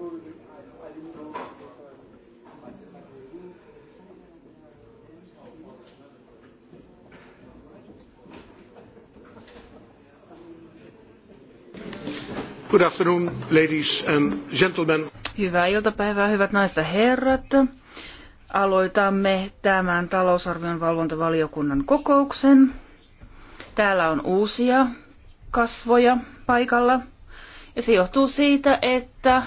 Good afternoon, ladies and gentlemen. Hyvää iltapäivää, hyvät naiset ja herrat. Aloitamme tämän talousarvion valvontavaliokunnan kokouksen. Täällä on uusia kasvoja paikalla. Ja se johtuu siitä, että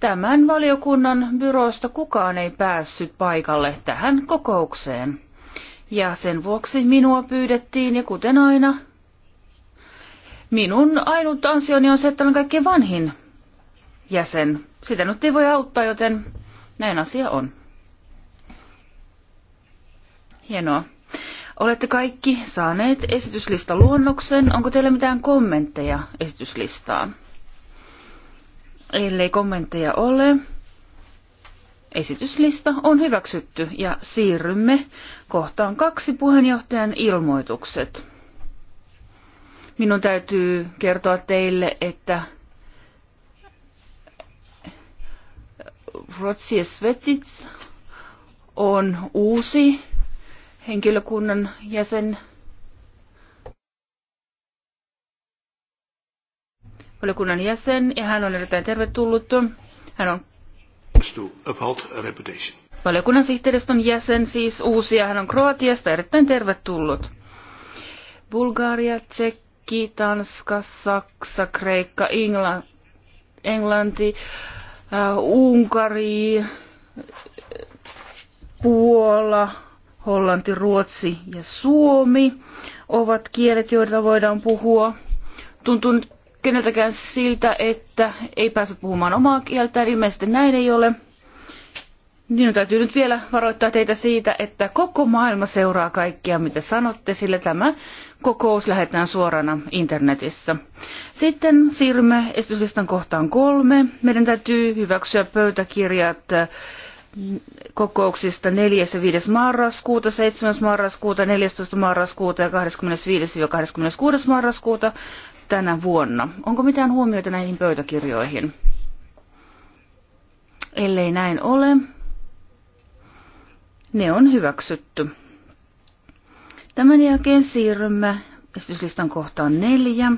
tämän valiokunnan byroista kukaan ei päässyt paikalle tähän kokoukseen. Ja sen vuoksi minua pyydettiin, ja kuten aina, minun ainut ansioni on se, että olen kaikkein vanhin jäsen. Sitä nyt ei voi auttaa, joten näin asia on. Hienoa. Olette kaikki saaneet esityslistaluonnoksen. Onko teillä mitään kommentteja esityslistaan? Ellei kommentteja ole, esityslista on hyväksytty ja siirrymme kohtaan kaksi puheenjohtajan ilmoitukset. Minun täytyy kertoa teille, että Rotsi Svetits on uusi henkilökunnan jäsen valiokunnan jäsen ja hän on erittäin tervetullut. Hän on valiokunnan sihteeristön jäsen, siis uusi ja hän on Kroatiasta erittäin tervetullut. Bulgaria, Tsekki, Tanska, Saksa, Kreikka, Ingla, Englanti, äh, Unkari, Puola, Hollanti, Ruotsi ja Suomi ovat kielet, joita voidaan puhua. Tuntuu nyt keneltäkään siltä, että ei pääse puhumaan omaa kieltä, ilmeisesti näin ei ole. Niin täytyy nyt vielä varoittaa teitä siitä, että koko maailma seuraa kaikkia, mitä sanotte, sillä tämä kokous lähetetään suorana internetissä. Sitten siirrymme esityslistan kohtaan kolme. Meidän täytyy hyväksyä pöytäkirjat äh, kokouksista 4. ja 5. marraskuuta, 7. marraskuuta, 14. marraskuuta ja 25. ja 26. marraskuuta tänä vuonna. Onko mitään huomioita näihin pöytäkirjoihin? Ellei näin ole, ne on hyväksytty. Tämän jälkeen siirrymme esityslistan kohtaan neljä.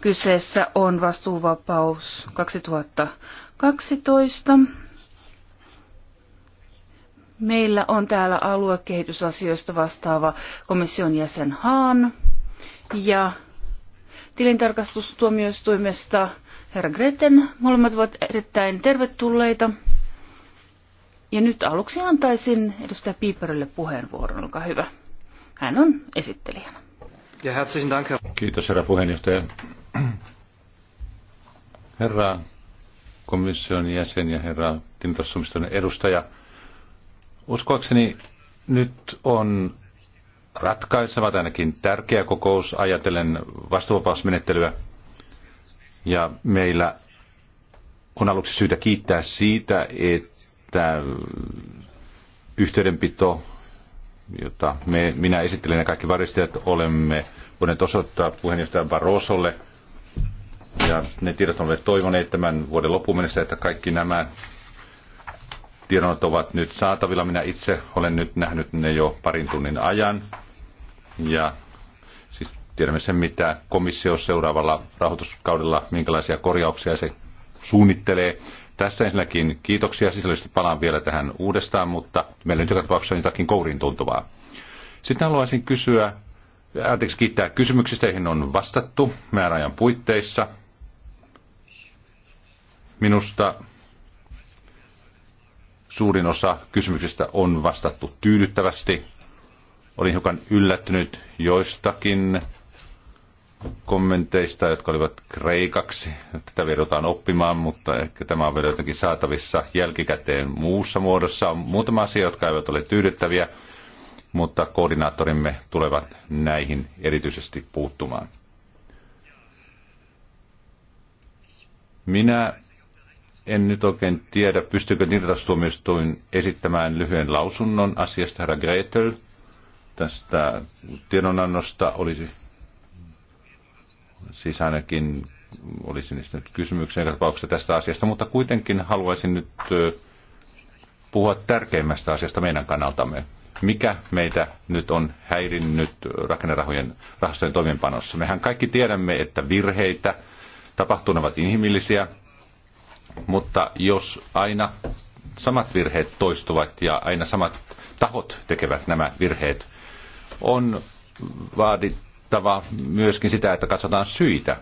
Kyseessä on vastuuvapaus 2012. Meillä on täällä aluekehitysasioista vastaava komission jäsen Haan ja tilintarkastustuomioistuimesta herra Greten. Molemmat ovat erittäin tervetulleita. Ja nyt aluksi antaisin edustaja Piiperille puheenvuoron. Olkaa hyvä. Hän on esittelijänä. Ja herzlichen Dank. Kiitos herra puheenjohtaja. Herra komission jäsen ja herra tilintarkastustuomioistuimen edustaja. Uskoakseni nyt on ratkaiseva, ainakin tärkeä kokous ajatellen vastuuvapausmenettelyä. Ja meillä on aluksi syytä kiittää siitä, että yhteydenpito, jota me, minä esittelen ja kaikki varistajat olemme voineet osoittaa puheenjohtaja Barrosolle. Ja ne tiedot ovat toivoneet tämän vuoden loppuun mennessä, että kaikki nämä tiedot ovat nyt saatavilla. Minä itse olen nyt nähnyt ne jo parin tunnin ajan ja siis tiedämme sen, mitä komissio seuraavalla rahoituskaudella, minkälaisia korjauksia se suunnittelee. Tässä ensinnäkin kiitoksia, Sisällisesti palaan vielä tähän uudestaan, mutta meillä nyt joka tapauksessa on jotakin kouriin tuntuvaa. Sitten haluaisin kysyä, äh, anteeksi kiittää kysymyksistä, joihin on vastattu määräajan puitteissa. Minusta suurin osa kysymyksistä on vastattu tyydyttävästi. Olin hiukan yllättynyt joistakin kommenteista, jotka olivat kreikaksi. Tätä vedotaan oppimaan, mutta ehkä tämä on vielä jotenkin saatavissa jälkikäteen muussa muodossa. On muutama asia, jotka eivät ole tyydyttäviä, mutta koordinaattorimme tulevat näihin erityisesti puuttumaan. Minä en nyt oikein tiedä, pystyykö tilintarkastustuomioistuin esittämään lyhyen lausunnon asiasta, herra Gretel – tästä tiedonannosta olisi siis ainakin olisi niistä nyt kysymyksiä tapauksessa tästä asiasta, mutta kuitenkin haluaisin nyt puhua tärkeimmästä asiasta meidän kannaltamme. Mikä meitä nyt on häirinnyt rakennerahojen rahastojen toimeenpanossa? Mehän kaikki tiedämme, että virheitä tapahtuvat ovat inhimillisiä, mutta jos aina samat virheet toistuvat ja aina samat tahot tekevät nämä virheet, on vaadittava myöskin sitä, että katsotaan syitä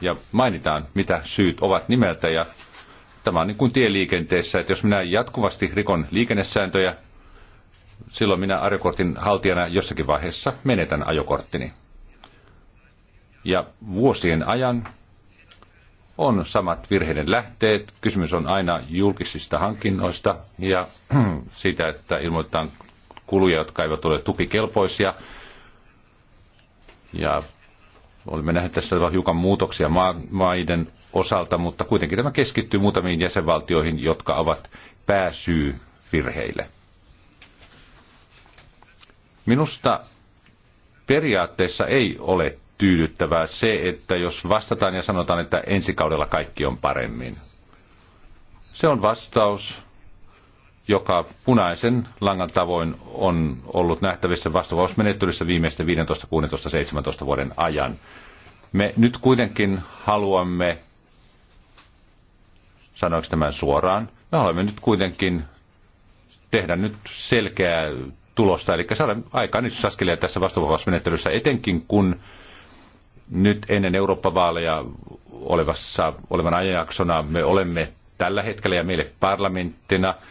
ja mainitaan, mitä syyt ovat nimeltä. Ja tämä on niin kuin tieliikenteessä, että jos minä jatkuvasti rikon liikennesääntöjä, silloin minä ajokortin haltijana jossakin vaiheessa menetän ajokorttini. Ja vuosien ajan on samat virheiden lähteet. Kysymys on aina julkisista hankinnoista ja siitä, että ilmoitetaan kuluja, jotka eivät ole tukikelpoisia. Ja olemme nähneet tässä hiukan muutoksia maiden osalta, mutta kuitenkin tämä keskittyy muutamiin jäsenvaltioihin, jotka ovat pääsyy virheille. Minusta periaatteessa ei ole tyydyttävää se, että jos vastataan ja sanotaan, että ensi kaudella kaikki on paremmin. Se on vastaus joka punaisen langan tavoin on ollut nähtävissä vastuvausmenettelyssä viimeisten 15, 16, 17 vuoden ajan. Me nyt kuitenkin haluamme, sanoiko tämän suoraan, me haluamme nyt kuitenkin tehdä nyt selkeää tulosta, eli saada aikaan saskelia tässä vastuuvapausmenettelyssä, etenkin kun nyt ennen Eurooppa-vaaleja olevassa, olevan ajanjaksona me olemme tällä hetkellä ja meille parlamenttina –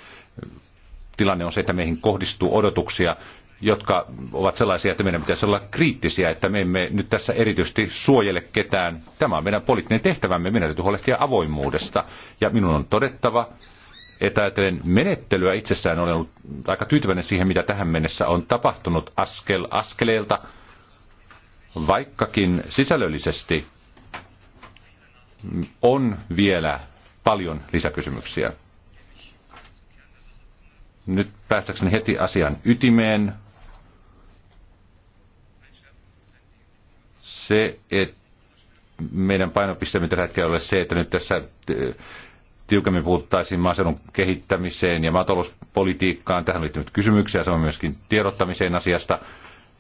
tilanne on se, että meihin kohdistuu odotuksia, jotka ovat sellaisia, että meidän pitäisi olla kriittisiä, että me emme nyt tässä erityisesti suojele ketään. Tämä on meidän poliittinen tehtävämme, meidän täytyy huolehtia avoimuudesta. Ja minun on todettava, että ajatellen menettelyä itsessään olen ollut aika tyytyväinen siihen, mitä tähän mennessä on tapahtunut askel askeleelta, vaikkakin sisällöllisesti on vielä paljon lisäkysymyksiä. Nyt päästäkseni heti asian ytimeen. Se, että meidän painopisteemme tällä hetkellä ole se, että nyt tässä eh, tiukemmin puhuttaisiin maaseudun kehittämiseen ja maatalouspolitiikkaan. Tähän liittyy kysymyksiä, samoin myöskin tiedottamiseen asiasta.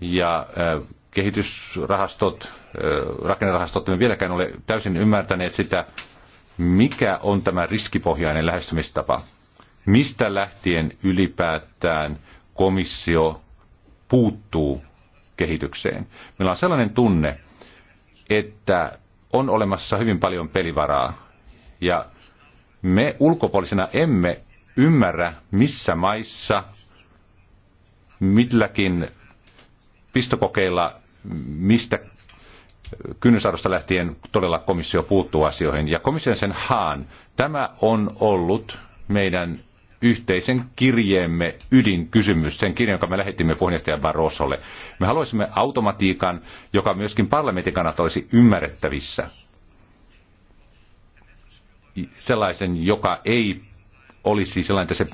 Ja eh, kehitysrahastot, eh, rakennerahastot, me vieläkään ole täysin ymmärtäneet sitä, mikä on tämä riskipohjainen lähestymistapa mistä lähtien ylipäätään komissio puuttuu kehitykseen. Meillä on sellainen tunne, että on olemassa hyvin paljon pelivaraa ja me ulkopuolisena emme ymmärrä, missä maissa milläkin pistokokeilla, mistä kynnysarvosta lähtien todella komissio puuttuu asioihin. Ja komission sen Haan, tämä on ollut meidän yhteisen kirjeemme ydinkysymys, sen kirjan, jonka me lähetimme puheenjohtajan Barrosolle. Me haluaisimme automatiikan, joka myöskin parlamentin kannalta olisi ymmärrettävissä. Sellaisen, joka ei olisi sellainen, että se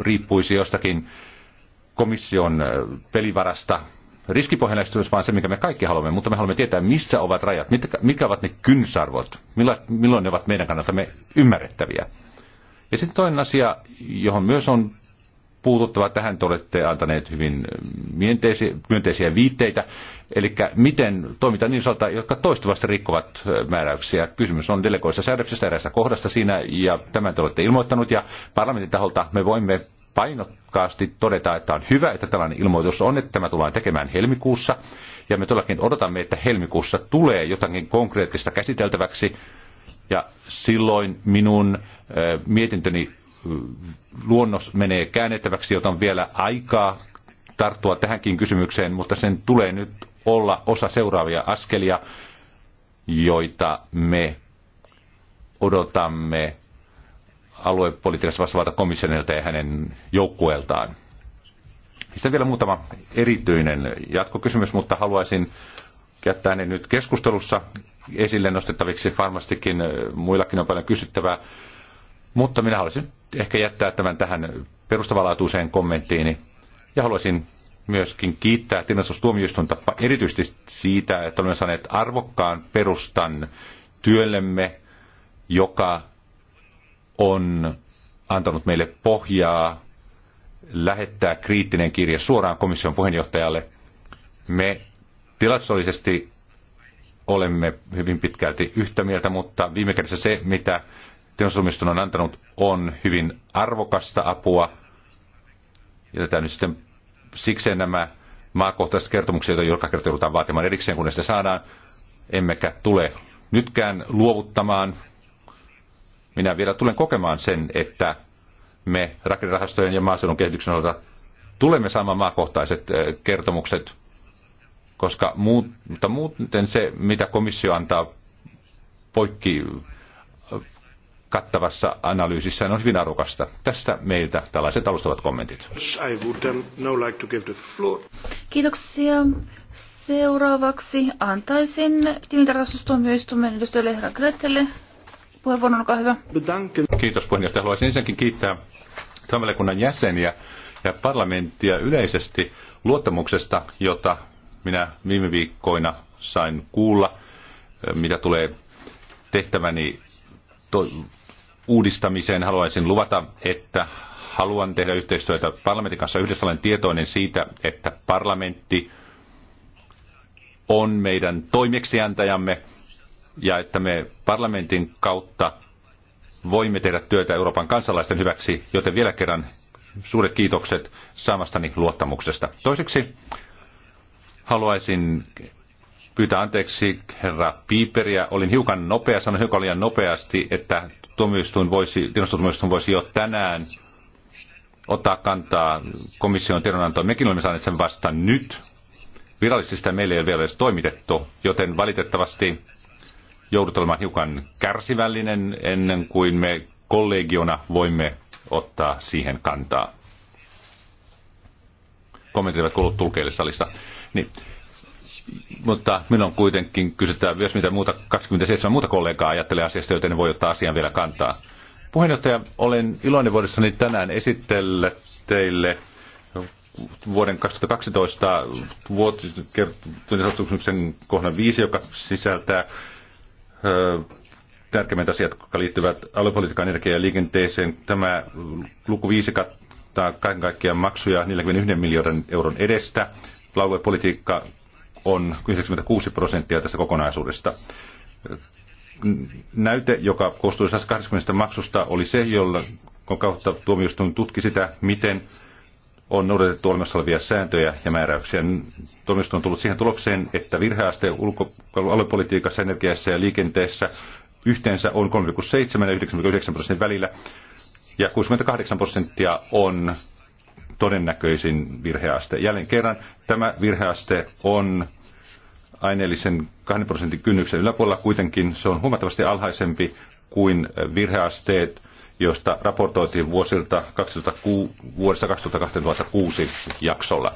riippuisi jostakin komission pelivarasta, Riskipohjainen, vaan se, mikä me kaikki haluamme, mutta me haluamme tietää, missä ovat rajat, mitkä, mitkä ovat ne kynsarvot, milloin ne ovat meidän kannaltamme ymmärrettäviä. Ja sitten toinen asia, johon myös on puututtava, tähän te olette antaneet hyvin myönteisiä, myönteisiä viitteitä, eli miten toimita niin sanotaan, jotka toistuvasti rikkovat määräyksiä. Kysymys on delegoissa säädöksessä eräässä kohdasta siinä, ja tämän te olette ilmoittanut, ja parlamentin taholta me voimme painokkaasti todeta, että on hyvä, että tällainen ilmoitus on, että tämä tullaan tekemään helmikuussa. Ja me todellakin odotamme, että helmikuussa tulee jotakin konkreettista käsiteltäväksi, ja silloin minun mietintöni luonnos menee käännettäväksi, joten vielä aikaa tarttua tähänkin kysymykseen, mutta sen tulee nyt olla osa seuraavia askelia, joita me odotamme aluepolitiikassa vastaavalta komissionilta ja hänen joukkueeltaan. Sitten vielä muutama erityinen jatkokysymys, mutta haluaisin jättää ne nyt keskustelussa esille nostettaviksi. Varmastikin muillakin on paljon kysyttävää. Mutta minä haluaisin ehkä jättää tämän tähän perustavanlaatuiseen kommenttiini. Ja haluaisin myöskin kiittää tilastustuomioistuinta erityisesti siitä, että olemme saaneet arvokkaan perustan työllemme, joka on antanut meille pohjaa lähettää kriittinen kirje suoraan komission puheenjohtajalle. Me tilastollisesti olemme hyvin pitkälti yhtä mieltä, mutta viime kädessä se, mitä teollisuusomiston on antanut, on hyvin arvokasta apua. Ja tätä nyt sitten sikseen nämä maakohtaiset kertomukset, joita joka kerta joudutaan vaatimaan erikseen, kun ne sitä saadaan, emmekä tule nytkään luovuttamaan. Minä vielä tulen kokemaan sen, että me rakennerahastojen ja maaseudun kehityksen osalta tulemme saamaan maakohtaiset eh, kertomukset koska muut, mutta muuten se, mitä komissio antaa poikki kattavassa analyysissä on hyvin arvokasta. Tästä meiltä tällaiset alustavat kommentit. Um, Kiitoksia. Seuraavaksi antaisin tilintarkastustuomioistuimen edustaja Lehra Gretelle. Puheenvuoron, olkaa hyvä. Kiitos puheenjohtaja. Haluaisin ensinnäkin kiittää tämän jäseniä ja parlamenttia yleisesti luottamuksesta, jota minä viime viikkoina sain kuulla, eh, mitä tulee tehtäväni to- uudistamiseen. Haluaisin luvata, että haluan tehdä yhteistyötä parlamentin kanssa. Yhdessä olen tietoinen siitä, että parlamentti on meidän toimeksiantajamme ja että me parlamentin kautta voimme tehdä työtä Euroopan kansalaisten hyväksi, joten vielä kerran suuret kiitokset saamastani luottamuksesta. Toiseksi Haluaisin pyytää anteeksi herra Piiperiä. Olin hiukan nopea, sanoin hiukan liian nopeasti, että tuomioistuin voisi, tilastotuomioistuin voisi jo tänään ottaa kantaa komission tiedonantoon. Mekin olemme saaneet sen vasta nyt. Virallisista meille ei ole vielä edes toimitettu, joten valitettavasti joudut olemaan hiukan kärsivällinen ennen kuin me kollegiona voimme ottaa siihen kantaa. Kommentit eivät kuulu tulkeille salista. Niin. Mutta minun kuitenkin kysytään myös, mitä muuta 27 muuta kollegaa ajattelee asiasta, joten voi ottaa asian vielä kantaa. Puheenjohtaja, olen iloinen voidessani tänään esitellä teille vuoden 2012 vuotisen kohdan 5, joka sisältää ö, tärkeimmät asiat, jotka liittyvät aluepolitiikan energiaan ja liikenteeseen. Tämä luku 5 kattaa kaiken kaikkiaan maksuja 41 miljoonan euron edestä aluepolitiikka on 96 prosenttia tästä kokonaisuudesta. Näyte, joka koostui 120 maksusta, oli se, jolla kautta tuomioistuin tutki sitä, miten on noudatettu olemassa olevia sääntöjä ja määräyksiä. Tuomioistuin on tullut siihen tulokseen, että virheaste ulko- aluepolitiikassa, energiassa ja liikenteessä yhteensä on 3,7 ja 9,9 prosentin välillä. Ja 68 prosenttia on todennäköisin virheaste. Jälleen kerran tämä virheaste on aineellisen 2 prosentin kynnyksen yläpuolella kuitenkin se on huomattavasti alhaisempi kuin virheasteet, joista raportoitiin vuosilta 2006, vuodesta 2006 jaksolla.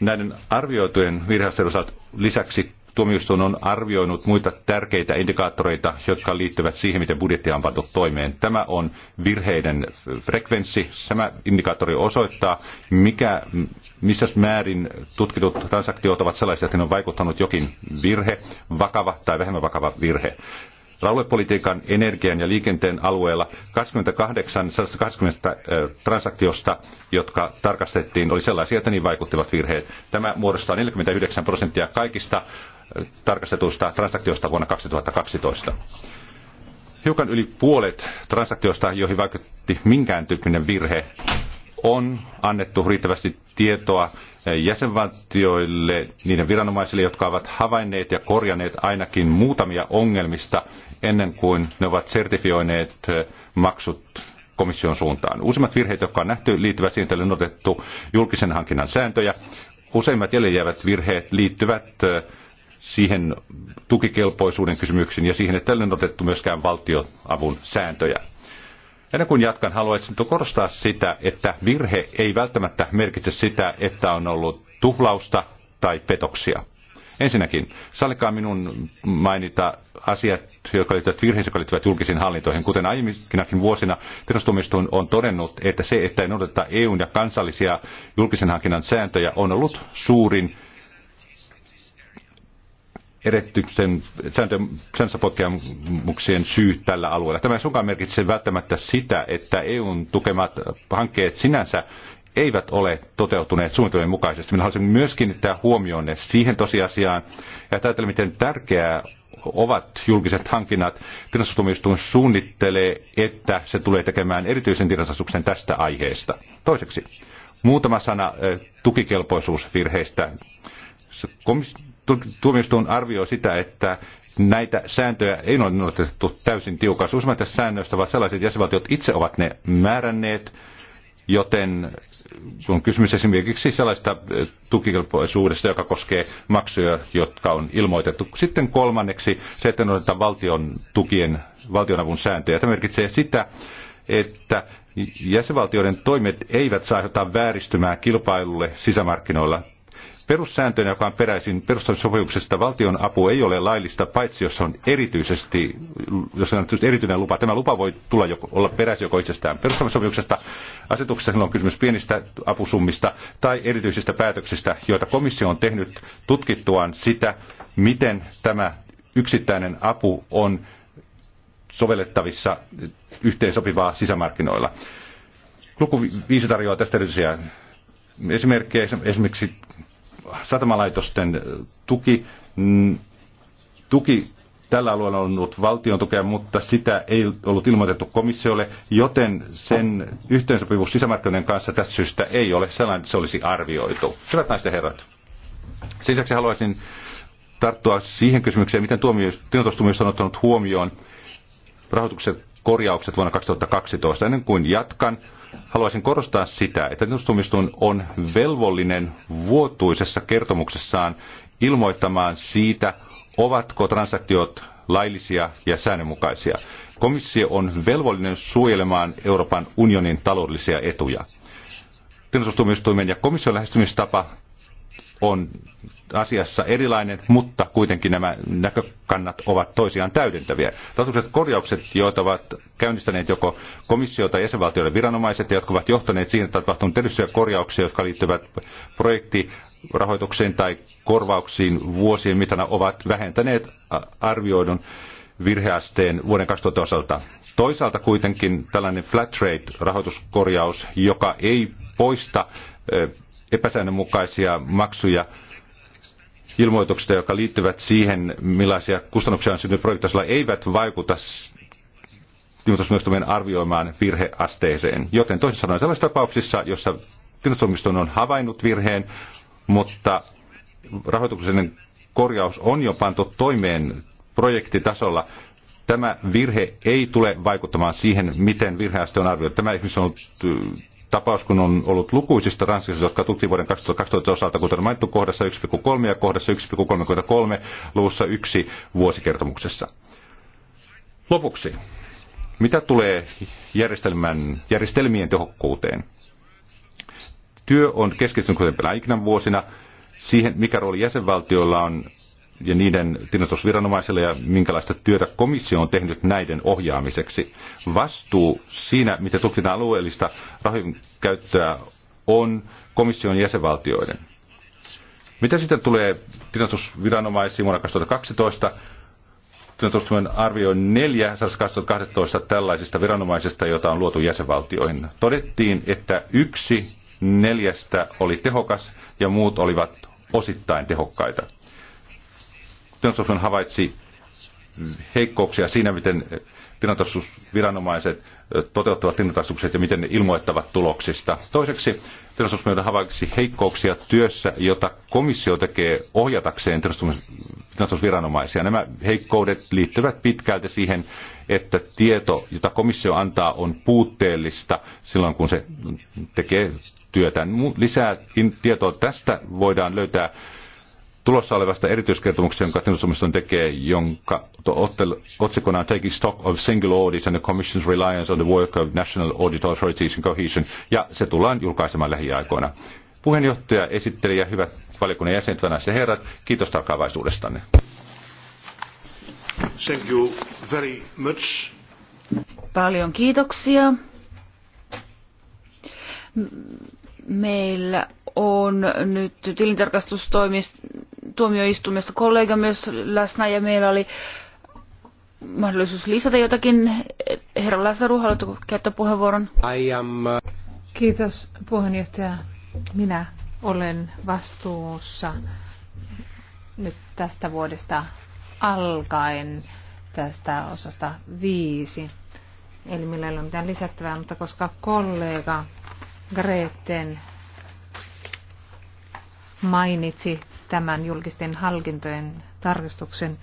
Näiden arvioitujen virheasteiden lisäksi Tuomioistuin on arvioinut muita tärkeitä indikaattoreita, jotka liittyvät siihen, miten budjettia on pantu toimeen. Tämä on virheiden frekvenssi. Tämä indikaattori osoittaa, mikä, missä määrin tutkitut transaktiot ovat sellaisia, että ne on vaikuttanut jokin virhe, vakava tai vähemmän vakava virhe. Aluepolitiikan, energian ja liikenteen alueella 28 120 transaktiosta, jotka tarkastettiin, oli sellaisia, että niin vaikuttivat virheet. Tämä muodostaa 49 prosenttia kaikista tarkastetuista transaktioista vuonna 2012. Hiukan yli puolet transaktioista, joihin vaikutti minkään tyyppinen virhe, on annettu riittävästi tietoa jäsenvaltioille, niiden viranomaisille, jotka ovat havainneet ja korjanneet ainakin muutamia ongelmista ennen kuin ne ovat sertifioineet maksut komission suuntaan. Uusimmat virheet, jotka on nähty, liittyvät siihen, että on otettu julkisen hankinnan sääntöjä. Useimmat jäävät virheet liittyvät siihen tukikelpoisuuden kysymyksiin ja siihen, että on otettu myöskään valtioavun sääntöjä. Ennen kuin jatkan, haluaisin korostaa sitä, että virhe ei välttämättä merkitse sitä, että on ollut tuhlausta tai petoksia. Ensinnäkin, sallikaa minun mainita asiat, jotka liittyvät virheisiin, jotka liittyvät julkisiin hallintoihin. Kuten aiemminkin vuosina, tilastumistuin on todennut, että se, että ei noudateta EUn ja kansallisia julkisen hankinnan sääntöjä, on ollut suurin erettyksen sääntöpoikkeamuksien syy tällä alueella. Tämä ei suinkaan merkitse välttämättä sitä, että EUn tukemat hankkeet sinänsä eivät ole toteutuneet suunnitelmien mukaisesti. Minä haluaisin myös kiinnittää huomioon siihen tosiasiaan ja ajatella, miten tärkeää ovat julkiset hankinnat. Tilastustuomioistuin suunnittelee, että se tulee tekemään erityisen tilastustuksen tästä aiheesta. Toiseksi, muutama sana eh, tukikelpoisuusvirheistä tuomioistuin arvioi sitä, että näitä sääntöjä ei ole noudatettu täysin tiukasti. Useimmat säännöistä vaan sellaiset jäsenvaltiot itse ovat ne määränneet, joten on kysymys esimerkiksi sellaista eh, tukikelpoisuudesta, joka koskee maksuja, jotka on ilmoitettu. Sitten kolmanneksi se, että noudatetaan valtion tukien, valtionavun sääntöjä. Tämä merkitsee sitä, että jäsenvaltioiden toimet eivät saa aiheuttaa vääristymää kilpailulle sisämarkkinoilla. Perussääntönä, joka on peräisin perustamissopimuksesta, valtion apu ei ole laillista, paitsi jos on erityisesti, jos on erityinen lupa. Tämä lupa voi tulla joko, olla peräisin joko itsestään perustamissopimuksesta, asetuksessa silloin on kysymys pienistä apusummista tai erityisistä päätöksistä, joita komissio on tehnyt tutkittuaan sitä, miten tämä yksittäinen apu on sovellettavissa yhteensopivaa sisämarkkinoilla. Luku 5 tarjoaa tästä erityisiä esimerkkejä. Esimerkiksi satamalaitosten äh, tuki, mm, tuki tällä alueella on ollut valtion tukea, mutta sitä ei ollut ilmoitettu komissiolle, joten sen yhteensopivuus sisämarkkinoiden kanssa tästä syystä ei ole sellainen, että se olisi arvioitu. Hyvät naiset ja herrat, sen lisäksi haluaisin tarttua siihen kysymykseen, miten tuomioistuin on ottanut huomioon rahoituksen korjaukset vuonna 2012. Ennen kuin jatkan, haluaisin korostaa sitä, että tutustumiston on velvollinen vuotuisessa kertomuksessaan ilmoittamaan siitä, ovatko transaktiot laillisia ja säännönmukaisia. Komissio on velvollinen suojelemaan Euroopan unionin taloudellisia etuja. Tilintarkastustuomioistuimen ja komission lähestymistapa on asiassa erilainen, mutta kuitenkin nämä näkökannat ovat toisiaan täydentäviä. Rahoitukset korjaukset, joita ovat käynnistäneet joko komissio tai jäsenvaltioiden viranomaiset, jotka ovat johtaneet siihen, että tapahtunut tietystiä korjauksia, jotka liittyvät projektirahoitukseen tai korvauksiin vuosien mitana, ovat vähentäneet arvioidun virheasteen vuoden 2000 osalta. Toisaalta kuitenkin tällainen flat rate rahoituskorjaus, joka ei poista epäsäännönmukaisia maksuja ilmoituksista, jotka liittyvät siihen, millaisia kustannuksia on syntynyt projektitasolla, eivät vaikuta tilintarkastustuomioistuimen arvioimaan virheasteeseen. Joten toisin sanoen sellaisissa tapauksissa, jossa tilintarkastustuomioistuin on havainnut virheen, mutta rahoituksellinen korjaus on jo pantu toimeen projektitasolla, tämä virhe ei tule vaikuttamaan siihen, miten virheaste on arvioitu. Tämä esimerkiksi on ollut tapaus, kun on ollut lukuisista ranskalaisista jotka tutkivat vuoden 2012 osalta, kuten mainittu kohdassa 1,3 ja kohdassa 1,33 luvussa 1 vuosikertomuksessa. Lopuksi, mitä tulee järjestelmän, järjestelmien tehokkuuteen? Työ on keskittynyt kuten aikina vuosina siihen, mikä rooli jäsenvaltioilla on ja niiden tiedotusviranomaisille ja minkälaista työtä komissio on tehnyt näiden ohjaamiseksi. Vastuu siinä, miten tutkitaan alueellista rahojen käyttöä, on komission jäsenvaltioiden. Mitä sitten tulee tiedotusviranomaisiin vuonna 2012? Tiedotusviranomaisen arvio arvioi 2012 tällaisista viranomaisista, joita on luotu jäsenvaltioihin. Todettiin, että yksi neljästä oli tehokas ja muut olivat osittain tehokkaita. Snowsofton havaitsi heikkouksia siinä, miten tilintarkastusviranomaiset toteuttavat tilintarkastukset ja miten ne ilmoittavat tuloksista. Toiseksi tilintarkastusmyöntä havaitsi heikkouksia työssä, jota komissio tekee ohjatakseen tilintarkastusviranomaisia. Nämä heikkoudet liittyvät pitkälti siihen, että tieto, jota komissio antaa, on puutteellista silloin, kun se tekee työtään. Lisää tietoa tästä voidaan löytää tulossa olevasta erityiskertomuksesta, jonka tilintarkastustuomioistuin tekee, jonka otsikona on Taking Stock of Single Audits and the Commission's Reliance on the Work of National Audit Authorities in Cohesion, ja se tullaan julkaisemaan lähiaikoina. Puheenjohtaja, esittelijä, hyvät valiokunnan jäsenet, vanhaiset herrat, kiitos tarkkaavaisuudestanne. Thank you very much. Paljon kiitoksia. Meillä on nyt tilintarkastustoimista tuomioistuimesta kollega myös läsnä ja meillä oli mahdollisuus lisätä jotakin. Herra Lasaru, haluatko käyttää puheenvuoron? I am... Uh, Kiitos puheenjohtaja. Minä olen vastuussa nyt tästä vuodesta alkaen tästä osasta viisi. Eli meillä ei ole mitään lisättävää, mutta koska kollega Greten mainitsi tämän julkisten hankintojen tarkistuksen,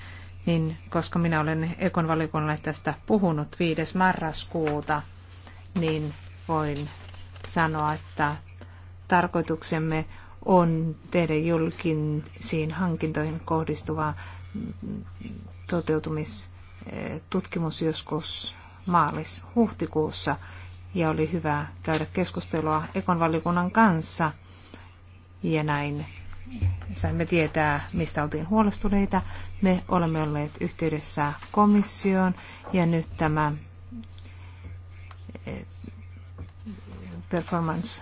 niin koska minä olen Ekon valikunnalle tästä puhunut 5. marraskuuta, niin voin sanoa, että tarkoituksemme on tehdä julkisiin hankintoihin kohdistuva toteutumistutkimus eh, joskus maalis-huhtikuussa ja oli hyvä käydä keskustelua Ekon valiokunnan kanssa ja näin saimme tietää, mistä oltiin huolestuneita. Me olemme olleet yhteydessä komissioon ja nyt tämä eh, performance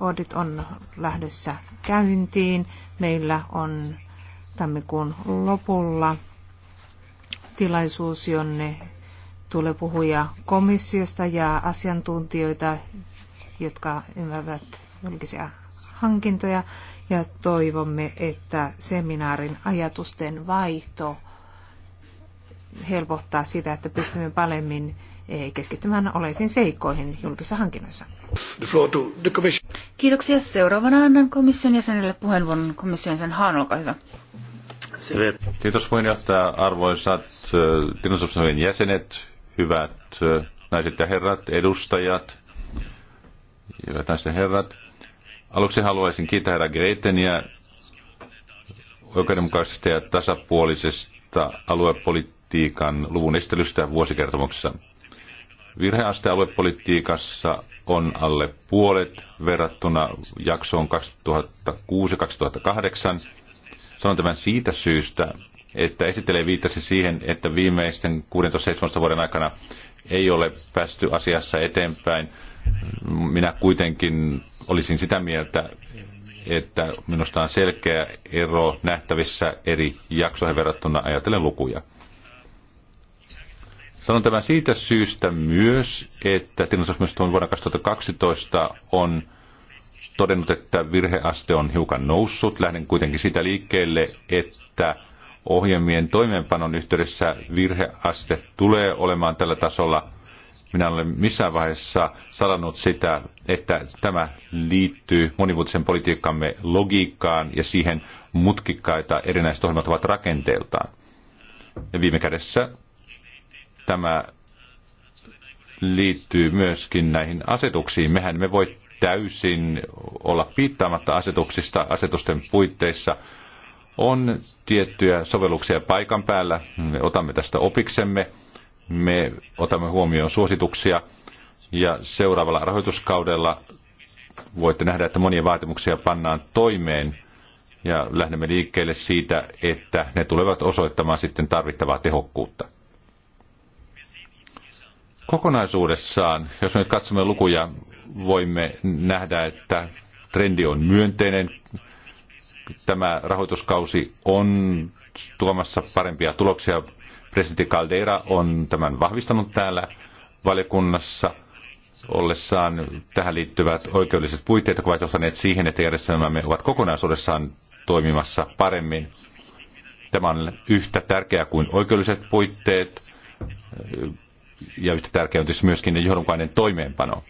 audit on lähdössä käyntiin. Meillä on tammikuun lopulla tilaisuus, jonne tulee puhuja komissiosta ja asiantuntijoita, jotka ymmärtävät julkisia hankintoja ja toivomme, että seminaarin ajatusten vaihto helpottaa sitä, että pystymme paremmin eh, keskittymään oleisiin seikkoihin julkisissa hankinnoissa. Kiitoksia. Seuraavana annan komission jäsenelle puheenvuoron. Komission jäsen Haan, olkaa hyvä. Kiitos puheenjohtaja, arvoisat tilastosanomien eh, jäsenet, hyvät eh, naiset ja herrat, edustajat, hyvät naiset ja herrat. Aluksi haluaisin kiittää herra Greiteniä oikeudenmukaisesta ja tasapuolisesta aluepolitiikan luvun estelystä vuosikertomuksessa. Virheaste aluepolitiikassa on alle puolet verrattuna jaksoon 2006-2008. Sanon tämän siitä syystä, että esittelee viittasi siihen, että viimeisten 16-17 vuoden aikana ei ole päästy asiassa eteenpäin. Minä kuitenkin olisin sitä mieltä, että minusta on selkeä ero nähtävissä eri jaksoihin verrattuna ajatellen lukuja. Sanon tämän siitä syystä myös, että tilintarkastustoimisto vuonna 2012 on todennut, että virheaste on hiukan noussut. Lähden kuitenkin siitä liikkeelle, että ohjelmien toimeenpanon yhteydessä virheaste tulee olemaan tällä tasolla – minä olen missään vaiheessa sanonut sitä, että tämä liittyy monivuotisen politiikkamme logiikkaan ja siihen mutkikkaita erinäiset ohjelmat ovat rakenteeltaan. Ja viime kädessä tämä liittyy myöskin näihin asetuksiin. Mehän me voi täysin olla piittaamatta asetuksista asetusten puitteissa. On tiettyjä sovelluksia paikan päällä, me otamme tästä opiksemme – me otamme huomioon suosituksia ja seuraavalla rahoituskaudella voitte nähdä, että monia vaatimuksia pannaan toimeen ja lähdemme liikkeelle siitä, että ne tulevat osoittamaan sitten tarvittavaa tehokkuutta. Kokonaisuudessaan, jos me nyt katsomme lukuja, voimme nähdä, että trendi on myönteinen. Tämä rahoituskausi on tuomassa parempia tuloksia Presidentti Caldera on tämän vahvistanut täällä valiokunnassa ollessaan tähän liittyvät oikeudelliset puitteet ovat johtaneet siihen, että järjestelmämme ovat kokonaisuudessaan toimimassa paremmin. Tämä on yhtä tärkeää kuin oikeudelliset puitteet ja yhtä tärkeää on tietysti myöskin johdonmukainen toimeenpano.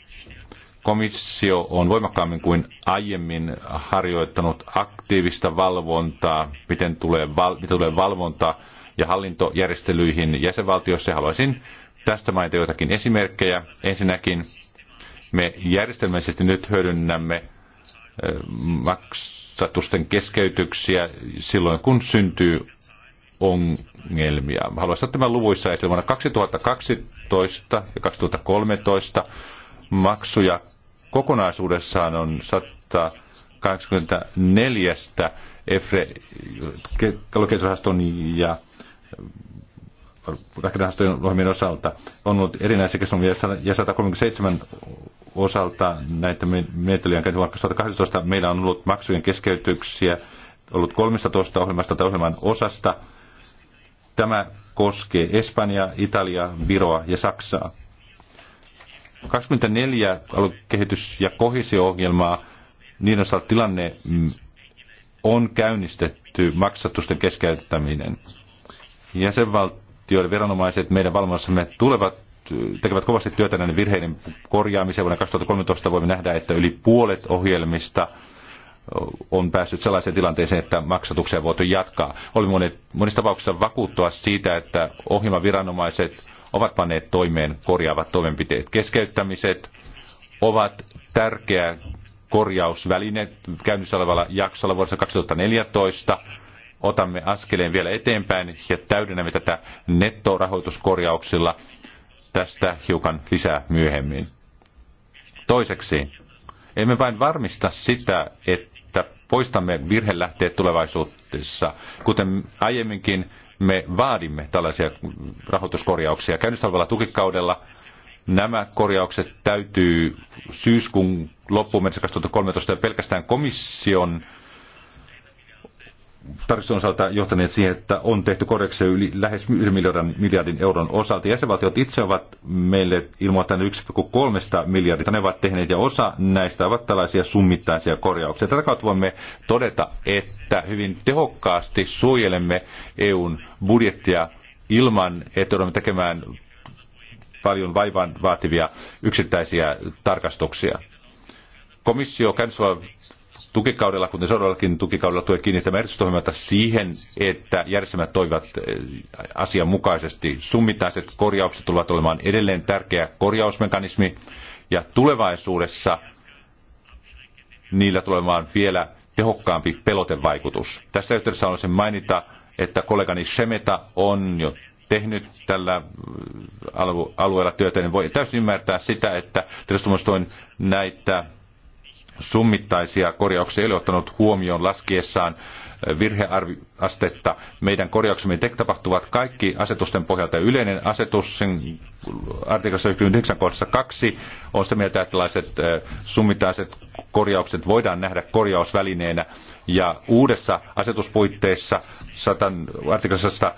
Komissio on voimakkaammin kuin aiemmin harjoittanut aktiivista valvontaa, miten tulee, val, miten tulee valvontaa ja hallintojärjestelyihin jäsenvaltiossa. Haluaisin tästä mainita jotakin esimerkkejä. Ensinnäkin me järjestelmällisesti nyt hyödynnämme maksatusten keskeytyksiä silloin, kun syntyy ongelmia. Haluaisin tämän luvuissa esille. Vuonna 2012 ja 2013 maksuja kokonaisuudessaan on 184 EFRE, kalokeisrahaston ja rakennerahastojen ohjelmien osalta. On ollut erinäisiä keskusteluja ja 137 osalta näitä menettelyjä on käyty vuonna 2018. Meillä on ollut maksujen keskeytyksiä, ollut 13 ohjelmasta tai ohjelman osasta. Tämä koskee Espanjaa, Italiaa, Viroa ja Saksaa. 24 kehitys- ja kohesio-ohjelmaa, niin osalta tilanne on käynnistetty maksatusten keskeyttäminen. Jäsenvaltioiden viranomaiset meidän valvonnassamme tulevat tekevät kovasti työtä näiden virheiden korjaamiseen. Vuonna 2013 voimme nähdä, että yli puolet ohjelmista on päässyt sellaiseen tilanteeseen, että maksatuksia voitu jatkaa. Oli monissa tapauksissa vakuuttua siitä, että ohjelmaviranomaiset ovat panneet toimeen korjaavat toimenpiteet. Keskeyttämiset ovat tärkeä korjausväline käynnissä olevalla jaksolla vuodessa 2014 otamme askeleen vielä eteenpäin ja täydennämme tätä nettorahoituskorjauksilla. Tästä hiukan lisää myöhemmin. Toiseksi, emme vain varmista sitä, että poistamme virhelähteet tulevaisuudessa. Kuten aiemminkin, me vaadimme tällaisia rahoituskorjauksia. Käynnissä olevalla tukikaudella nämä korjaukset täytyy syyskuun loppuun mennessä 2013 pelkästään komission tarkistuksen osalta johtaneet siihen, että on tehty korjauksia yli lähes miljardin, miljardin euron osalta. Jäsenvaltiot itse ovat meille ilmoittaneet 1,3 miljardia. Ne ovat tehneet ja osa näistä ovat tällaisia summittaisia korjauksia. Tätä kautta voimme todeta, että hyvin tehokkaasti suojelemme EUn budjettia ilman, että joudumme tekemään paljon vaivan vaativia yksittäisiä tarkastuksia. Komissio käynnissä tukikaudella, kuten seuraavallakin tukikaudella, tulee kiinnittämään erityisesti huomiota siihen, että järjestelmät toivat eh, asianmukaisesti. Summittaiset korjaukset tulevat olemaan edelleen tärkeä korjausmekanismi, ja tulevaisuudessa niillä tulee olemaan vielä tehokkaampi pelotevaikutus. Tässä yhteydessä haluaisin mainita, että kollegani Shemeta on jo tehnyt tällä eh, alueella työtä, niin voi täysin ymmärtää sitä, että tietysti näitä summittaisia korjauksia ei ole ottanut huomioon laskiessaan virheastetta. Meidän korjauksemme tek tapahtuvat kaikki asetusten pohjalta. Yleinen asetus sen artiklassa 99 kohdassa 2 on sitä mieltä, että tällaiset summittaiset korjaukset voidaan nähdä korjausvälineenä. Ja uudessa asetuspuitteissa satan, artiklassa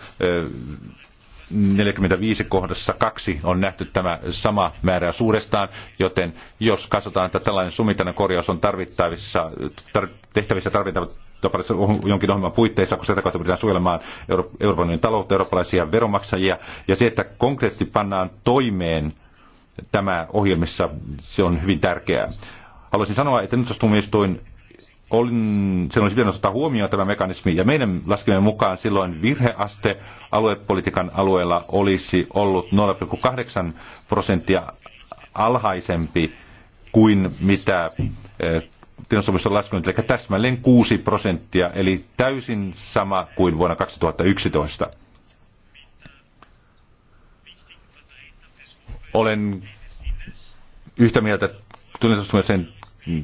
45 kohdassa kaksi on nähty tämä sama määrä suurestaan, joten jos katsotaan, että tällainen summittainen korjaus on tarvittavissa, tar- tehtävissä tarvittavissa jonkin ohjelman puitteissa, kun sitä kautta pyritään suojelemaan Euro- Euroopan unionin taloutta, eurooppalaisia veronmaksajia, ja se, että konkreettisesti pannaan toimeen tämä ohjelmissa, se on hyvin tärkeää. Haluaisin sanoa, että nyt tuomioistuin olin, sen olisi pitänyt ottaa huomioon tämä mekanismi, ja meidän laskemme mukaan silloin virheaste aluepolitiikan alueella olisi ollut 0,8 prosenttia alhaisempi kuin mitä eh, tilastomisto on laskenut, eli täsmälleen 6 prosenttia, eli täysin sama kuin vuonna 2011. Olen yhtä mieltä tunnetustumiseen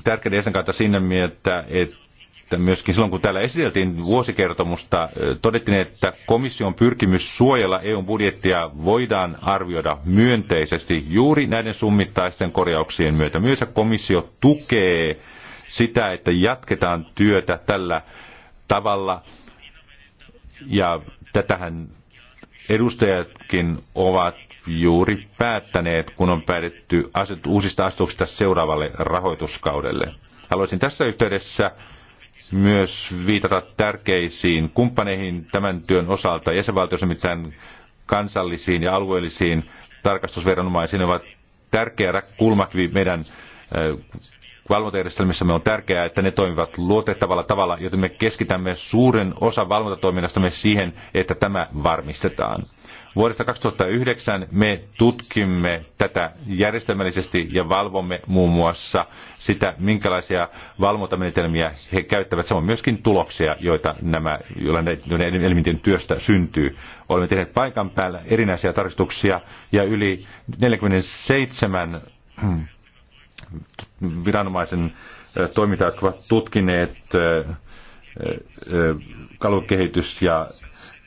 tärkeä kautta siinä mieltä, että myöskin silloin kun täällä esiteltiin vuosikertomusta, todettiin, että komission pyrkimys suojella EUn budjettia voidaan arvioida myönteisesti juuri näiden summittaisten korjauksien myötä. Myös komissio tukee sitä, että jatketaan työtä tällä tavalla. Ja tätähän edustajatkin ovat juuri päättäneet, kun on päätetty aset, uusista asetuksista seuraavalle rahoituskaudelle. Haluaisin tässä yhteydessä myös viitata tärkeisiin kumppaneihin tämän työn osalta jäsenvaltioissa, mitään kansallisiin ja alueellisiin tarkastusveronomaisiin ovat tärkeä kulmakivi meidän äh, valvontajärjestelmissämme on tärkeää, että ne toimivat luotettavalla tavalla, joten me keskitämme suuren osan valvontatoiminnastamme siihen, että tämä varmistetaan. Vuodesta 2009 me tutkimme tätä järjestelmällisesti ja valvomme muun muassa sitä, minkälaisia valvontamenetelmiä he käyttävät, samoin myöskin tuloksia, joita nämä, joilla elementin työstä syntyy. Olemme tehneet paikan päällä erinäisiä tarkistuksia ja yli 47 hmm, viranomaisen toimintaa, jotka ovat tutkineet kalukehitys- ja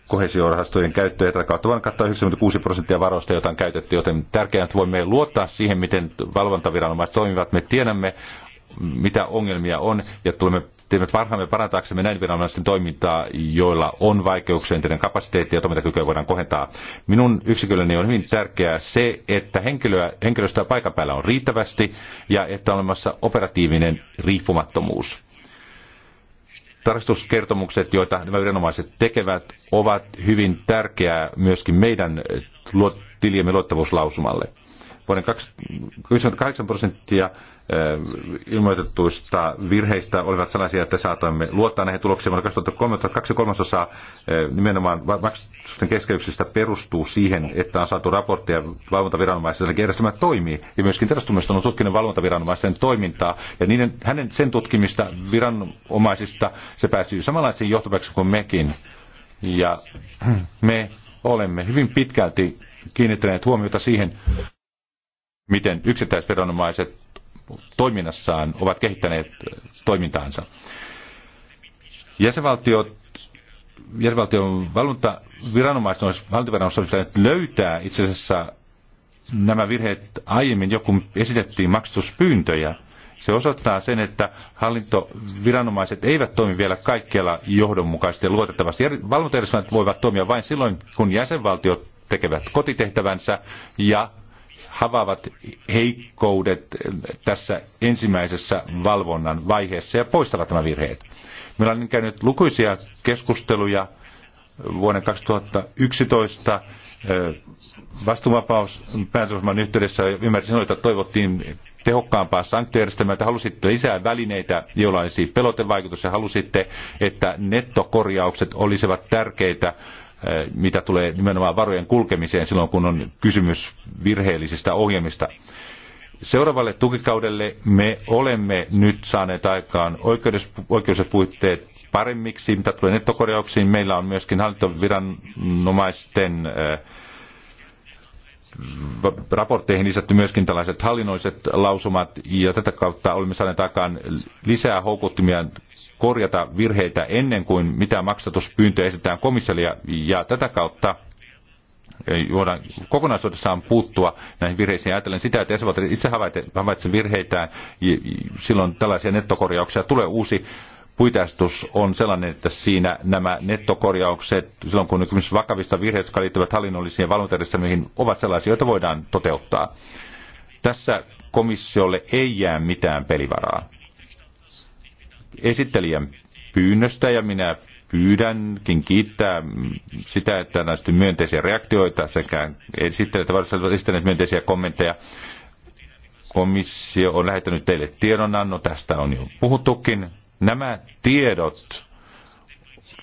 kohesiorahastojen käyttöä vaan kattaa 96 prosenttia varoista, joita on käytetty, joten tärkeää, että voimme luottaa siihen, miten valvontaviranomaiset toimivat. Me tiedämme, mitä ongelmia on, ja tulemme teemme parhaamme parantaaksemme näin viranomaisten toimintaa, joilla on vaikeuksia, entinen kapasiteetti ja toimintakykyä voidaan kohentaa. Minun yksikölläni on hyvin tärkeää se, että henkilöä, henkilöstöä paikan päällä on riittävästi ja että on olemassa operatiivinen riippumattomuus. Tarkastuskertomukset, joita nämä viranomaiset tekevät, ovat hyvin tärkeää myöskin meidän tiliemme luottavuuslausumalle. Vuoden 98 prosenttia ilmoitettuista virheistä olivat sellaisia, että saatamme luottaa näihin tuloksiin. Vuonna 2013 kaksi kolmasosaa nimenomaan maksusten keskeyksistä perustuu siihen, että on saatu raporttia valvontaviranomaisille. Eli järjestelmä toimii. Ja myöskin terveystumista on tutkinut valvontaviranomaisten toimintaa. Ja niiden, hänen sen tutkimista viranomaisista se pääsi samanlaisiin johtopäätöksiin kuin mekin. Ja me olemme hyvin pitkälti kiinnittäneet huomiota siihen, miten yksittäisviranomaiset toiminnassaan ovat kehittäneet toimintaansa. Jäsenvaltiot jäsenvaltion valvontaviranomaiset olisi, hallintoviranomaiset olisi löytää itse asiassa nämä virheet aiemmin, joku esitettiin maksatuspyyntöjä. Se osoittaa sen, että hallintoviranomaiset eivät toimi vielä kaikkialla johdonmukaisesti ja luotettavasti. Valvontajärjestelmät voivat toimia vain silloin, kun jäsenvaltiot tekevät kotitehtävänsä ja havaavat heikkoudet tässä ensimmäisessä valvonnan vaiheessa ja poistavat nämä virheet. Meillä on käynyt lukuisia keskusteluja vuoden 2011 vastuunvapauspäätösman yhteydessä ymmärsin että toivottiin tehokkaampaa sanktiojärjestelmää, että halusitte lisää välineitä, joilla olisi pelotevaikutus ja halusitte, että nettokorjaukset olisivat tärkeitä mitä tulee nimenomaan varojen kulkemiseen silloin, kun on kysymys virheellisistä ohjelmista. Seuraavalle tukikaudelle me olemme nyt saaneet aikaan oikeudelliset puitteet paremmiksi, mitä tulee nettokorjauksiin. Meillä on myöskin hallintoviranomaisten äh, raportteihin lisätty myöskin tällaiset hallinnoiset lausumat, ja tätä kautta olemme saaneet aikaan lisää houkuttimia korjata virheitä ennen kuin mitä maksatuspyyntöjä esitetään komissiolle, ja, ja tätä kautta voidaan eh, kokonaisuudessaan puuttua näihin virheisiin. Ajatellen sitä, että jäsenvaltiot itse havaitse, virheitä, ja silloin tällaisia nettokorjauksia tulee uusi puitaistus on sellainen, että siinä nämä nettokorjaukset, silloin kun esimerkiksi vakavista virheistä, jotka liittyvät hallinnollisiin valvontajärjestelmiin, ovat sellaisia, joita voidaan toteuttaa. Tässä komissiolle ei jää mitään pelivaraa. Esittelijän pyynnöstä ja minä pyydänkin kiittää sitä, että näistä myönteisiä reaktioita sekä esittelijät ovat esittäneet myönteisiä kommentteja. Komissio on lähettänyt teille tiedonannon, tästä on jo puhuttukin Nämä tiedot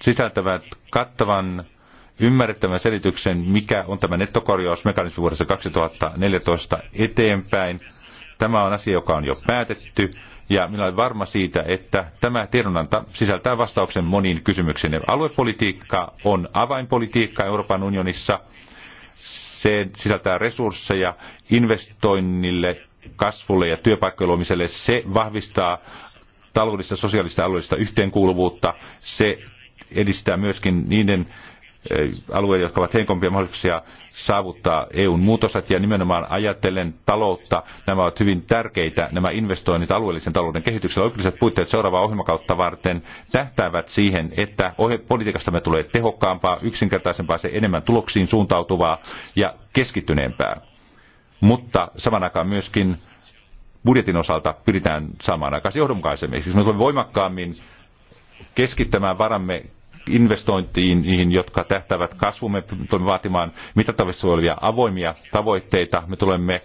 sisältävät kattavan ymmärrettävän selityksen, mikä on tämä nettokorjausmekanismi vuodesta 2014 eteenpäin. Tämä on asia, joka on jo päätetty, ja minä olen varma siitä, että tämä tiedonanta sisältää vastauksen moniin kysymyksiin. Aluepolitiikka on avainpolitiikka Euroopan unionissa. Se sisältää resursseja investoinnille, kasvulle ja työpaikkojen luomiselle. Se vahvistaa taloudellista, sosiaalista ja alueellista yhteenkuuluvuutta. Se edistää myöskin niiden alueiden, jotka ovat heikompia mahdollisuuksia saavuttaa EUn muutosat ja nimenomaan ajatellen taloutta. Nämä ovat hyvin tärkeitä, nämä investoinnit alueellisen talouden kehityksellä. Oikeudelliset puitteet seuraavaa ohjelmakautta varten tähtäävät siihen, että politiikastamme tulee tehokkaampaa, yksinkertaisempaa, se enemmän tuloksiin suuntautuvaa ja keskittyneempää. Mutta saman aikaan myöskin budjetin osalta pyritään saamaan aikaan Siis Me voimme voimakkaammin keskittämään varamme investointiin, niihin, jotka tähtävät kasvumme, tulemme vaatimaan mitattavissa olevia avoimia tavoitteita. Me tulemme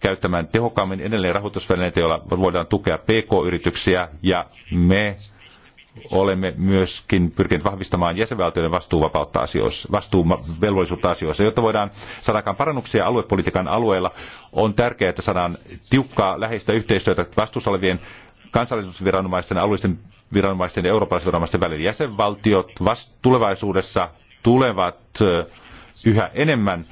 käyttämään tehokkaammin edelleen rahoitusvälineitä, joilla voidaan tukea PK-yrityksiä ja me olemme myöskin pyrkineet vahvistamaan jäsenvaltioiden vastuuvapautta asioissa, vastuuvelvollisuutta asioissa. Jotta voidaan saada aikaan parannuksia aluepolitiikan alueella, on tärkeää, että saadaan tiukkaa läheistä yhteistyötä vastuussa olevien kansallisuusviranomaisten, alueisten viranomaisten ja eurooppalaisten viranomaisten välillä. Jäsenvaltiot vast- tulevaisuudessa tulevat yhä enemmän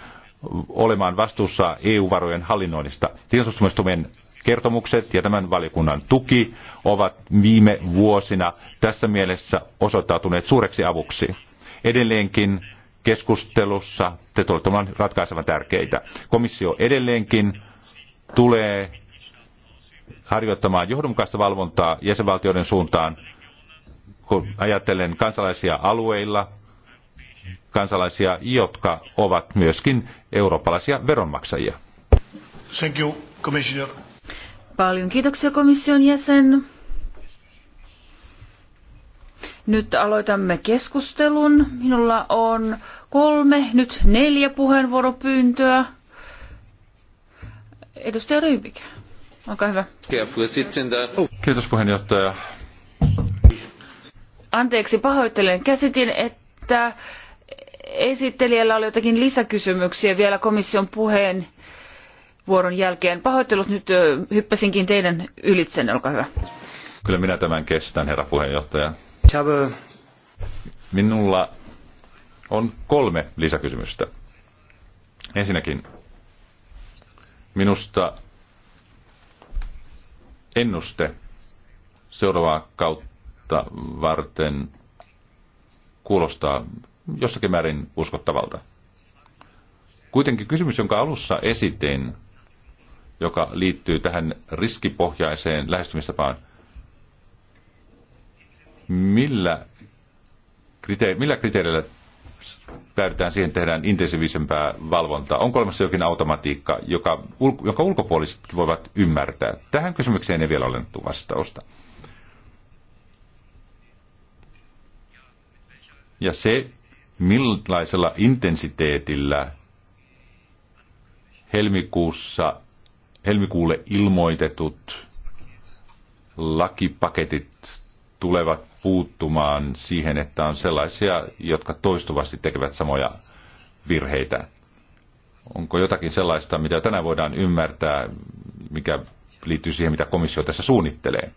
olemaan vastuussa EU-varojen hallinnoinnista. Tietosuojelustumien kertomukset ja tämän valiokunnan tuki ovat viime vuosina tässä mielessä osoittautuneet suureksi avuksi. Edelleenkin keskustelussa te tulette olemaan ratkaisevan tärkeitä. Komissio edelleenkin tulee harjoittamaan johdonmukaista valvontaa jäsenvaltioiden suuntaan, kun ajatellen kansalaisia alueilla, kansalaisia, jotka ovat myöskin eurooppalaisia veronmaksajia. Thank you, Commissioner. Paljon kiitoksia komission jäsen. Nyt aloitamme keskustelun. Minulla on kolme, nyt neljä puheenvuoropyyntöä. Edustaja Rybik, olkaa hyvä. Kiitos puheenjohtaja. Anteeksi, pahoittelen. Käsitin, että esittelijällä oli jotakin lisäkysymyksiä vielä komission puheen vuoron jälkeen. Pahoittelut nyt hyppäsinkin teidän ylitsenne, olkaa hyvä. Kyllä minä tämän kestän, herra puheenjohtaja. Minulla on kolme lisäkysymystä. Ensinnäkin, minusta ennuste seuraavaa kautta varten kuulostaa jossakin määrin uskottavalta. Kuitenkin kysymys, jonka alussa esitin, joka liittyy tähän riskipohjaiseen lähestymistapaan. Millä, kriteer- millä kriteereillä päädytään siihen, tehdään intensiivisempää valvontaa? Onko olemassa jokin automatiikka, joka, ulko- joka ulkopuoliset voivat ymmärtää? Tähän kysymykseen ei vielä ole annettu vastausta. Ja se, millaisella intensiteetillä helmikuussa helmikuulle ilmoitetut lakipaketit tulevat puuttumaan siihen, että on sellaisia, jotka toistuvasti tekevät samoja virheitä. Onko jotakin sellaista, mitä tänään voidaan ymmärtää, mikä liittyy siihen, mitä komissio tässä suunnittelee?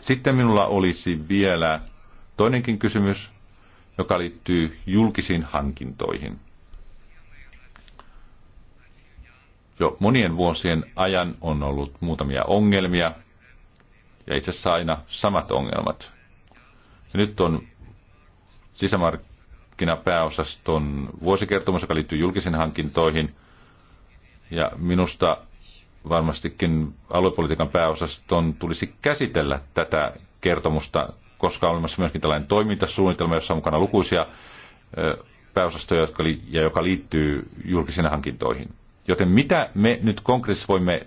Sitten minulla olisi vielä toinenkin kysymys, joka liittyy julkisiin hankintoihin. Jo monien vuosien ajan on ollut muutamia ongelmia, ja itse asiassa aina samat ongelmat. Ja nyt on sisämarkkinapääosaston vuosikertomus, joka liittyy julkisiin hankintoihin, ja minusta varmastikin aluepolitiikan pääosaston tulisi käsitellä tätä kertomusta, koska on olemassa myöskin tällainen toimintasuunnitelma, jossa on mukana lukuisia pääosastoja, jotka li- ja joka liittyy julkisiin hankintoihin. Joten mitä me nyt konkreettisesti voimme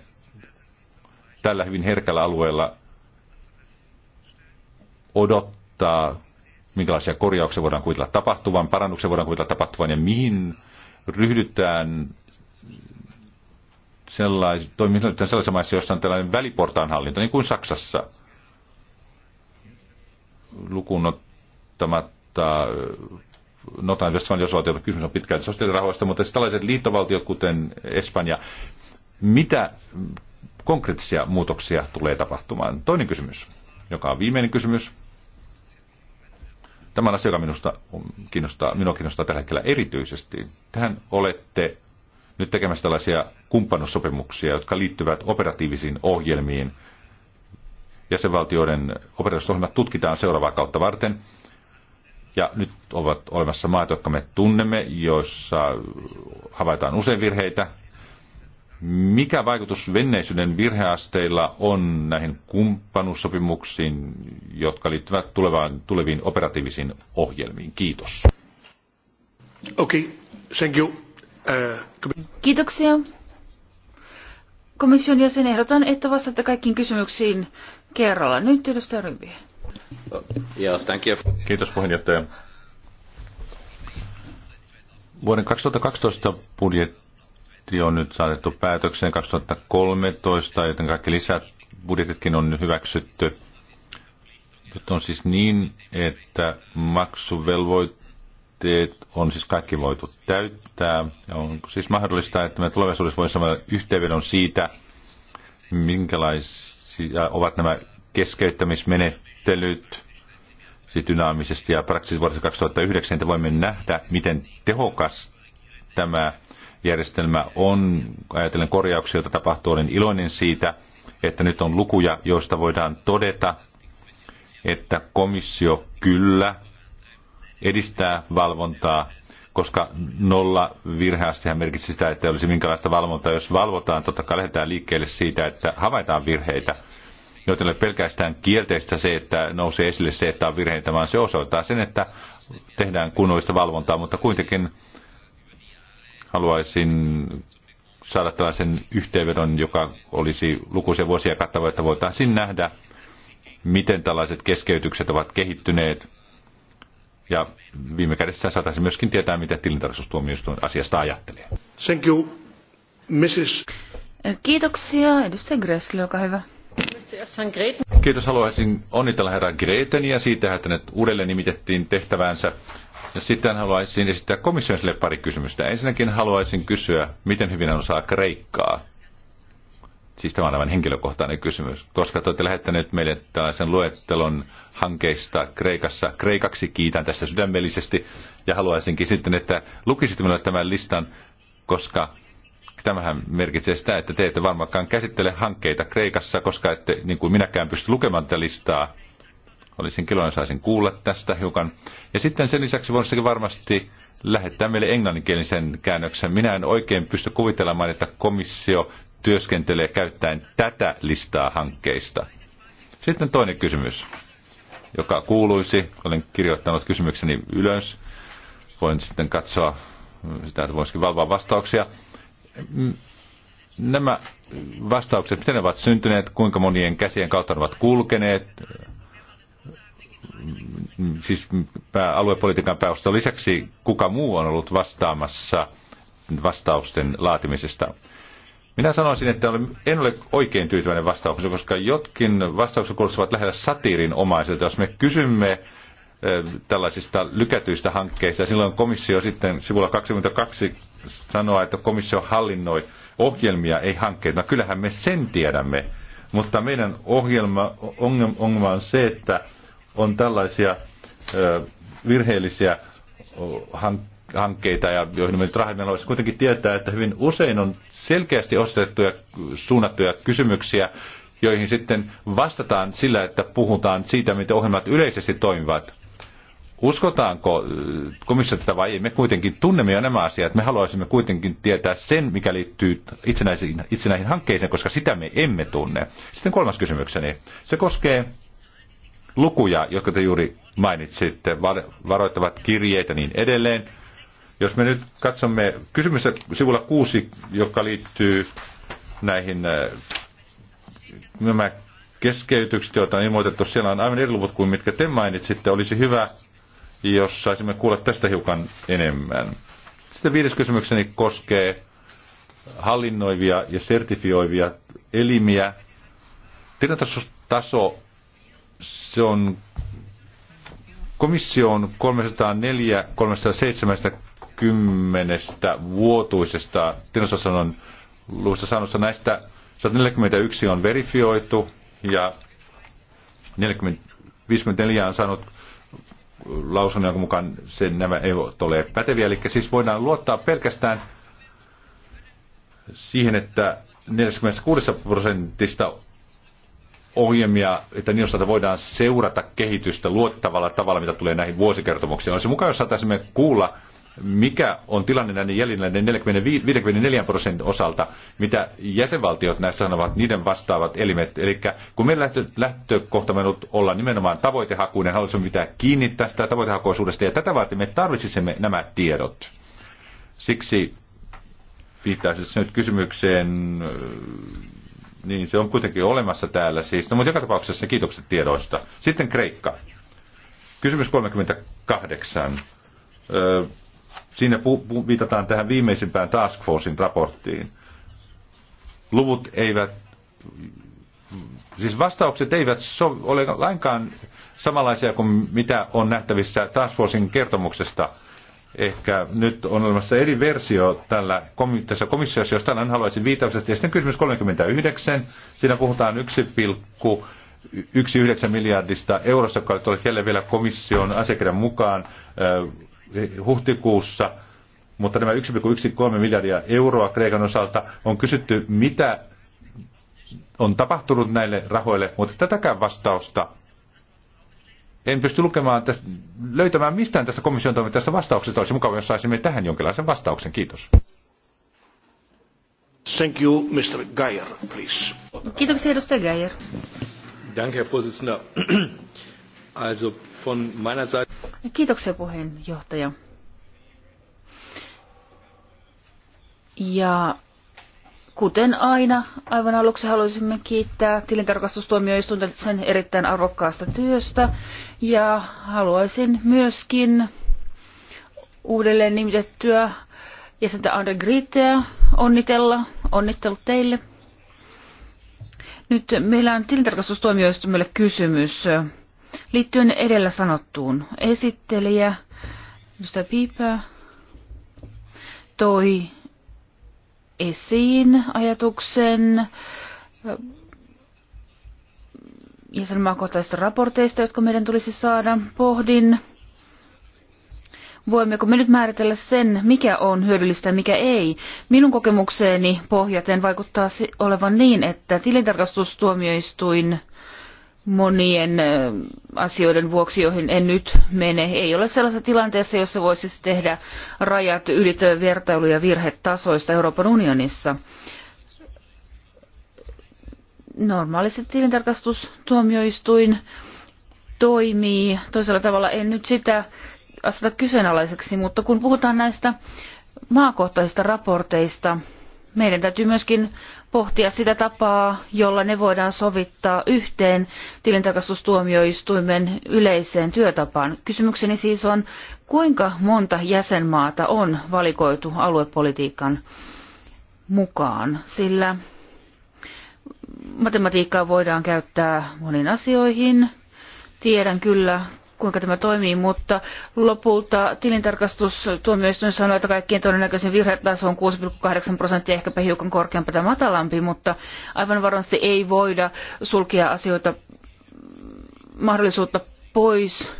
tällä hyvin herkällä alueella odottaa, minkälaisia korjauksia voidaan kuvitella tapahtuvan, parannuksia voidaan kuvitella tapahtuvan ja mihin ryhdytään sellais, maissa, joissa on tällainen väliportaan hallinto, niin kuin Saksassa lukuun ottamatta Notan Westfalen osavaltiota kysymys on pitkälti sosiaalirahoista, mutta siis tällaiset liittovaltiot, kuten Espanja, mitä konkreettisia muutoksia tulee tapahtumaan? Toinen kysymys, joka on viimeinen kysymys. Tämä on asia, joka minusta kiinnostaa, minua kiinnostaa tällä hetkellä erityisesti. Tähän olette nyt tekemässä tällaisia kumppanussopimuksia, jotka liittyvät operatiivisiin ohjelmiin. Jäsenvaltioiden operatiivisohjelmat tutkitaan seuraavaa kautta varten – ja nyt ovat olemassa maat, jotka me tunnemme, joissa havaitaan usein virheitä. Mikä vaikutus venneisyyden virheasteilla on näihin kumppanuussopimuksiin, jotka liittyvät tulevaan, tuleviin operatiivisiin ohjelmiin? Kiitos. Okei, okay. thank you. Uh, Kiitoksia. Komission jäsen ehdotan, että vastaatte kaikkiin kysymyksiin kerralla. Nyt edustaja Ryviä. Joo, thank you. Kiitos puheenjohtaja. Vuoden 2012 budjetti on nyt saatettu päätökseen 2013, joten kaikki lisät budjetitkin on nyt hyväksytty. Nyt on siis niin, että maksuvelvoitteet on siis kaikki voitu täyttää. Ja on siis mahdollista, että me tulevaisuudessa voimme saada yhteenvedon siitä, minkälaisia ovat nämä keskeyttämismenettelyt siis dynaamisesti ja praksis vuodesta 2009, että voimme nähdä, miten tehokas tämä järjestelmä on. Ajatellen korjauksia, joita tapahtuu, olen iloinen siitä, että nyt on lukuja, joista voidaan todeta, että komissio kyllä edistää valvontaa, koska nolla virheästihän merkitsi sitä, että ei olisi minkälaista valvontaa. Jos valvotaan, totta kai lähdetään liikkeelle siitä, että havaitaan virheitä joten pelkästään kielteistä se, että nousee esille se, että on virheitä, vaan se osoittaa sen, että tehdään kunnollista valvontaa, mutta kuitenkin haluaisin saada tällaisen yhteenvedon, joka olisi lukuisia vuosia kattava, että voitaisiin nähdä, miten tällaiset keskeytykset ovat kehittyneet. Ja viime kädessä saataisiin myöskin tietää, mitä tilintarkastustuomioistuin asiasta ajattelee. Thank you, Mrs. Kiitoksia. Edustaja Gressli, olkaa hyvä. Kiitos. Haluaisin onnitella herra Greteniä siitä, että hänet uudelleen nimitettiin tehtäväänsä. Ja sitten haluaisin esittää komissiosille pari kysymystä. Ensinnäkin haluaisin kysyä, miten hyvin hän osaa kreikkaa? Siis tämä on aivan henkilökohtainen kysymys, koska te olette lähettäneet meille tällaisen luettelon hankkeista Kreikassa. Kreikaksi kiitän tästä sydämellisesti ja haluaisinkin sitten, että lukisitte minulle tämän listan, koska Tämähän merkitsee sitä, että te ette varmaankaan käsittele hankkeita Kreikassa, koska ette, niin kuin minäkään pysty lukemaan tätä listaa. Olisin kiloinen, saisin kuulla tästä hiukan. Ja sitten sen lisäksi voisikin varmasti lähettää meille englanninkielisen käännöksen. Minä en oikein pysty kuvitelemaan, että komissio työskentelee käyttäen tätä listaa hankkeista. Sitten toinen kysymys, joka kuuluisi. Olen kirjoittanut kysymykseni ylös. Voin sitten katsoa sitä, että voisikin valvoa vastauksia nämä vastaukset, miten ne ovat syntyneet, kuinka monien käsien kautta ne ovat kulkeneet, siis pää, aluepolitiikan pääosaston lisäksi kuka muu on ollut vastaamassa vastausten laatimisesta. Minä sanoisin, että en ole oikein tyytyväinen vastaukseen, koska jotkin vastaukset kuulostavat lähellä satiirin omaiselta. Jos me kysymme eh, tällaisista lykätyistä hankkeista, silloin komissio sitten sivulla 22 sanoa, että komissio hallinnoi ohjelmia, ei hankkeita. No kyllähän me sen tiedämme, mutta meidän ohjelma, ongelma on se, että on tällaisia virheellisiä hankkeita, ja joihin me rahimella olisi kuitenkin tietää, että hyvin usein on selkeästi ostettuja suunnattuja kysymyksiä, joihin sitten vastataan sillä, että puhutaan siitä, miten ohjelmat yleisesti toimivat. Uskotaanko äh, komissio tätä vai ei? Me kuitenkin tunnemme jo nämä asiat. Me haluaisimme kuitenkin tietää sen, mikä liittyy itsenäisiin, itsenäisiin hankkeisiin, koska sitä me emme tunne. Sitten kolmas kysymykseni. Se koskee lukuja, jotka te juuri mainitsitte, varoittavat kirjeitä niin edelleen. Jos me nyt katsomme kysymystä sivulla kuusi, joka liittyy näihin äh, nämä keskeytykset, joita on ilmoitettu, siellä on aivan eri luvut kuin mitkä te mainitsitte. Olisi hyvä jos saisimme kuulla tästä hiukan enemmän. Sitten viides kysymykseni koskee hallinnoivia ja sertifioivia elimiä. Tiedotaso se on komission 304 370 vuotuisesta tiedotason luvusta saannosta näistä 141 on verifioitu ja 40, 54 on saanut lausunnon, jonka mukaan se, nämä ei ole päteviä. Eli siis voidaan luottaa pelkästään siihen, että 46 prosentista ohjelmia, että niin osalta voidaan seurata kehitystä luottavalla tavalla, mitä tulee näihin vuosikertomuksiin. Olisi mukaan jos saataisiin kuulla mikä on tilanne näiden jäljellä näiden 45, 54 prosentin osalta, mitä jäsenvaltiot näissä sanovat, niiden vastaavat elimet. Eli kun meillä lähtökohta on olla nimenomaan tavoitehakuinen, haluaisimme pitää kiinni tästä tavoitehakuisuudesta, ja tätä varten me tarvitsisimme nämä tiedot. Siksi viittaisin nyt kysymykseen, niin se on kuitenkin olemassa täällä siis. No mutta joka tapauksessa kiitokset tiedoista. Sitten Kreikka. Kysymys 38. Öö, Siinä pu- viitataan tähän viimeisimpään Task Forcein raporttiin. Luvut eivät, siis vastaukset eivät so- ole lainkaan samanlaisia kuin mitä on nähtävissä Task Forcein kertomuksesta. Ehkä nyt on olemassa eri versio tällä, tässä komissiossa, jos tällainen haluaisin viitauksesta. Ja sitten kysymys 39. Siinä puhutaan 1,19 miljardista eurosta, joka oli vielä komission asiakirjan mukaan huhtikuussa, mutta nämä 1,13 miljardia euroa Kreikan osalta on kysytty, mitä on tapahtunut näille rahoille, mutta tätäkään vastausta en pysty lukemaan, tästä, löytämään mistään tästä komission toimintaista vastauksesta. Olisi mukava, jos saisimme tähän jonkinlaisen vastauksen. Kiitos. Thank you, Mr. Geyer, please. Kiitoksia, edustaja Geyer. Danke, Herr Vorsitzender. also, von meiner Seite. Kiitoksia puheenjohtaja. Ja kuten aina, aivan aluksi haluaisimme kiittää tilintarkastustuomioistuinta sen erittäin arvokkaasta työstä. Ja haluaisin myöskin uudelleen nimitettyä jäsentä Andre Griteä onnitella. Onnittelut teille. Nyt meillä on tilintarkastustuomioistuimelle kysymys. Liittyen edellä sanottuun, esittelijä Mr. Pieper, toi esiin ajatuksen äh, jäsenmaakohtaisista raporteista, jotka meidän tulisi saada. Pohdin, voimmeko me nyt määritellä sen, mikä on hyödyllistä ja mikä ei. Minun kokemukseeni pohjaten vaikuttaa olevan niin, että tilintarkastustuomioistuin – monien asioiden vuoksi, joihin en nyt mene. Ei ole sellaisessa tilanteessa, jossa voisi siis tehdä rajat ylittäviä vertailuja ja virhetasoista Euroopan unionissa. Normaalisti tilintarkastustuomioistuin toimii. Toisella tavalla en nyt sitä aseta kyseenalaiseksi, mutta kun puhutaan näistä maakohtaisista raporteista, meidän täytyy myöskin pohtia sitä tapaa, jolla ne voidaan sovittaa yhteen tilintarkastustuomioistuimen yleiseen työtapaan. Kysymykseni siis on, kuinka monta jäsenmaata on valikoitu aluepolitiikan mukaan, sillä matematiikkaa voidaan käyttää moniin asioihin. Tiedän kyllä kuinka tämä toimii, mutta lopulta tilintarkastustuomioistuin sanoi, että kaikkien todennäköisin virhetaso on 6,8 prosenttia, ehkäpä hiukan korkeampi tai matalampi, mutta aivan varmasti ei voida sulkea asioita mm, mahdollisuutta pois,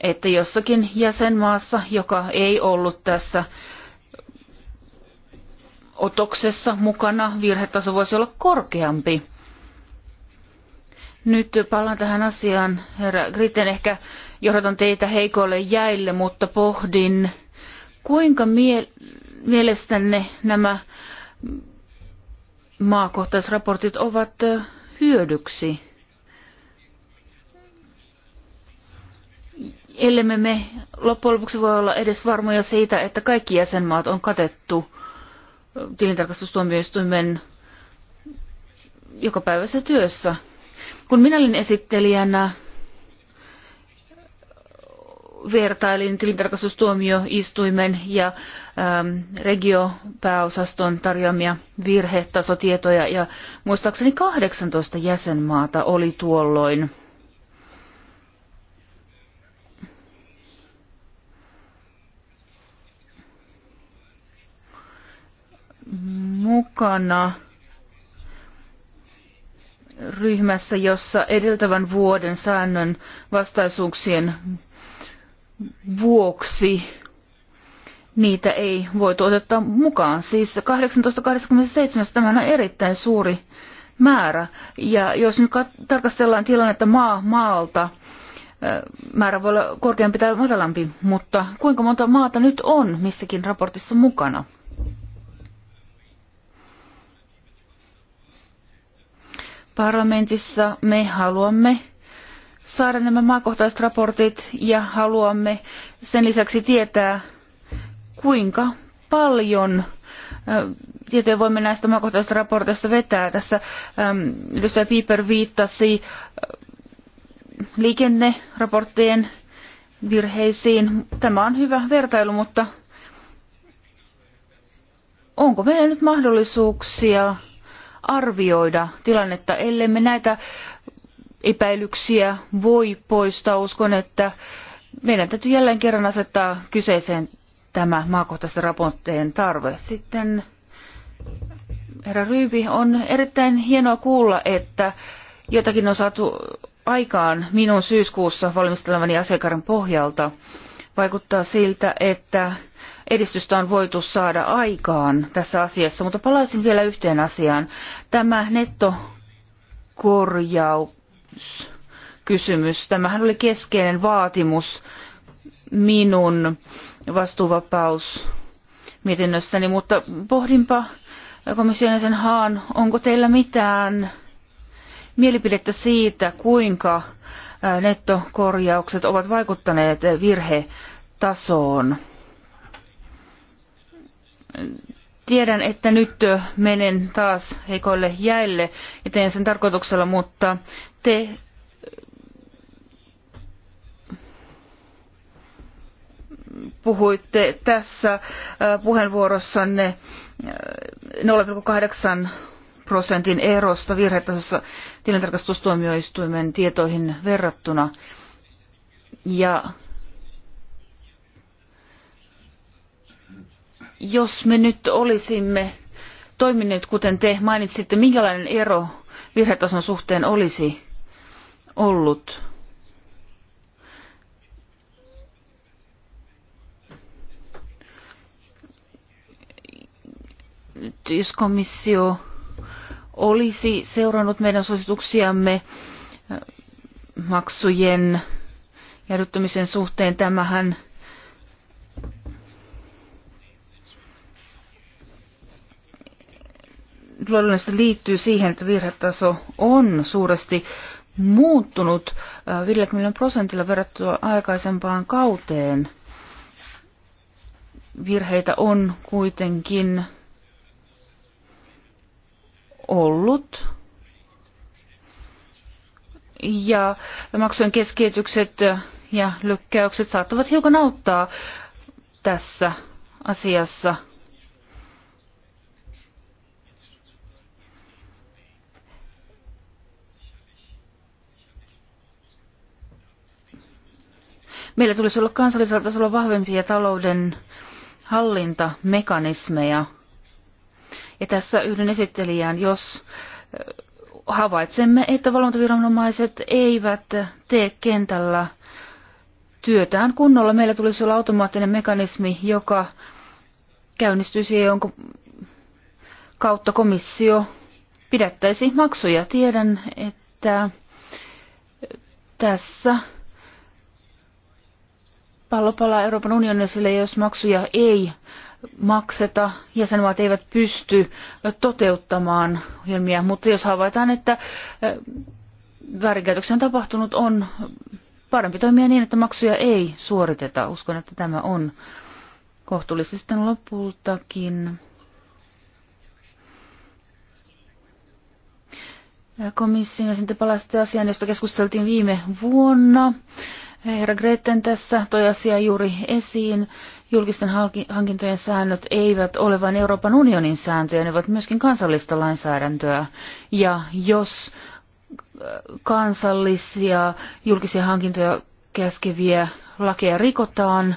että jossakin jäsenmaassa, joka ei ollut tässä otoksessa mukana, virhetaso voisi olla korkeampi. Nyt palaan tähän asiaan. Herra Gritten, ehkä johdatan teitä heikoille jäille, mutta pohdin, kuinka mie- mielestänne nämä maakohtaisraportit ovat hyödyksi? Ellemme me loppujen lopuksi voi olla edes varmoja siitä, että kaikki jäsenmaat on katettu tilintarkastustuomioistuimen jokapäiväisessä työssä. Kun minä olin esittelijänä, vertailin tilintarkastustuomioistuimen ja ähm, regiopääosaston tarjoamia virhetasotietoja ja muistaakseni 18 jäsenmaata oli tuolloin. mukana ryhmässä, jossa edeltävän vuoden säännön vastaisuuksien vuoksi niitä ei voitu ottaa mukaan. Siis 1887 tämä on erittäin suuri määrä. Ja jos nyt tarkastellaan tilannetta maa maalta, määrä voi olla korkeampi tai matalampi, mutta kuinka monta maata nyt on missäkin raportissa mukana? Parlamentissa me haluamme saada nämä maakohtaiset raportit ja haluamme sen lisäksi tietää, kuinka paljon tietoja voimme näistä maakohtaisista raporteista vetää. Tässä edustaja Piper viittasi liikenneraporttien virheisiin. Tämä on hyvä vertailu, mutta onko meillä nyt mahdollisuuksia arvioida tilannetta, ellemme näitä epäilyksiä voi poistaa. Uskon, että meidän täytyy jälleen kerran asettaa kyseeseen tämä maakohtaisten raporttien tarve. Sitten herra Ryyvi, on erittäin hienoa kuulla, että jotakin on saatu aikaan minun syyskuussa valmistelemani asiakirjan pohjalta. Vaikuttaa siltä, että edistystä on voitu saada aikaan tässä asiassa, mutta palaisin vielä yhteen asiaan. Tämä nettokorjauskysymys, tämähän oli keskeinen vaatimus minun vastuuvapaus mietinnössäni, mutta pohdinpa komission sen Haan, onko teillä mitään mielipidettä siitä, kuinka nettokorjaukset ovat vaikuttaneet virhetasoon? Tiedän, että nyt menen taas heikoille jäille ja teen sen tarkoituksella, mutta te puhuitte tässä äh, puheenvuorossanne 0,8 äh, prosentin erosta virhetasossa tilintarkastustuomioistuimen tietoihin verrattuna. Ja jos me nyt olisimme toimineet kuten te mainitsitte, minkälainen ero virhetason suhteen olisi ollut? Jos komissio olisi seurannut meidän suosituksiamme äh, maksujen jäädyttämisen suhteen, tämähän luonnollisesti liittyy siihen, että virhetaso on suuresti muuttunut 50 äh, prosentilla verrattuna aikaisempaan kauteen. Virheitä on kuitenkin ollut. Ja maksujen keskeytykset ja lykkäykset saattavat hiukan auttaa tässä asiassa Meillä tulisi olla kansallisella tasolla vahvempia talouden hallintamekanismeja. Ja tässä yhden esittelijään, jos äh, havaitsemme, että valvontaviranomaiset eivät tee kentällä työtään kunnolla, meillä tulisi olla automaattinen mekanismi, joka käynnistyisi, jonka kautta komissio pidättäisi maksuja. Tiedän, että tässä pallo palaa Euroopan unionille, sillä jos maksuja ei makseta, jäsenmaat eivät pysty toteuttamaan ohjelmia, mutta jos havaitaan, että väärinkäytöksiä on tapahtunut, on parempi toimia niin, että maksuja ei suoriteta. Uskon, että tämä on kohtuullisesti sitten lopultakin. Komission ja sitten palasitte asiaan, josta keskusteltiin viime vuonna. Herra Gretten tässä toi asia juuri esiin. Julkisten hankintojen säännöt eivät ole vain Euroopan unionin sääntöjä, ne ovat myöskin kansallista lainsäädäntöä. Ja jos äh, kansallisia julkisia hankintoja käskeviä lakeja rikotaan,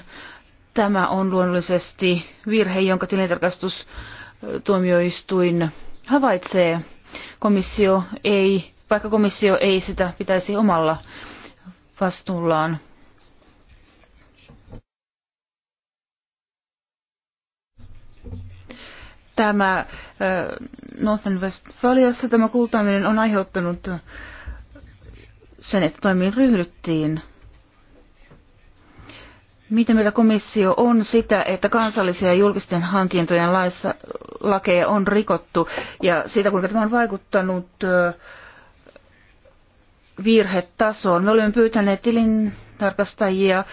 tämä on luonnollisesti virhe, jonka tilintarkastustuomioistuin havaitsee. Komissio ei, vaikka komissio ei sitä pitäisi omalla vastuullaan. Tämä äh, Northern Westfaliassa tämä kultaaminen on aiheuttanut sen, että toimiin ryhdyttiin. Mitä meillä komissio on sitä, että kansallisia julkisten hankintojen laissa, lakeja on rikottu ja siitä, kuinka tämä on vaikuttanut äh, virhetasoon. Me olemme pyytäneet tilintarkastajia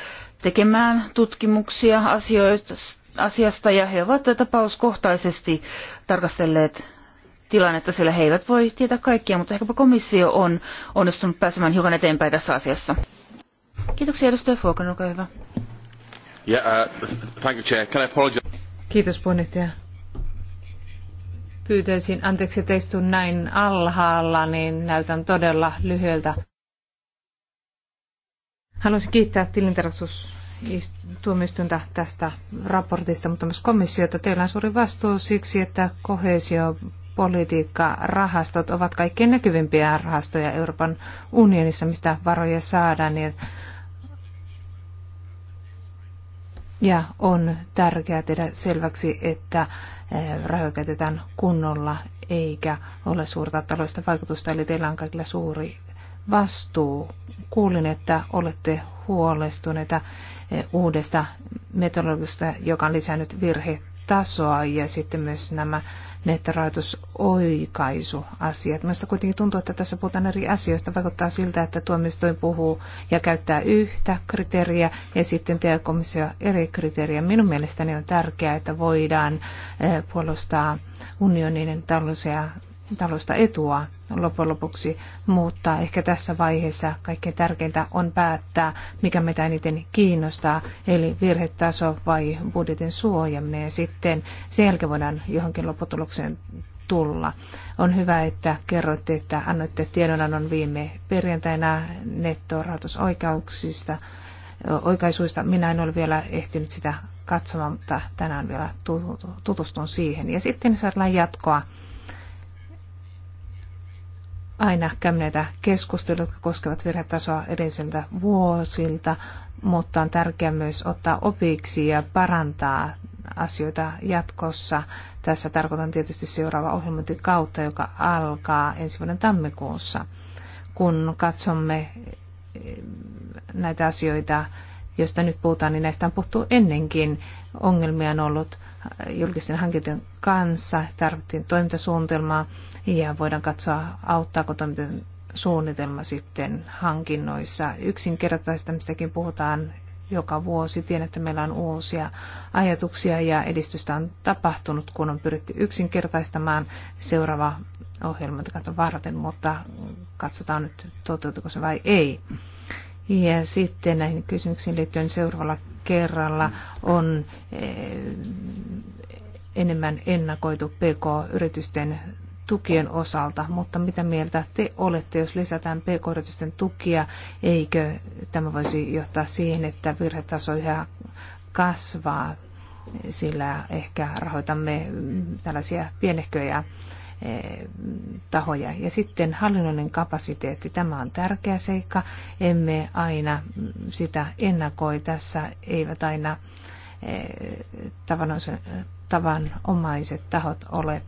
tekemään tutkimuksia asioista, asiasta ja he ovat tapauskohtaisesti tarkastelleet tilannetta, sillä he eivät voi tietää kaikkia, mutta ehkäpä komissio on onnistunut pääsemään hiukan eteenpäin tässä asiassa. Kiitoksia edustaja Fuokan, olkaa hyvä. Yeah, uh, thank you, Chair. Can I apologize? Kiitos puheenjohtaja. Pyytäisin anteeksi, että istun näin alhaalla, niin näytän todella lyhyeltä. Haluaisin kiittää tilintarkastustuomioistuinta tästä raportista, mutta myös komissiota. Teillä on suuri vastuu siksi, että kohesio rahastot ovat kaikkein näkyvimpiä rahastoja Euroopan unionissa, mistä varoja saadaan. Niin Ja on tärkeää tehdä selväksi, että eh, rahoja käytetään kunnolla eikä ole suurta taloudellista vaikutusta, eli teillä on kaikilla suuri vastuu. Kuulin, että olette huolestuneita eh, uudesta metodologista, joka on lisännyt virheitä tasoa ja sitten myös nämä nettirahoitusoikaisuasiat. Minusta kuitenkin tuntuu, että tässä puhutaan eri asioista. Vaikuttaa siltä, että tuomioistuin puhuu ja käyttää yhtä kriteeriä ja sitten teokomissio eri kriteeriä. Minun mielestäni on tärkeää, että voidaan eh, puolustaa unionin taloudellisia taloudellista etua loppujen lopuksi, mutta ehkä tässä vaiheessa kaikkein tärkeintä on päättää, mikä meitä eniten kiinnostaa, eli virhetaso vai budjetin suojaminen, ja sitten sen jälkeen voidaan johonkin lopputulokseen tulla. On hyvä, että kerroitte, että annoitte tiedonannon viime perjantaina nettorahoitusoikeuksista, oikaisuista. Minä en ole vielä ehtinyt sitä katsomaan, mutta tänään vielä tutustun siihen. Ja sitten saadaan jatkoa aina käymme näitä keskusteluja, jotka koskevat virhetasoa edelliseltä vuosilta, mutta on tärkeää myös ottaa opiksi ja parantaa asioita jatkossa. Tässä tarkoitan tietysti seuraava kautta, joka alkaa ensi vuoden tammikuussa. Kun katsomme eh, näitä asioita, joista nyt puhutaan, niin näistä on puhuttu ennenkin. Ongelmia on ollut julkisten hankintojen kanssa. Tarvittiin toimintasuunnitelmaa ja voidaan katsoa, auttaako toimintasuunnitelma sitten hankinnoissa. Yksinkertaistamistakin puhutaan joka vuosi. Tiedän, että meillä on uusia ajatuksia ja edistystä on tapahtunut, kun on pyritty yksinkertaistamaan seuraava ohjelma varten, mutta katsotaan nyt toteutuuko se vai ei. Ja sitten näihin kysymyksiin liittyen seuraavalla kerralla on eh, enemmän ennakoitu PK-yritysten tukien osalta, mutta mitä mieltä te olette, jos lisätään pk-yritysten tukia, eikö tämä voisi johtaa siihen, että virhetasoja kasvaa, sillä ehkä rahoitamme tällaisia pienehköjä Eh, tahoja. Ja sitten hallinnollinen kapasiteetti, tämä on tärkeä seikka. Emme aina sitä ennakoi tässä, eivät aina eh, tavanomaiset tahot ole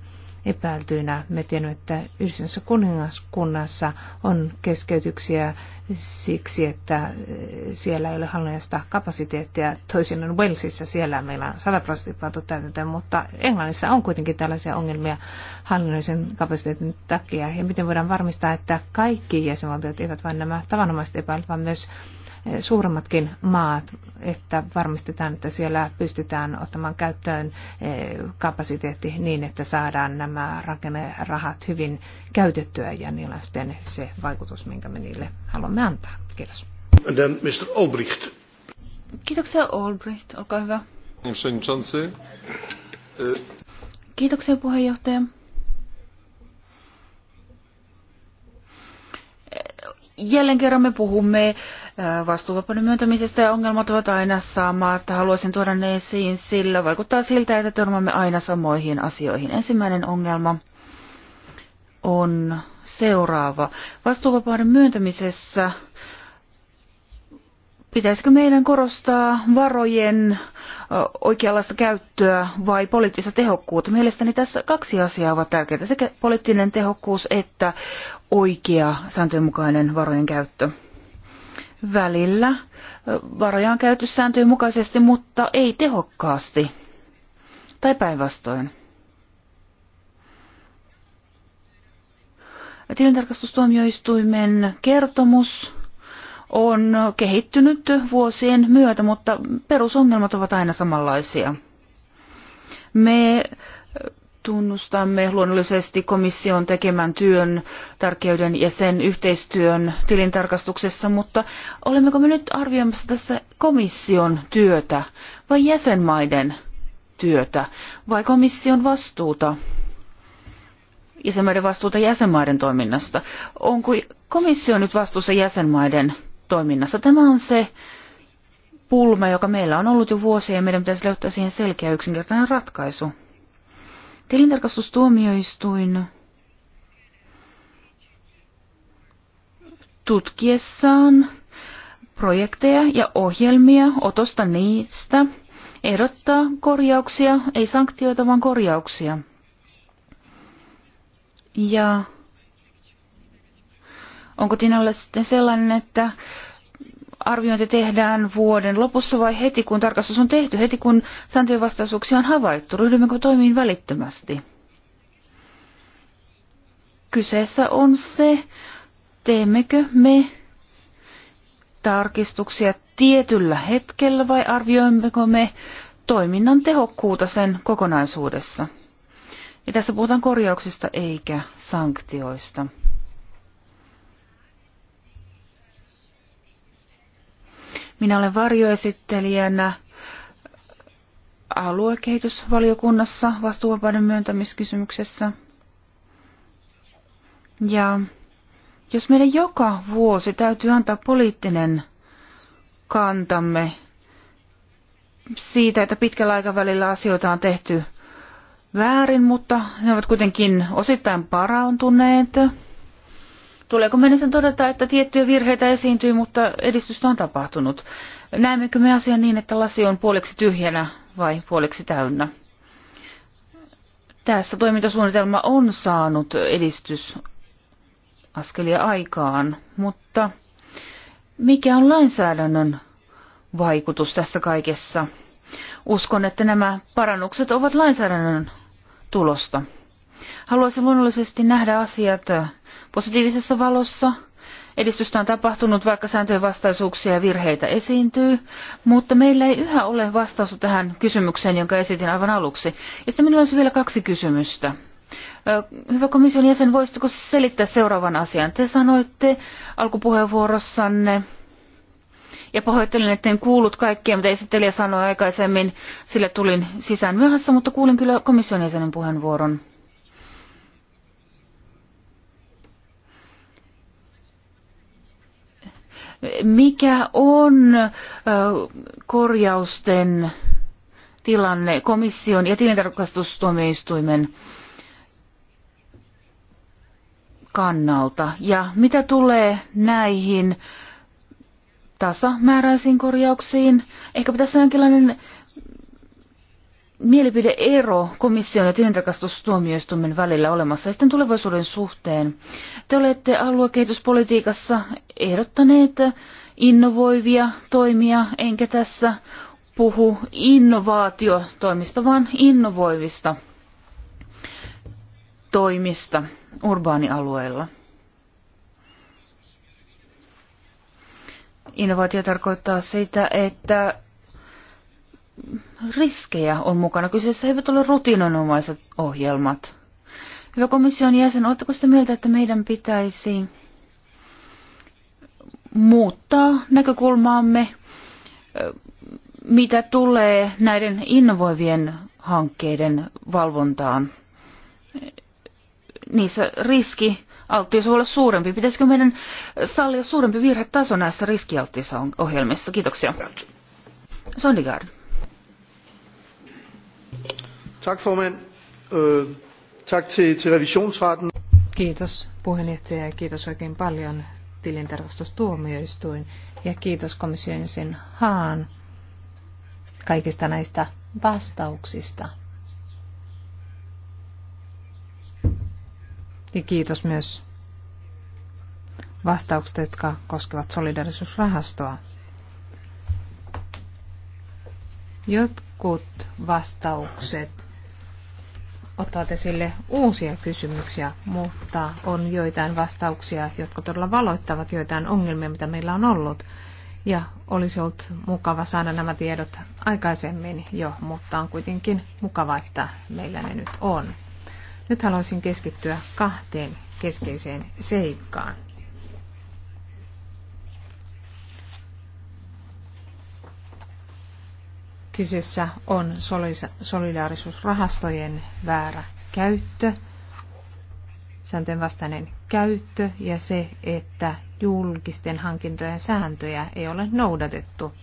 epäiltyinä. Me tiedämme, että yhdessä kuningaskunnassa on keskeytyksiä siksi, että eh, siellä ei ole hallinnollista kapasiteettia. Toisin on Walesissa, siellä meillä on 100 prosenttia täytäntöön, mutta Englannissa on kuitenkin tällaisia ongelmia hallinnollisen kapasiteetin takia. Ja miten voidaan varmistaa, että kaikki jäsenvaltiot, eivät vain nämä tavanomaiset epäilyt, vaan myös suuremmatkin maat, että varmistetaan, että siellä pystytään ottamaan käyttöön eh, kapasiteetti niin, että saadaan nämä rakennerahat hyvin käytettyä ja niillä on sitten se vaikutus, minkä me niille haluamme antaa. Kiitos. Then Mr. Olbricht. Kiitoksia Olbricht, olkaa hyvä. Eh. Kiitoksia puheenjohtaja. Eh, jälleen kerran me puhumme vastuuvapauden myöntämisestä ja ongelmat ovat aina samat. Haluaisin tuoda ne esiin, sillä vaikuttaa siltä, että törmäämme aina samoihin asioihin. Ensimmäinen ongelma on seuraava. Vastuuvapauden myöntämisessä pitäisikö meidän korostaa varojen oikeanlaista käyttöä vai poliittista tehokkuutta? Mielestäni tässä kaksi asiaa ovat tärkeitä, sekä poliittinen tehokkuus että oikea sääntöjen mukainen varojen käyttö. Välillä varoja on käyty sääntöjen mukaisesti, mutta ei tehokkaasti. Tai päinvastoin. Tilintarkastustuomioistuimen kertomus on kehittynyt vuosien myötä, mutta perusongelmat ovat aina samanlaisia. Me tunnustamme luonnollisesti komission tekemän työn tärkeyden ja sen yhteistyön tilintarkastuksessa, mutta olemmeko me nyt arvioimassa tässä komission työtä vai jäsenmaiden työtä vai komission vastuuta? jäsenmaiden vastuuta jäsenmaiden toiminnasta. Onko komissio nyt vastuussa jäsenmaiden toiminnassa? Tämä on se pulma, joka meillä on ollut jo vuosia ja meidän pitäisi löytää siihen selkeä yksinkertainen ratkaisu. Tilintarkastustuomioistuin tutkiessaan projekteja ja ohjelmia otosta niistä ehdottaa korjauksia, ei sanktioita, vaan korjauksia. Ja onko Tinalla sitten sellainen, että arviointi tehdään vuoden lopussa vai heti kun tarkastus on tehty, heti kun sääntöjen vastaisuuksia on havaittu? Ryhdymmekö toimiin välittömästi? Kyseessä on se, teemmekö me tarkistuksia tietyllä hetkellä vai arvioimmeko me toiminnan tehokkuutta sen kokonaisuudessa. Ja tässä puhutaan korjauksista eikä sanktioista. Minä olen varjoesittelijänä aluekehitysvaliokunnassa vastuuvapauden myöntämiskysymyksessä. Ja jos meidän joka vuosi täytyy antaa poliittinen kantamme siitä, että pitkällä aikavälillä asioita on tehty väärin, mutta ne ovat kuitenkin osittain parantuneet. Tuleeko meidän sen todeta, että tiettyjä virheitä esiintyy, mutta edistystä on tapahtunut? Näemmekö me asian niin, että lasi on puoleksi tyhjänä vai puoleksi täynnä? Tässä toimintasuunnitelma on saanut edistysaskelia aikaan, mutta mikä on lainsäädännön vaikutus tässä kaikessa? Uskon, että nämä parannukset ovat lainsäädännön tulosta. Haluaisin luonnollisesti nähdä asiat positiivisessa valossa. Edistystä on tapahtunut, vaikka sääntöjen vastaisuuksia ja virheitä esiintyy, mutta meillä ei yhä ole vastausta tähän kysymykseen, jonka esitin aivan aluksi. Ja sitten minulla olisi vielä kaksi kysymystä. Hyvä komission jäsen, voisitko selittää seuraavan asian? Te sanoitte alkupuheenvuorossanne, ja pahoittelen, etten kuullut kaikkia, mitä esittelijä sanoi aikaisemmin, sillä tulin sisään myöhässä, mutta kuulin kyllä komission jäsenen puheenvuoron. mikä on korjausten tilanne komission ja tilintarkastustuomioistuimen kannalta. Ja mitä tulee näihin tasamääräisiin korjauksiin, ehkä pitäisi jonkinlainen mielipideero komission ja tilintarkastustuomioistuimen välillä olemassa ja sitten tulevaisuuden suhteen. Te olette aluekehityspolitiikassa ehdottaneet innovoivia toimia, enkä tässä puhu innovaatiotoimista, vaan innovoivista toimista urbaanialueilla. Innovaatio tarkoittaa sitä, että riskejä on mukana. Kyseessä eivät ole rutiinonomaiset ohjelmat. Hyvä komission jäsen, oletteko sitä mieltä, että meidän pitäisi muuttaa näkökulmaamme, mitä tulee näiden innovoivien hankkeiden valvontaan? Niissä riski alttius voi olla suurempi. Pitäisikö meidän sallia suurempi virhetaso näissä riskialttiissa ohjelmissa? Kiitoksia. Sondigard. Tak formand. Øh, tak til, til revisionsretten. Kiitos puheenjohtaja ja kiitos oikein paljon tilintarkastustuomioistuin ja kiitos komission sen Haan kaikista näistä vastauksista. Ja kiitos myös vastaukset, jotka koskevat solidarisuusrahastoa. Jotkut vastaukset ottavat esille uusia kysymyksiä, mutta on joitain vastauksia, jotka todella valoittavat joitain ongelmia, mitä meillä on ollut. Ja olisi ollut mukava saada nämä tiedot aikaisemmin jo, mutta on kuitenkin mukava, että meillä ne nyt on. Nyt haluaisin keskittyä kahteen keskeiseen seikkaan. Kyseessä on solidaarisuusrahastojen väärä käyttö, sääntöjen vastainen käyttö ja se, että julkisten hankintojen sääntöjä ei ole noudatettu.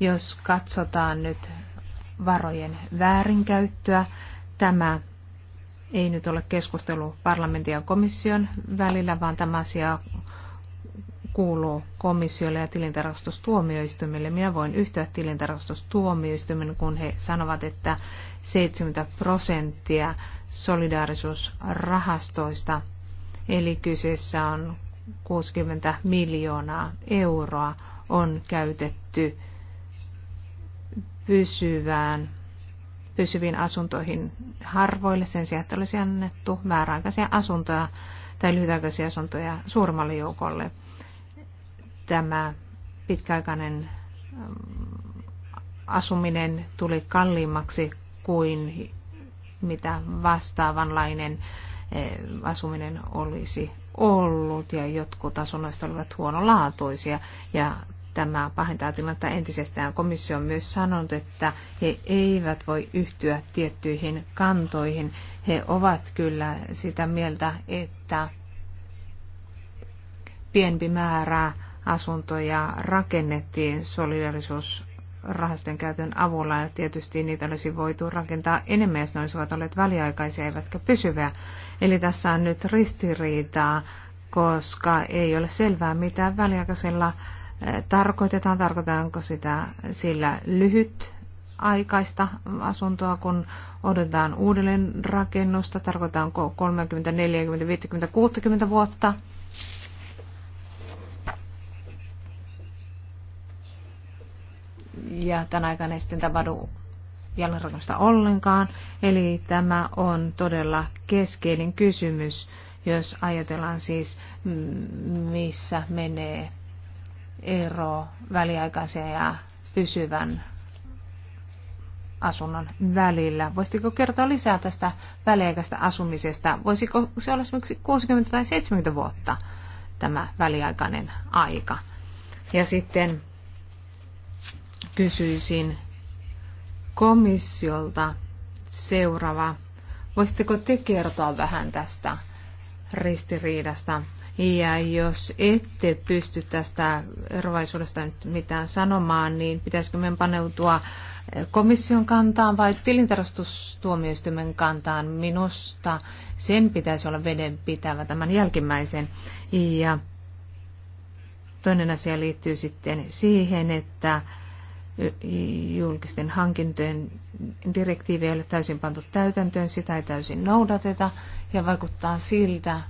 Jos katsotaan nyt varojen väärinkäyttöä, tämä ei nyt ole keskustelu parlamentin ja komission välillä, vaan tämä asia kuuluu komissiolle ja tilintarkastustuomioistuimelle. Minä voin yhtyä tilintarkastustuomioistuimen, kun he sanovat, että 70 prosenttia solidaarisuusrahastoista, eli kyseessä on 60 miljoonaa euroa, on käytetty pysyvään pysyviin asuntoihin harvoille sen sijaan, että olisi annettu määräaikaisia asuntoja tai lyhytaikaisia asuntoja suurmalle joukolle tämä pitkäaikainen mm, asuminen tuli kalliimmaksi kuin mitä vastaavanlainen e, asuminen olisi ollut ja jotkut asunnoista olivat huonolaatuisia ja tämä pahentaa tilannetta entisestään. Komissio on myös sanonut, että he eivät voi yhtyä tiettyihin kantoihin. He ovat kyllä sitä mieltä, että pienempi määrä asuntoja rakennettiin solidarisuusrahastojen käytön avulla. Ja tietysti niitä olisi voitu rakentaa enemmän, jos ne olisivat olleet väliaikaisia eivätkä pysyviä. Eli tässä on nyt ristiriitaa, koska ei ole selvää, mitä väliaikaisella eh, tarkoitetaan. Tarkoitetaanko sitä sillä lyhyt aikaista asuntoa, kun odotetaan uudelleen rakennusta? Tarkoitaanko 30, 40, 50, 60 vuotta? ja tämän aikana ei sitten tapahdu jälleenrakennusta ollenkaan. Eli tämä on todella keskeinen kysymys, jos ajatellaan siis, missä menee ero väliaikaisen ja pysyvän asunnon välillä. Voisitko kertoa lisää tästä väliaikaista asumisesta? Voisiko se olla esimerkiksi 60 tai 70 vuotta tämä väliaikainen aika? Ja sitten kysyisin komissiolta seuraava. Voisitteko te kertoa vähän tästä ristiriidasta? Ja jos ette pysty tästä eroaisuudesta nyt mitään sanomaan, niin pitäisikö meidän paneutua komission kantaan vai tilintarastustuomioistuimen kantaan? Minusta sen pitäisi olla vedenpitävä tämän jälkimmäisen. Ja toinen asia liittyy sitten siihen, että julkisten hankintojen direktiivi ei ole täysin pantu täytäntöön, sitä ei täysin noudateta ja vaikuttaa siltä,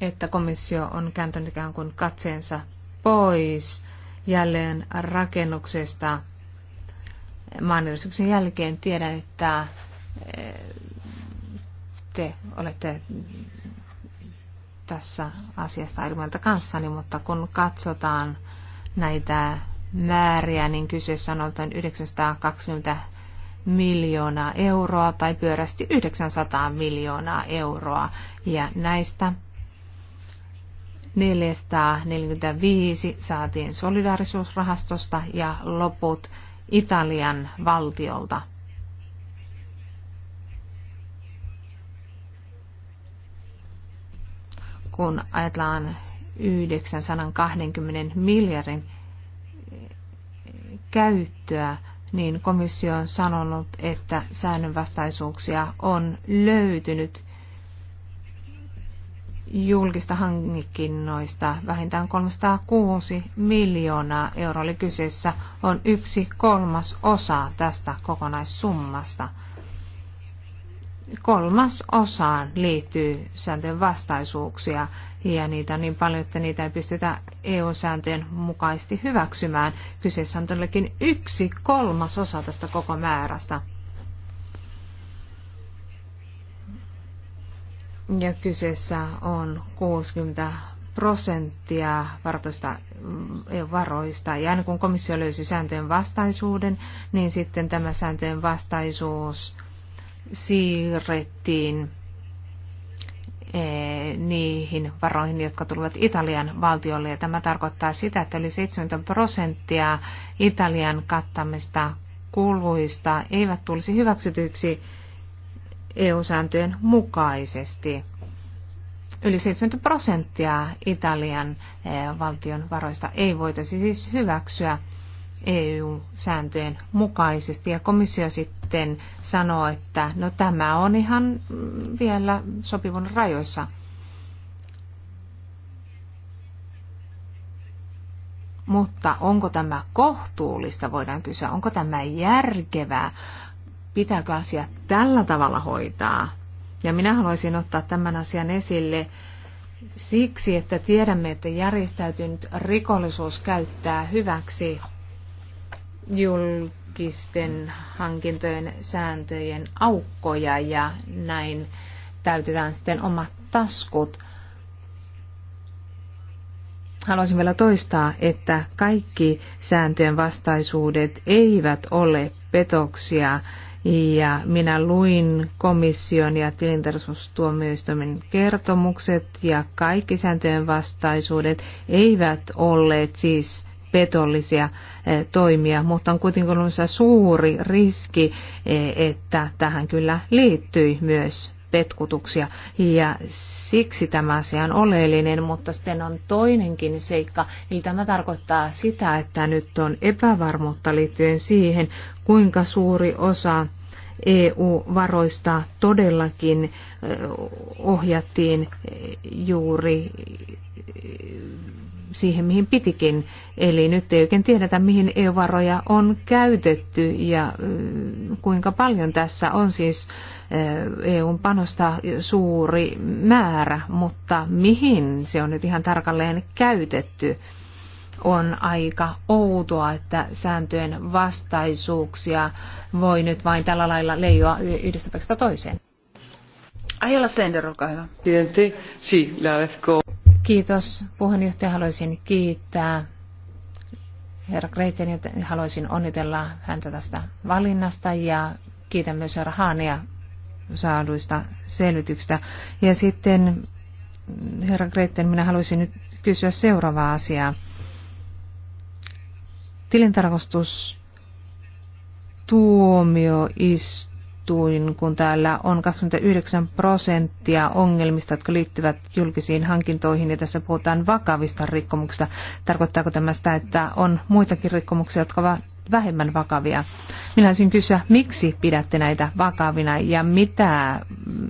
että komissio on kääntänyt ikään kuin katseensa pois jälleen rakennuksesta maanjärjestyksen jälkeen. Tiedän, että eh, te olette tässä asiasta eri mieltä kanssani, mutta kun katsotaan näitä määriä, niin kyseessä on oltaan 920 miljoonaa euroa tai pyörästi 900 miljoonaa euroa. Ja näistä 445 saatiin solidaarisuusrahastosta ja loput Italian valtiolta. Kun ajatellaan 920 miljardin eh, käyttöä, niin komissio on sanonut, että säännönvastaisuuksia on löytynyt julkista hankinnoista vähintään 306 miljoonaa euroa, eli kyseessä on yksi kolmas osa tästä kokonaissummasta kolmas osaan liittyy sääntöjen vastaisuuksia ja niitä on niin paljon, että niitä ei pystytä EU-sääntöjen mukaisesti hyväksymään. Kyseessä on todellakin yksi kolmas osa tästä koko määrästä. Ja kyseessä on 60 prosenttia mm, varoista, varoista. Ja aina kun komissio löysi sääntöjen vastaisuuden, niin sitten tämä sääntöjen vastaisuus siirrettiin eh, niihin varoihin, jotka tulivat Italian valtiolle. Ja tämä tarkoittaa sitä, että yli 70 prosenttia Italian kattamista kuluista eivät tulisi hyväksytyksi EU-sääntöjen mukaisesti. Yli 70 prosenttia Italian eh, valtion varoista ei voitaisi siis hyväksyä EU-sääntöjen mukaisesti. Ja komissio sitten sanoo, että no tämä on ihan vielä sopivun rajoissa. Mutta onko tämä kohtuullista, voidaan kysyä, onko tämä järkevää, pitääkö asia tällä tavalla hoitaa. Ja minä haluaisin ottaa tämän asian esille siksi, että tiedämme, että järjestäytynyt rikollisuus käyttää hyväksi julkisten hankintojen sääntöjen aukkoja ja näin täytetään sitten omat taskut. Haluaisin vielä toistaa, että kaikki sääntöjen vastaisuudet eivät ole petoksia ja minä luin komission ja tilintarkastustuomioistuimen kertomukset ja kaikki sääntöjen vastaisuudet eivät olleet siis petollisia eh, toimia, mutta on kuitenkin ollut suuri riski, eh, että tähän kyllä liittyy myös petkutuksia ja siksi tämä asia on oleellinen, mutta sitten on toinenkin seikka, eli tämä tarkoittaa sitä, että nyt on epävarmuutta liittyen siihen, kuinka suuri osa EU-varoista todellakin ohjattiin juuri siihen, mihin pitikin. Eli nyt ei oikein tiedetä, mihin EU-varoja on käytetty ja kuinka paljon tässä on siis EUn panosta suuri määrä, mutta mihin se on nyt ihan tarkalleen käytetty on aika outoa, että sääntöjen vastaisuuksia voi nyt vain tällä lailla leijoa yhdestä paikasta toiseen. Aiola Sender, olkaa hyvä. Kiitos puheenjohtaja. Haluaisin kiittää herra Greiten ja haluaisin onnitella häntä tästä valinnasta ja kiitän myös herra Haania saaduista selvityksistä. Ja sitten herra Greiten, minä haluaisin nyt kysyä seuraavaa asiaa tilintarkastus tuomioistuin, kun täällä on 29 prosenttia ongelmista, jotka liittyvät julkisiin hankintoihin, ja tässä puhutaan vakavista rikkomuksista. Tarkoittaako tämä sitä, että on muitakin rikkomuksia, jotka ovat vähemmän vakavia. Minä haluaisin kysyä, miksi pidätte näitä vakavina ja mitä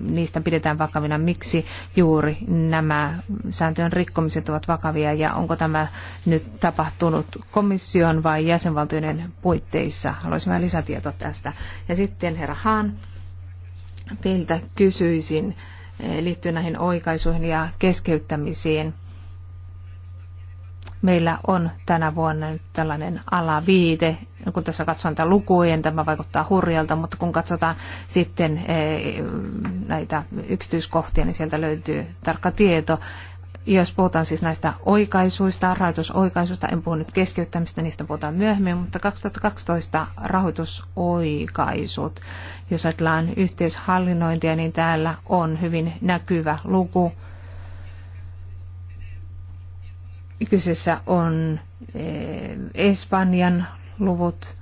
niistä pidetään vakavina, miksi juuri nämä sääntöjen rikkomiset ovat vakavia ja onko tämä nyt tapahtunut komission vai jäsenvaltioiden puitteissa. Haluaisin vähän lisätietoa tästä. Ja sitten herra Haan, teiltä kysyisin eh, liittyen näihin oikaisuihin ja keskeyttämisiin meillä on tänä vuonna nyt tällainen alaviite. Kun tässä katsotaan tätä lukujen, niin tämä vaikuttaa hurjalta, mutta kun katsotaan sitten eh, näitä yksityiskohtia, niin sieltä löytyy tarkka tieto. Jos puhutaan siis näistä oikaisuista, rahoitusoikaisuista, en puhu nyt keskeyttämistä, niistä puhutaan myöhemmin, mutta 2012 rahoitusoikaisut, jos ajatellaan yhteishallinnointia, niin täällä on hyvin näkyvä luku Kyseessä on eh, Espanjan luvut.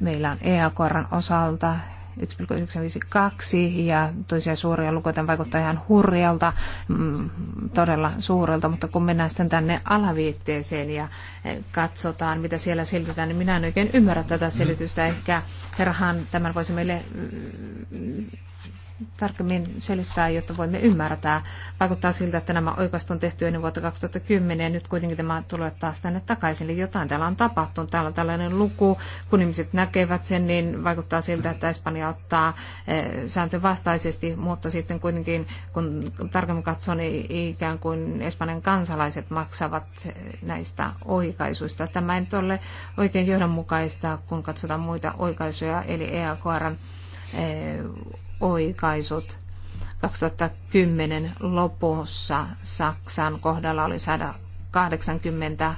Meillä on EAKRn osalta 1,952 ja toisia suuria lukuja vaikuttaa ihan hurjalta, mm, todella suurelta, mutta kun mennään sitten tänne alaviitteeseen ja eh, katsotaan, mitä siellä selitetään, niin minä en oikein ymmärrä tätä selitystä. Ehkä herrahan tämän voisi meille mm, tarkemmin selittää, jotta voimme ymmärtää. Vaikuttaa siltä, että nämä oikaiset on tehty ennen vuotta 2010 ja nyt kuitenkin tämä tulee taas tänne takaisin. Eli jotain täällä on tapahtunut. Täällä on tällainen luku, kun ihmiset näkevät sen, niin vaikuttaa siltä, että Espanja ottaa eh, sääntö vastaisesti, mutta sitten kuitenkin, kun tarkemmin katsoo, niin ikään kuin Espanjan kansalaiset maksavat eh, näistä oikaisuista. Tämä ei ole oikein johdonmukaista, kun katsotaan muita oikaisuja, eli EAKRn eh, oikaisut. 2010 lopussa Saksan kohdalla oli 180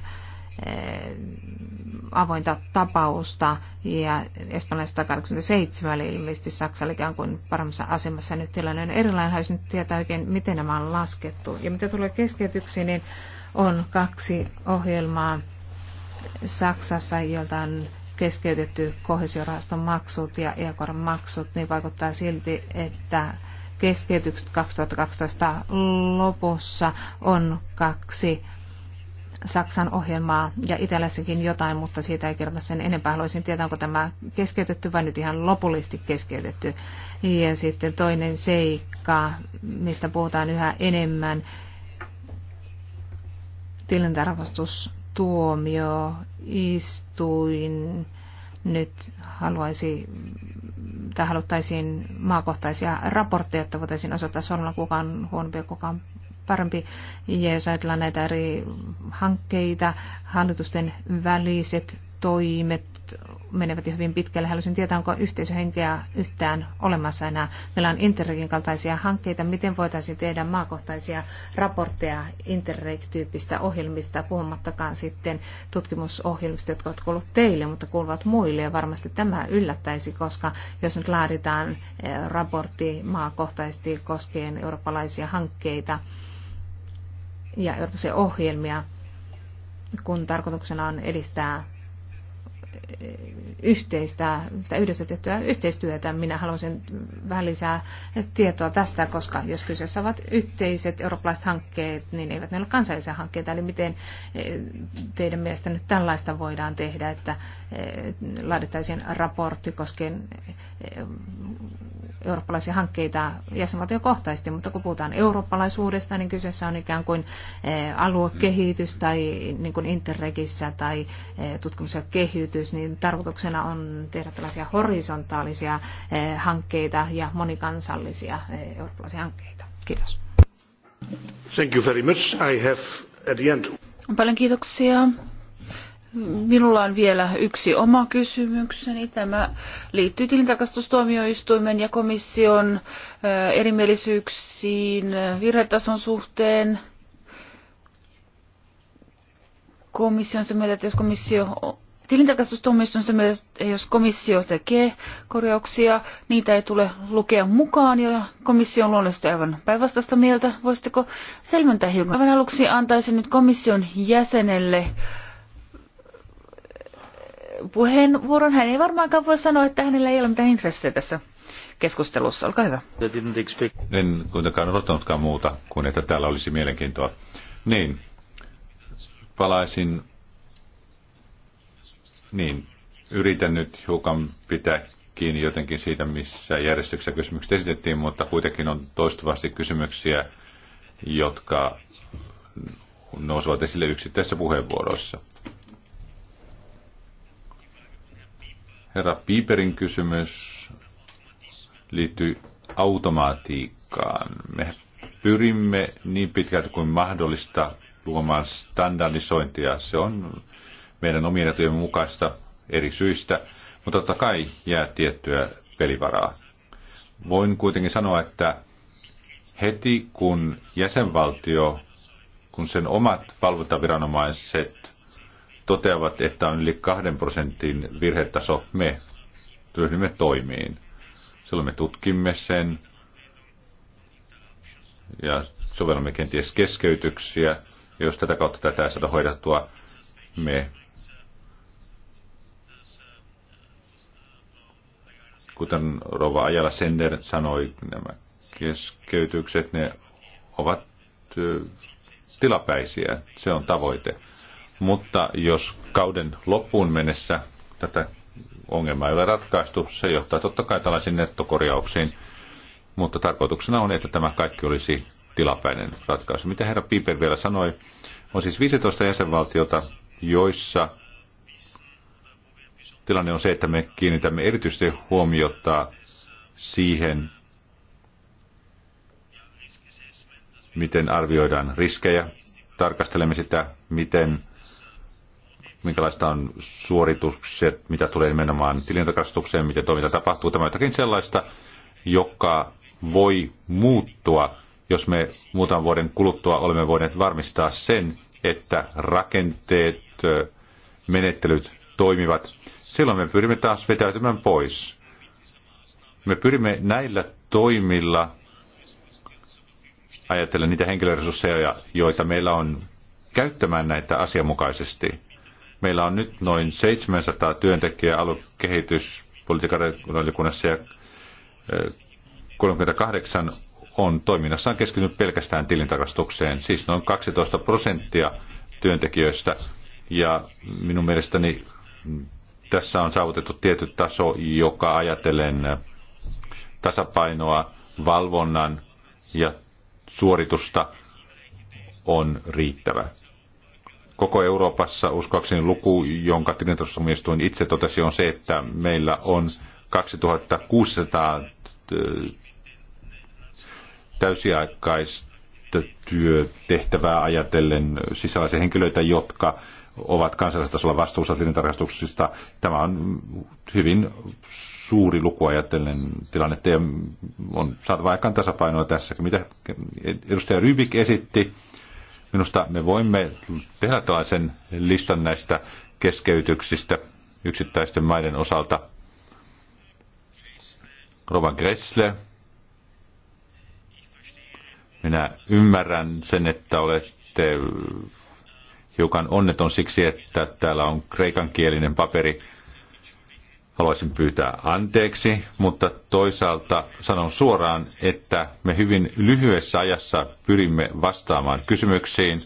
eh, avointa tapausta ja espanjalaiset 187, eli ilmeisesti Saksa oli ikään kuin paremmassa asemassa. Nyt tilanne on erilainen, haluaisin nyt tietää oikein, miten nämä on laskettu. Ja mitä tulee keskeytyksiin, niin on kaksi ohjelmaa Saksassa, joilta on keskeytetty kohesiorahaston maksut ja EAKORin maksut, niin vaikuttaa silti, että keskeytykset 2012 lopussa on kaksi Saksan ohjelmaa ja itälässäkin jotain, mutta siitä ei kerrota sen enempää. Haluaisin tietää, onko tämä keskeytetty vai nyt ihan lopullisesti keskeytetty. Ja sitten toinen seikka, mistä puhutaan yhä enemmän, tilintarkastus tuomioistuin nyt haluaisi, tai haluttaisiin maakohtaisia raportteja, että voitaisiin osoittaa sormella kukaan huonompi ja kukaan parempi. Ja jos ajatellaan näitä eri hankkeita, hallitusten väliset toimet menevät jo hyvin pitkälle. Haluaisin tietää, onko yhteisöhenkeä yhtään olemassa enää. Meillä on Interregin kaltaisia hankkeita. Miten voitaisiin tehdä maakohtaisia raportteja Interreg-tyyppistä ohjelmista, puhumattakaan sitten tutkimusohjelmista, jotka ovat kuulleet teille, mutta kuuluvat muille. Ja varmasti tämä yllättäisi, koska jos nyt laaditaan eh, raportti maakohtaisesti koskien eurooppalaisia hankkeita ja eurooppalaisia ohjelmia, kun tarkoituksena on edistää Äh, yhteistä, yhdessä tehtyä yhteistyötä. Minä haluaisin vähän lisää tietoa tästä, koska jos kyseessä ovat yhteiset eurooppalaiset hankkeet, niin eivät ne ole kansallisia hankkeita. Eli miten äh, teidän mielestä nyt tällaista voidaan tehdä, että äh, laadittaisiin raportti koskien eurooppalaisia hankkeita jäsenvaltiokohtaisesti, mutta kun puhutaan eurooppalaisuudesta, niin kyseessä on ikään kuin eh, aluekehitys tai niin kuin interregissä tai eh, tutkimus ja kehitys, niin tarkoituksena on tehdä tällaisia horisontaalisia eh, hankkeita ja monikansallisia eurooppalaisia hankkeita. Kiitos. Thank you very much. I have at the end. Paljon kiitoksia. Minulla on vielä yksi oma kysymykseni. Tämä liittyy tilintarkastustuomioistuimen ja komission erimielisyyksiin virhetason suhteen. Komission se mieltä, että jos komissio tilintarkastustuomioistuin sitä mieltä, että jos komissio tekee korjauksia, niitä ei tule lukea mukaan ja komissio on luonnollisesti aivan päinvastaista mieltä. Voisitteko selventää hiukan? Aivan aluksi antaisin nyt komission jäsenelle äh, puheenvuoron. Hän ei varmaankaan voi sanoa, että hänellä ei ole mitään intressejä tässä keskustelussa. Olkaa hyvä. En kuitenkaan odottanutkaan muuta kuin, että täällä olisi mielenkiintoa. Niin, palaisin. Niin, yritän nyt hiukan pitää kiinni jotenkin siitä, missä järjestyksessä kysymykset esitettiin, mutta kuitenkin on toistuvasti kysymyksiä, jotka nousevat esille yksittäisissä puheenvuoroissa. Herra Piiperin kysymys liittyy automaatiikkaan. Me pyrimme niin pitkälti kuin mahdollista luomaan standardisointia. Se on meidän omien etujen mukaista eri syistä, mutta totta kai jää tiettyä pelivaraa. Voin kuitenkin sanoa, että heti kun jäsenvaltio, kun sen omat valvontaviranomaiset toteavat, että on yli kahden prosentin virhetaso, me ryhdymme toimiin. Silloin me tutkimme sen ja sovellamme kenties keskeytyksiä. Ja jos tätä kautta tätä ei saada hoidettua, me kuten Rova Ajala Sender sanoi, nämä keskeytykset, ne ovat tilapäisiä. Se on tavoite. Mutta jos kauden loppuun mennessä tätä ongelmaa ei ole ratkaistu, se johtaa totta kai tällaisiin nettokorjauksiin. Mutta tarkoituksena on, että tämä kaikki olisi tilapäinen ratkaisu. Mitä herra Piper vielä sanoi, on siis 15 jäsenvaltiota, joissa tilanne on se, että me kiinnitämme erityisesti huomiota siihen, miten arvioidaan riskejä, tarkastelemme sitä, miten minkälaista on suoritukset, mitä tulee nimenomaan tilintarkastukseen, miten toiminta tapahtuu. Tämä on jotakin sellaista, joka voi muuttua, jos me muutaman vuoden kuluttua olemme voineet varmistaa sen, että rakenteet, menettelyt toimivat. Silloin me pyrimme taas vetäytymään pois. Me pyrimme näillä toimilla, ajatella niitä henkilöresursseja, joita meillä on, käyttämään näitä asianmukaisesti. Meillä on nyt noin 700 työntekijää aluekehityspolitiikan ja 38 on toiminnassaan keskittynyt pelkästään tilintarkastukseen, siis noin 12 prosenttia työntekijöistä. Ja minun mielestäni tässä on saavutettu tietty taso, joka ajatellen tasapainoa, valvonnan ja suoritusta on riittävä koko Euroopassa, uskoakseni luku, jonka tilintarkastustuomioistuin itse totesi, on se, että meillä on 2600 täysiaikaista työtehtävää ajatellen sisäisiä henkilöitä, jotka ovat kansallistasolla vastuussa tilintarkastuksista. Tämä on hyvin suuri luku ajatellen tilannetta ja on saatava aikaan tasapainoa tässä. Mitä edustaja Rybik esitti, Minusta me voimme tehdä tällaisen listan näistä keskeytyksistä yksittäisten maiden osalta. Rovan Gressle, minä ymmärrän sen, että olette hiukan onneton siksi, että täällä on kreikan kielinen paperi haluaisin pyytää anteeksi, mutta toisaalta sanon suoraan, että me hyvin lyhyessä ajassa pyrimme vastaamaan kysymyksiin.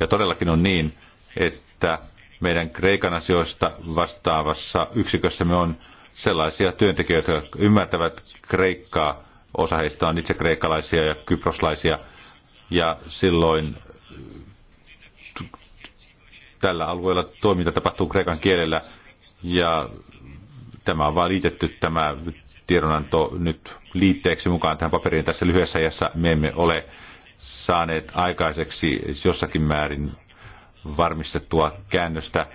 Ja todellakin on niin, että meidän Kreikan asioista vastaavassa yksikössämme on sellaisia työntekijöitä, jotka ymmärtävät Kreikkaa. Osa heistä on itse kreikkalaisia ja kyproslaisia. Ja silloin tällä alueella toiminta tapahtuu kreikan kielellä ja Tämä on vaan liitetty tämä tiedonanto nyt liitteeksi mukaan tähän paperiin tässä lyhyessä ajassa. Me emme ole saaneet aikaiseksi jossakin määrin varmistettua käännöstä,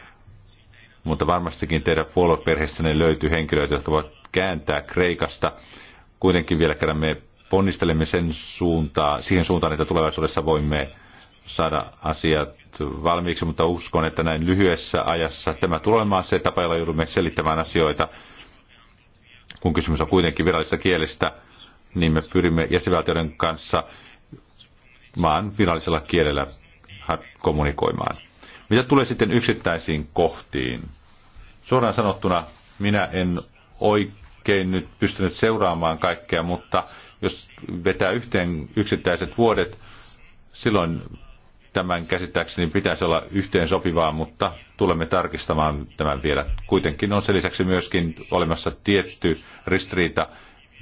mutta varmastikin teidän puolueperheestänne löytyy henkilöitä, jotka voivat kääntää Kreikasta. Kuitenkin vielä kerran me ponnistelemme sen suuntaan, siihen suuntaan, että tulevaisuudessa voimme saada asiat valmiiksi, mutta uskon, että näin lyhyessä ajassa tämä tulee olemaan se tapa, jolla joudumme selittämään asioita. Kun kysymys on kuitenkin virallisesta kielestä, niin me pyrimme jäsenvaltioiden kanssa maan virallisella kielellä kommunikoimaan. Mitä tulee sitten yksittäisiin kohtiin? Suoraan sanottuna minä en oikein nyt pystynyt seuraamaan kaikkea, mutta jos vetää yhteen yksittäiset vuodet, silloin tämän käsittääkseni pitäisi olla yhteen sopivaa, mutta tulemme tarkistamaan tämän vielä. Kuitenkin on sen lisäksi myöskin olemassa tietty ristiriita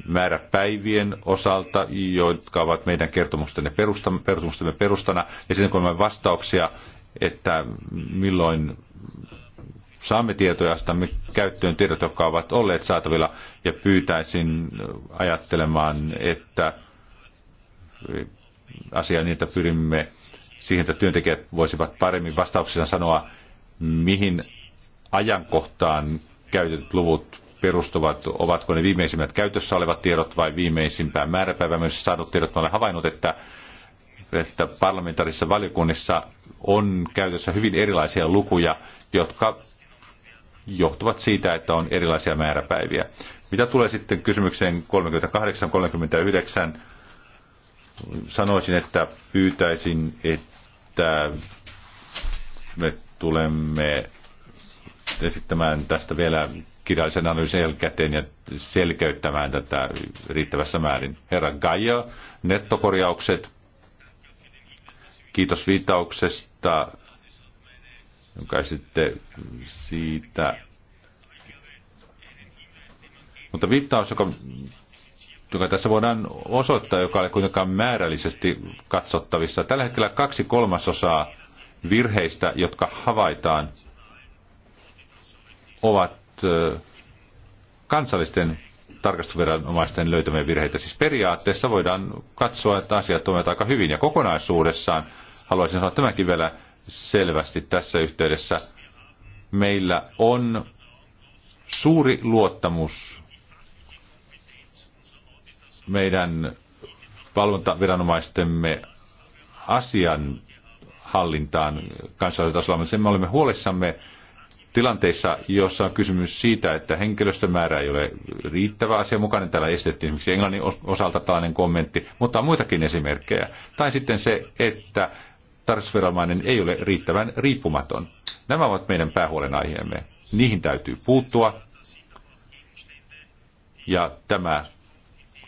määräpäivien osalta, jotka ovat meidän kertomustemme perustana, kertomustemme perustana. Ja sitten kun on vastauksia, että milloin saamme tietoja, astamme käyttöön tiedot, jotka ovat olleet saatavilla, ja pyytäisin ajattelemaan, että asia niitä pyrimme siihen, että työntekijät voisivat paremmin vastauksissa sanoa, mihin ajankohtaan käytetyt luvut perustuvat, ovatko ne viimeisimmät käytössä olevat tiedot vai viimeisimpään määräpäivään myös saadut tiedot. olen havainnut, että, että parlamentaarisissa valiokunnissa on käytössä hyvin erilaisia lukuja, jotka johtuvat siitä, että on erilaisia määräpäiviä. Mitä tulee sitten kysymykseen 38-39, sanoisin, että pyytäisin, että että me tulemme esittämään tästä vielä kirjallisen analyysin jälkikäteen ja selkeyttämään tätä riittävässä määrin. Herra Gaia, nettokorjaukset. Kiitos viittauksesta, jonka sitten siitä. Mutta viittaus, joka joka tässä voidaan osoittaa, joka ei kuitenkaan määrällisesti katsottavissa. Tällä hetkellä kaksi kolmasosaa virheistä, jotka havaitaan, ovat kansallisten tarkastusviranomaisten löytämiä virheitä. Siis periaatteessa voidaan katsoa, että asiat toimivat aika hyvin. Ja kokonaisuudessaan, haluaisin sanoa tämäkin vielä selvästi tässä yhteydessä, meillä on suuri luottamus meidän valvontaviranomaistemme asian hallintaan kansallisella tasolla. Me olemme huolissamme tilanteissa, jossa on kysymys siitä, että henkilöstömäärä ei ole riittävä mukainen. Täällä estettiin esimerkiksi Englannin osalta tällainen kommentti, mutta on muitakin esimerkkejä. Tai sitten se, että tarkastusviranomainen ei ole riittävän riippumaton. Nämä ovat meidän päähuolenaiheemme. Niihin täytyy puuttua. Ja tämä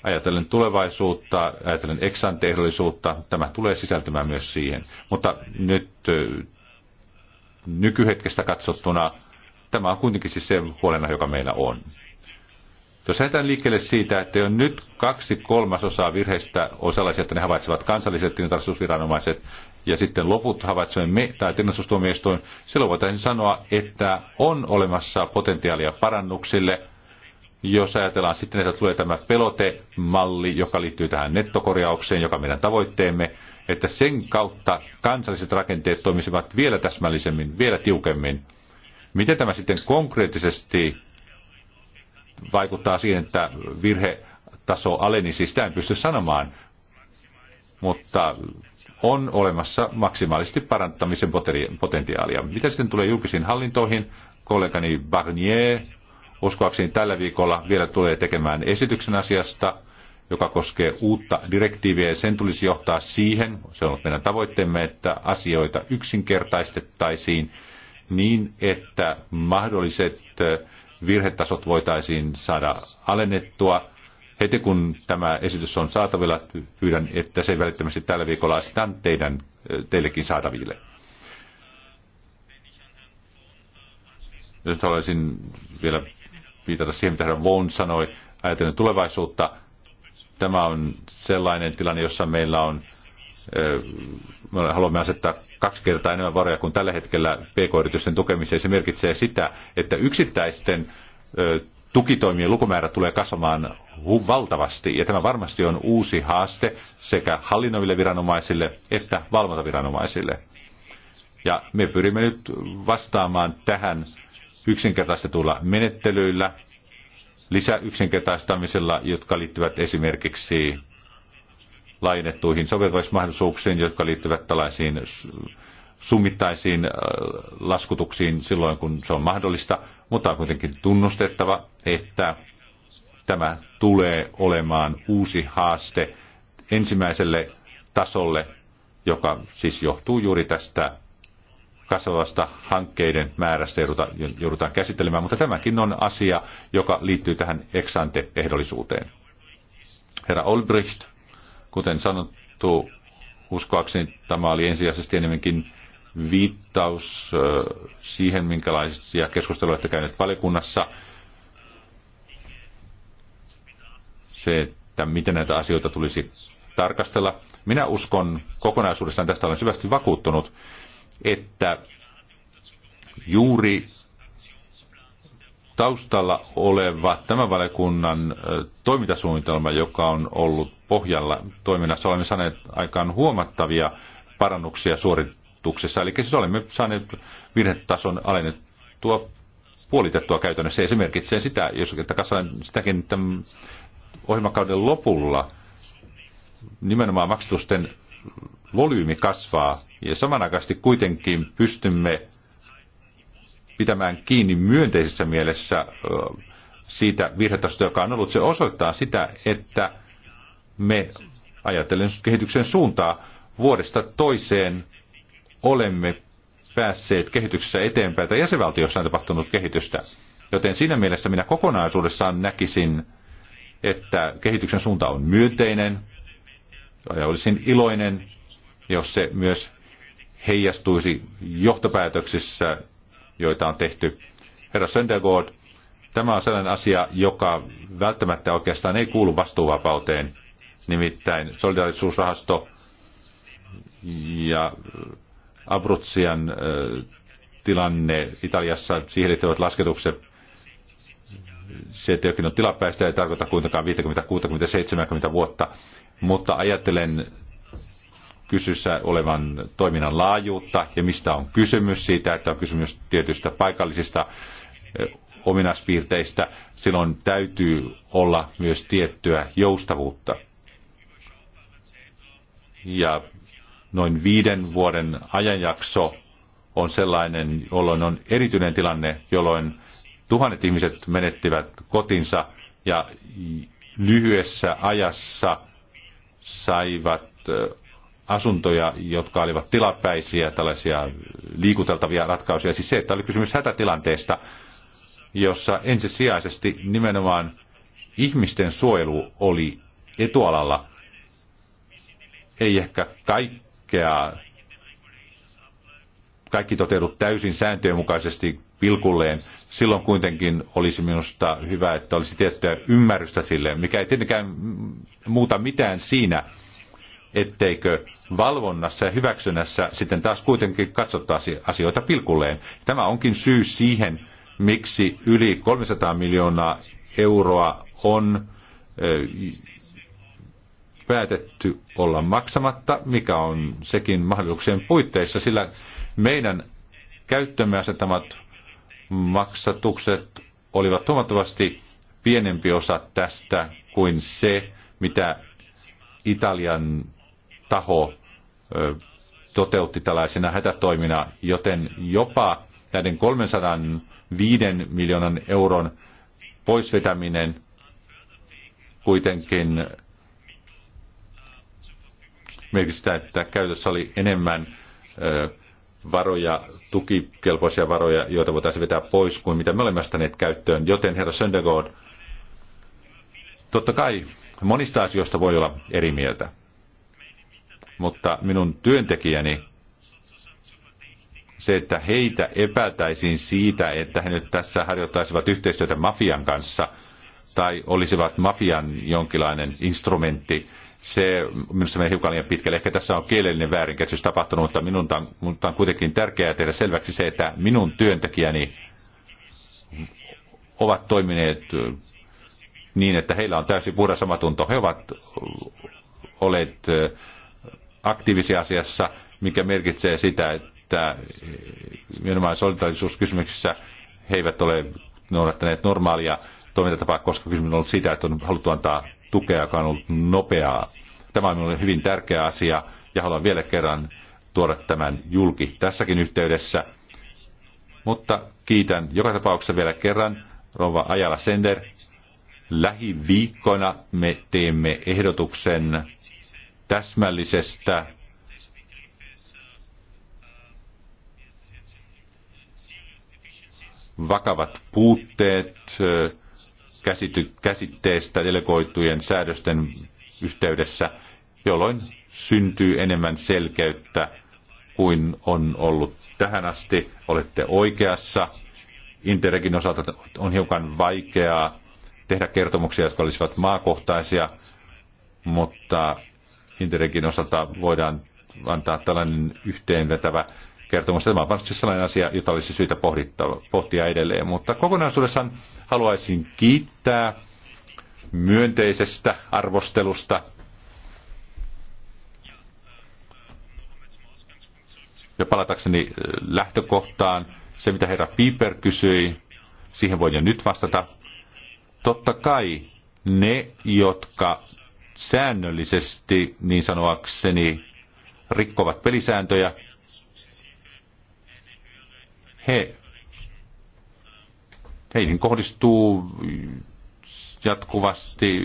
Ajatellen tulevaisuutta, ajatellen eksantehdollisuutta, tämä tulee sisältymään myös siihen. Mutta nyt nykyhetkestä katsottuna tämä on kuitenkin siis se huolena, joka meillä on. Jos lähdetään liikkeelle siitä, että jo nyt kaksi kolmasosaa virheistä on sellaisia, että ne havaitsevat kansalliset tilintarkastusviranomaiset, ja sitten loput havaitsemme me tai tilintarkastustuomioistuin, silloin voitaisiin sanoa, että on olemassa potentiaalia parannuksille – jos ajatellaan sitten, että tulee tämä pelotemalli, joka liittyy tähän nettokorjaukseen, joka meidän tavoitteemme, että sen kautta kansalliset rakenteet toimisivat vielä täsmällisemmin, vielä tiukemmin. Miten tämä sitten konkreettisesti vaikuttaa siihen, että virhetaso siis sitä en pysty sanomaan, mutta on olemassa maksimaalisesti parantamisen potentiaalia. Mitä sitten tulee julkisiin hallintoihin? Kollegani Barnier uskoakseni tällä viikolla vielä tulee tekemään esityksen asiasta, joka koskee uutta direktiiviä ja sen tulisi johtaa siihen, se on ollut meidän tavoitteemme, että asioita yksinkertaistettaisiin niin, että mahdolliset virhetasot voitaisiin saada alennettua. Heti kun tämä esitys on saatavilla, pyydän, että se välittömästi tällä viikolla asetetaan teidän, teillekin saataville. Nyt haluaisin vielä viitata siihen, mitä herra Vaughan sanoi, ajatellen tulevaisuutta. Tämä on sellainen tilanne, jossa meillä on me haluamme asettaa kaksi kertaa enemmän varoja kuin tällä hetkellä pk-yritysten tukemiseen. Se merkitsee sitä, että yksittäisten tukitoimien lukumäärä tulee kasvamaan valtavasti, ja tämä varmasti on uusi haaste sekä hallinnoville viranomaisille että valvontaviranomaisille. Ja me pyrimme nyt vastaamaan tähän yksinkertaistetuilla menettelyillä, lisäyksinkertaistamisella, jotka liittyvät esimerkiksi laajennettuihin soveltamismahdollisuuksiin, jotka liittyvät tällaisiin summittaisiin äh, laskutuksiin silloin, kun se on mahdollista, mutta on kuitenkin tunnustettava, että tämä tulee olemaan uusi haaste ensimmäiselle tasolle, joka siis johtuu juuri tästä kasvavasta hankkeiden määrästä joudutaan käsittelemään, mutta tämäkin on asia, joka liittyy tähän eksante-ehdollisuuteen. Herra Olbricht, kuten sanottu, uskoakseni tämä oli ensisijaisesti enemmänkin viittaus siihen, minkälaisia keskusteluja olette käyneet valiokunnassa. Se, että miten näitä asioita tulisi tarkastella. Minä uskon kokonaisuudessaan, tästä olen syvästi vakuuttunut, että juuri taustalla oleva tämän valiokunnan toimintasuunnitelma, joka on ollut pohjalla toiminnassa, olemme saaneet aikaan huomattavia parannuksia suorituksessa. Eli siis olemme saaneet virhetason alennettua puolitettua käytännössä. se merkitsee sitä, jos että kasaan sitäkin tämän ohjelmakauden lopulla nimenomaan maksatusten volyymi kasvaa ja samanaikaisesti kuitenkin pystymme pitämään kiinni myönteisessä mielessä siitä virhetasosta, joka on ollut. Se osoittaa sitä, että me ajatellen kehityksen suuntaa vuodesta toiseen olemme päässeet kehityksessä eteenpäin tai jäsenvaltiossa on tapahtunut kehitystä. Joten siinä mielessä minä kokonaisuudessaan näkisin, että kehityksen suunta on myönteinen ja olisin iloinen, jos se myös heijastuisi johtopäätöksissä, joita on tehty. Herra Söndergaard, tämä on sellainen asia, joka välttämättä oikeastaan ei kuulu vastuuvapauteen, nimittäin solidarisuusrahasto ja Abruzzian tilanne Italiassa, siihen liittyvät lasketukset, se, tietenkin on tilapäistä, ei tarkoita kuitenkaan 50, 60, 70 vuotta, mutta ajattelen kysyssä olevan toiminnan laajuutta ja mistä on kysymys siitä, että on kysymys tietystä paikallisista ominaispiirteistä, silloin täytyy olla myös tiettyä joustavuutta. Ja noin viiden vuoden ajanjakso on sellainen, jolloin on erityinen tilanne, jolloin tuhannet ihmiset menettivät kotinsa ja lyhyessä ajassa saivat asuntoja, jotka olivat tilapäisiä, tällaisia liikuteltavia ratkaisuja. Siis se, että oli kysymys hätätilanteesta, jossa ensisijaisesti nimenomaan ihmisten suojelu oli etualalla. Ei ehkä kaikkea, kaikki toteudu täysin sääntöjen mukaisesti pilkulleen. Silloin kuitenkin olisi minusta hyvä, että olisi tiettyä ymmärrystä sille, mikä ei tietenkään muuta mitään siinä, etteikö valvonnassa ja hyväksynnässä sitten taas kuitenkin katsottaisi asioita pilkulleen. Tämä onkin syy siihen, miksi yli 300 miljoonaa euroa on päätetty olla maksamatta, mikä on sekin mahdollisuuksien puitteissa, sillä meidän käyttömme asettamat maksatukset olivat huomattavasti pienempi osa tästä kuin se, mitä Italian taho toteutti tällaisena hätätoimina, joten jopa näiden 305 miljoonan euron poisvetäminen kuitenkin merkitsi sitä, että käytössä oli enemmän varoja, tukikelpoisia varoja, joita voitaisiin vetää pois kuin mitä me olemme astaneet käyttöön. Joten herra Söndergaard, totta kai monista asioista voi olla eri mieltä mutta minun työntekijäni, se, että heitä epätäisiin siitä, että he nyt tässä harjoittaisivat yhteistyötä mafian kanssa tai olisivat mafian jonkinlainen instrumentti, se minusta menee hiukan liian pitkälle. Ehkä tässä on kielellinen väärinkäsitys tapahtunut, mutta minun on, minun on kuitenkin tärkeää tehdä selväksi se, että minun työntekijäni ovat toimineet niin, että heillä on täysin puhdas samatunto. He ovat olleet aktiivisia asiassa, mikä merkitsee sitä, että nimenomaan solidaarisuuskysymyksissä he eivät ole noudattaneet normaalia toimintatapaa, koska kysymys on ollut sitä, että on haluttu antaa tukea, joka on ollut nopeaa. Tämä on minulle hyvin tärkeä asia ja haluan vielä kerran tuoda tämän julki tässäkin yhteydessä. Mutta kiitän joka tapauksessa vielä kerran Rova Ajala Sender. Lähiviikkoina me teemme ehdotuksen täsmällisestä vakavat puutteet käsity, käsitteestä delegoitujen säädösten yhteydessä, jolloin syntyy enemmän selkeyttä kuin on ollut tähän asti. Olette oikeassa. Interregin osalta on hiukan vaikeaa tehdä kertomuksia, jotka olisivat maakohtaisia, mutta Interregin osalta voidaan antaa tällainen yhteenvetävä kertomus. Tämä on varmasti sellainen asia, jota olisi syytä pohtia edelleen. Mutta kokonaisuudessaan haluaisin kiittää myönteisestä arvostelusta. Ja palatakseni äh, lähtökohtaan, se mitä herra Piper kysyi, siihen voin jo nyt vastata. Totta kai ne, jotka säännöllisesti, niin sanoakseni, rikkovat pelisääntöjä, he, heihin kohdistuu jatkuvasti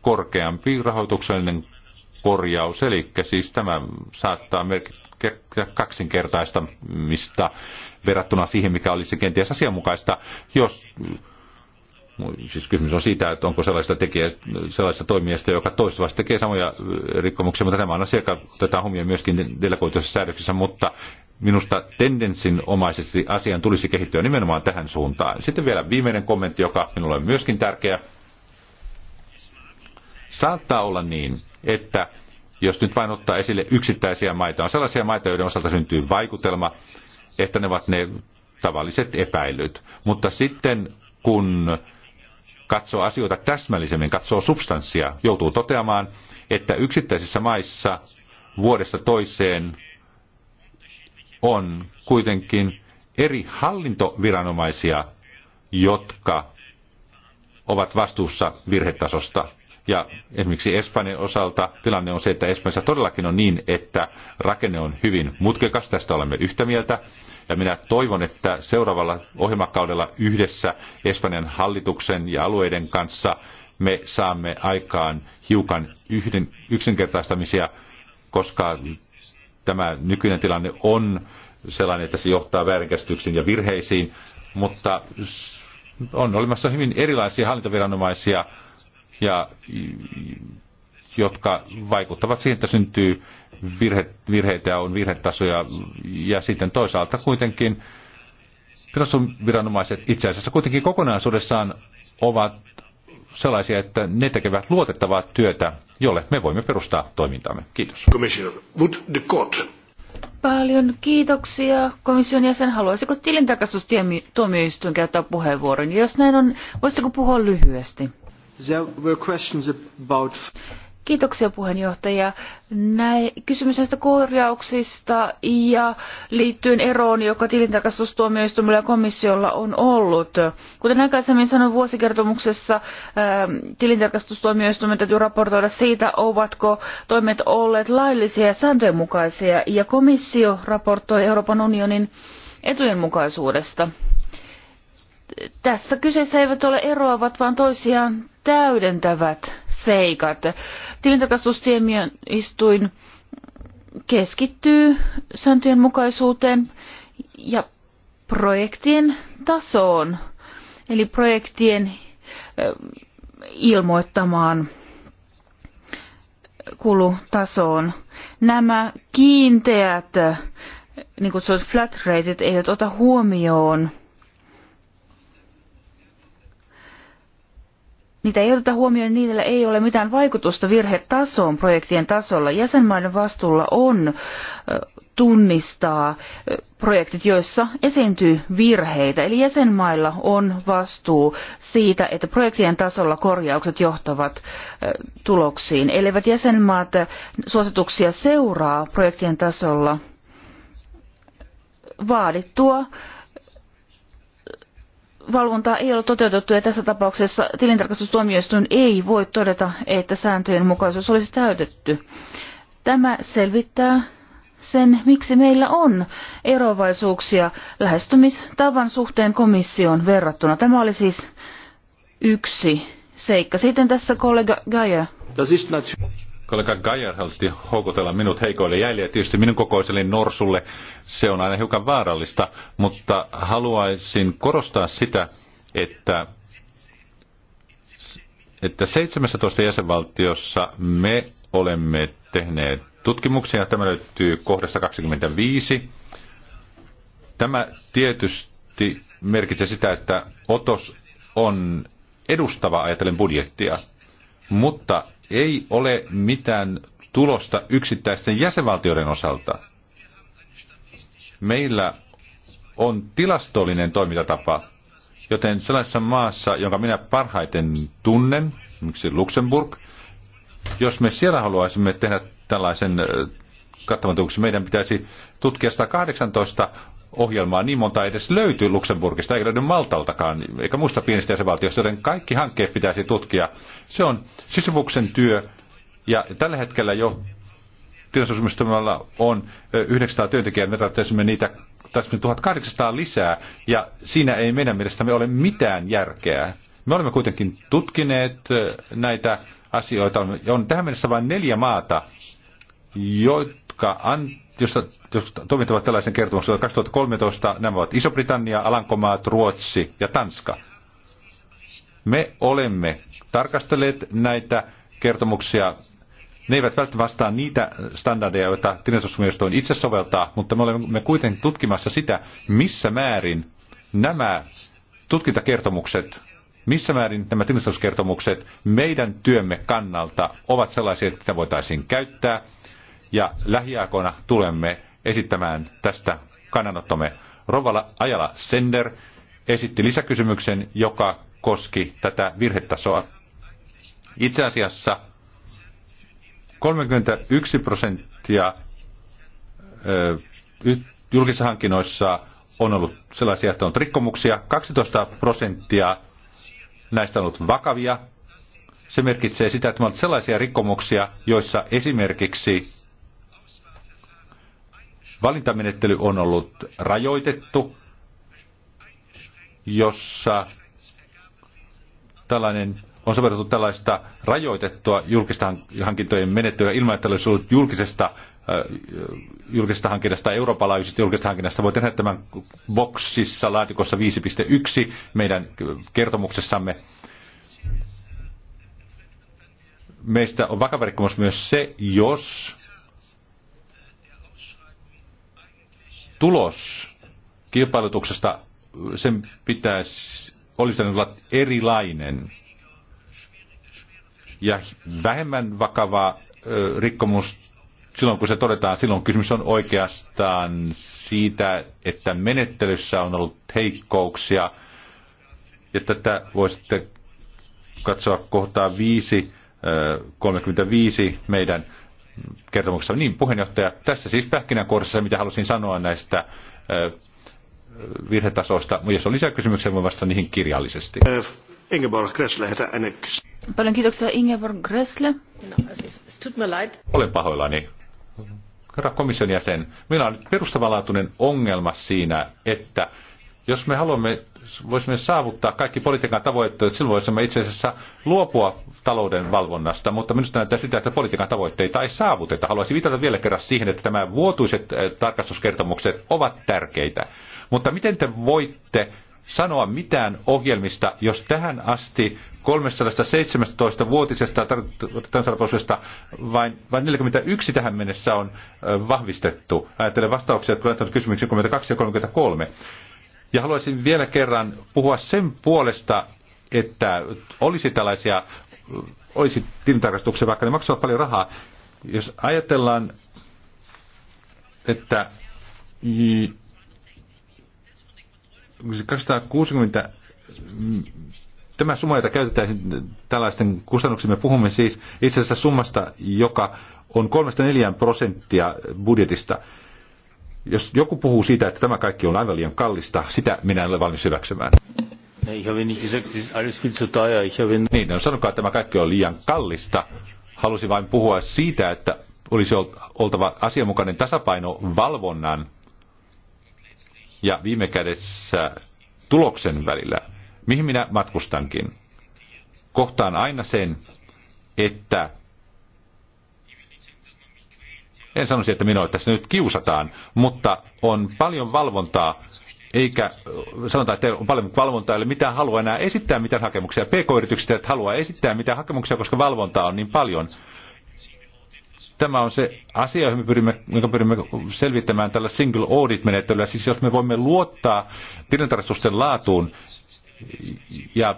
korkeampi rahoituksellinen korjaus, eli siis tämä saattaa merkitä kaksinkertaistamista verrattuna siihen, mikä olisi kenties asianmukaista, jos Siis kysymys on siitä, että onko sellaista, tekijä, sellaista toimijasta, joka toistuvasti tekee samoja rikkomuksia, mutta tämä on asia, joka otetaan huomioon myöskin delegoituissa säädöksissä, mutta minusta tendenssin omaisesti asian tulisi kehittyä nimenomaan tähän suuntaan. Sitten vielä viimeinen kommentti, joka minulle on myöskin tärkeä. Saattaa olla niin, että jos nyt vain ottaa esille yksittäisiä maita, on sellaisia maita, joiden osalta syntyy vaikutelma, että ne ovat ne tavalliset epäilyt. Mutta sitten kun katsoo asioita täsmällisemmin, katsoo substanssia, joutuu toteamaan, että yksittäisissä maissa vuodesta toiseen on kuitenkin eri hallintoviranomaisia, jotka ovat vastuussa virhetasosta. Ja esimerkiksi Espanjan osalta tilanne on se, että Espanjassa todellakin on niin, että rakenne on hyvin mutkikas, tästä olemme yhtä mieltä. Ja minä toivon, että seuraavalla ohjelmakaudella yhdessä Espanjan hallituksen ja alueiden kanssa me saamme aikaan hiukan yhden, yksinkertaistamisia, koska tämä nykyinen tilanne on sellainen, että se johtaa väärinkäsityksiin ja virheisiin, mutta on olemassa hyvin erilaisia hallintoviranomaisia ja jotka vaikuttavat siihen, että syntyy virhe, virheitä ja on virhetasoja. Ja sitten toisaalta kuitenkin viranomaiset itse asiassa kuitenkin kokonaisuudessaan ovat sellaisia, että ne tekevät luotettavaa työtä, jolle me voimme perustaa toimintamme. Kiitos. Paljon kiitoksia. Komission jäsen, haluaisiko tilintarkastustuomioistuin käyttää puheenvuoron? Ja jos näin on, voisitko puhua lyhyesti? Kiitoksia puheenjohtaja. Näin, kysymys näistä korjauksista ja liittyen eroon, joka tilintarkastustuomioistuimella ja komissiolla on ollut. Kuten aikaisemmin sanoin vuosikertomuksessa, ähm, tilintarkastustuomioistuimen täytyy raportoida siitä, ovatko toimet olleet laillisia ja sääntöjen mukaisia, ja komissio raportoi Euroopan unionin etujen mukaisuudesta. Tässä kyseessä eivät ole eroavat, vaan toisiaan täydentävät seikat. istuin keskittyy sääntöjen mukaisuuteen ja projektien tasoon, eli projektien ilmoittamaan kulutasoon. Nämä kiinteät, niin kutsutut flat rateit, eivät ota huomioon niitä ei oteta huomioon, niin niillä ei ole mitään vaikutusta virhetasoon projektien tasolla. Jäsenmaiden vastuulla on tunnistaa projektit, joissa esiintyy virheitä. Eli jäsenmailla on vastuu siitä, että projektien tasolla korjaukset johtavat tuloksiin. Eivät jäsenmaat suosituksia seuraa projektien tasolla vaadittua valvontaa ei ole toteutettu ja tässä tapauksessa tilintarkastustuomioistuin ei voi todeta, että sääntöjen mukaisuus olisi täytetty. Tämä selvittää sen, miksi meillä on eroavaisuuksia lähestymistavan suhteen komission verrattuna. Tämä oli siis yksi seikka. Sitten tässä kollega Gaia. Kollega Gajar halusi houkutella minut heikoille jäljille. Tietysti minun kokoiselle norsulle se on aina hiukan vaarallista, mutta haluaisin korostaa sitä, että että 17 jäsenvaltiossa me olemme tehneet tutkimuksia. Tämä löytyy kohdasta 25. Tämä tietysti merkitsee sitä, että otos on edustava ajatellen budjettia, mutta ei ole mitään tulosta yksittäisten jäsenvaltioiden osalta. Meillä on tilastollinen toimintatapa, joten sellaisessa maassa, jonka minä parhaiten tunnen, miksi Luxemburg, jos me siellä haluaisimme tehdä tällaisen äh, kattavan meidän pitäisi tutkia 118 ohjelmaa niin monta edes löytyy Luxemburgista, eikä löydy Maltaltakaan, eikä muista pienistä jäsenvaltioista, joten kaikki hankkeet pitäisi tutkia. Se on sisuvuksen työ, ja tällä hetkellä jo tilastosuunnitelmalla on 900 työntekijää, me tarvitsemme niitä 1800 lisää, ja siinä ei meidän mielestämme ole mitään järkeä. Me olemme kuitenkin tutkineet näitä asioita. On tähän mennessä vain neljä maata, jotka antavat jossa, jos toimittavat tällaisen kertomuksen 2013, nämä ovat Iso-Britannia, Alankomaat, Ruotsi ja Tanska. Me olemme tarkastelleet näitä kertomuksia. Ne eivät välttämättä vastaa niitä standardeja, joita tilintarkastustuomioistuin itse soveltaa, mutta me olemme kuitenkin tutkimassa sitä, missä määrin nämä tutkintakertomukset, missä määrin nämä tilintarkastuskertomukset meidän työmme kannalta ovat sellaisia, että voitaisiin käyttää – ja lähiaikoina tulemme esittämään tästä kannanottomme. Rovala Ajala Sender esitti lisäkysymyksen, joka koski tätä virhetasoa. Itse asiassa 31 prosenttia julkisissa hankinnoissa on ollut sellaisia, että on ollut rikkomuksia. 12 prosenttia näistä on ollut vakavia. Se merkitsee sitä, että on ollut sellaisia rikkomuksia, joissa esimerkiksi Valintamenettely on ollut rajoitettu, jossa tällainen on sovellettu tällaista rajoitettua julkista hankintojen menettelyä ilman, että olisi ollut julkisesta, julkisesta hankinnasta, Euroopan laajuisesta julkisesta hankinnasta. Voi tehdä tämän boksissa laatikossa 5.1 meidän kertomuksessamme. Meistä on vakavarikkomus myös se, jos tulos kilpailutuksesta, sen pitäisi, olisi olla erilainen ja vähemmän vakava rikkomus silloin, kun se todetaan, silloin kysymys on oikeastaan siitä, että menettelyssä on ollut heikkouksia. Ja tätä voisitte katsoa kohtaa 5, 35 meidän kertomuksessa. Niin, puheenjohtaja, tässä siis pähkinänkuoressa, mitä halusin sanoa näistä virhetasoista. Jos on lisäkysymyksiä, voin vastata niihin kirjallisesti. Ingeborg Gressle, Paljon kiitoksia Ingeborg Gressle. No, siis Olen pahoillani. Herra komission jäsen, meillä on nyt perustavanlaatuinen ongelma siinä, että jos me haluamme, voisimme saavuttaa kaikki politiikan tavoitteet, silloin voisimme itse asiassa luopua talouden valvonnasta, mutta minusta näyttää sitä, että politiikan tavoitteita ei saavuteta. Haluaisin viitata vielä kerran siihen, että nämä vuotuiset eh, tarkastuskertomukset ovat tärkeitä. Mutta miten te voitte sanoa mitään ohjelmista, jos tähän asti 317-vuotisesta tansalaisuudesta vain, vain 41 tähän mennessä on eh, vahvistettu. Ajattelen vastauksia, kun on kysymyksiä 32 ja 33. Ja haluaisin vielä kerran puhua sen puolesta, että olisi tällaisia, olisi tilintarkastuksia, vaikka ne maksavat paljon rahaa. Jos ajatellaan, että 260 tämä summa, jota käytetään tällaisten kustannuksiin, me puhumme siis itse asiassa summasta, joka on 3-4 prosenttia budjetista. Jos joku puhuu siitä, että tämä kaikki on aivan liian kallista, sitä minä en ole valmis hyväksymään. Niin, no sanokaa, että tämä kaikki on liian kallista. Halusin vain puhua siitä, että olisi oltava asianmukainen tasapaino valvonnan ja viime kädessä tuloksen välillä, mihin minä matkustankin. Kohtaan aina sen, että en sanoisi, että minua tässä nyt kiusataan, mutta on paljon valvontaa, eikä sanotaan, että on paljon valvontaa, eli mitä halua enää esittää mitään hakemuksia. PK-yritykset eivät halua esittää mitään hakemuksia, koska valvontaa on niin paljon. Tämä on se asia, johon me pyrimme, jonka pyrimme selvittämään tällä single audit-menettelyllä. Siis jos me voimme luottaa tilintarkastusten laatuun, ja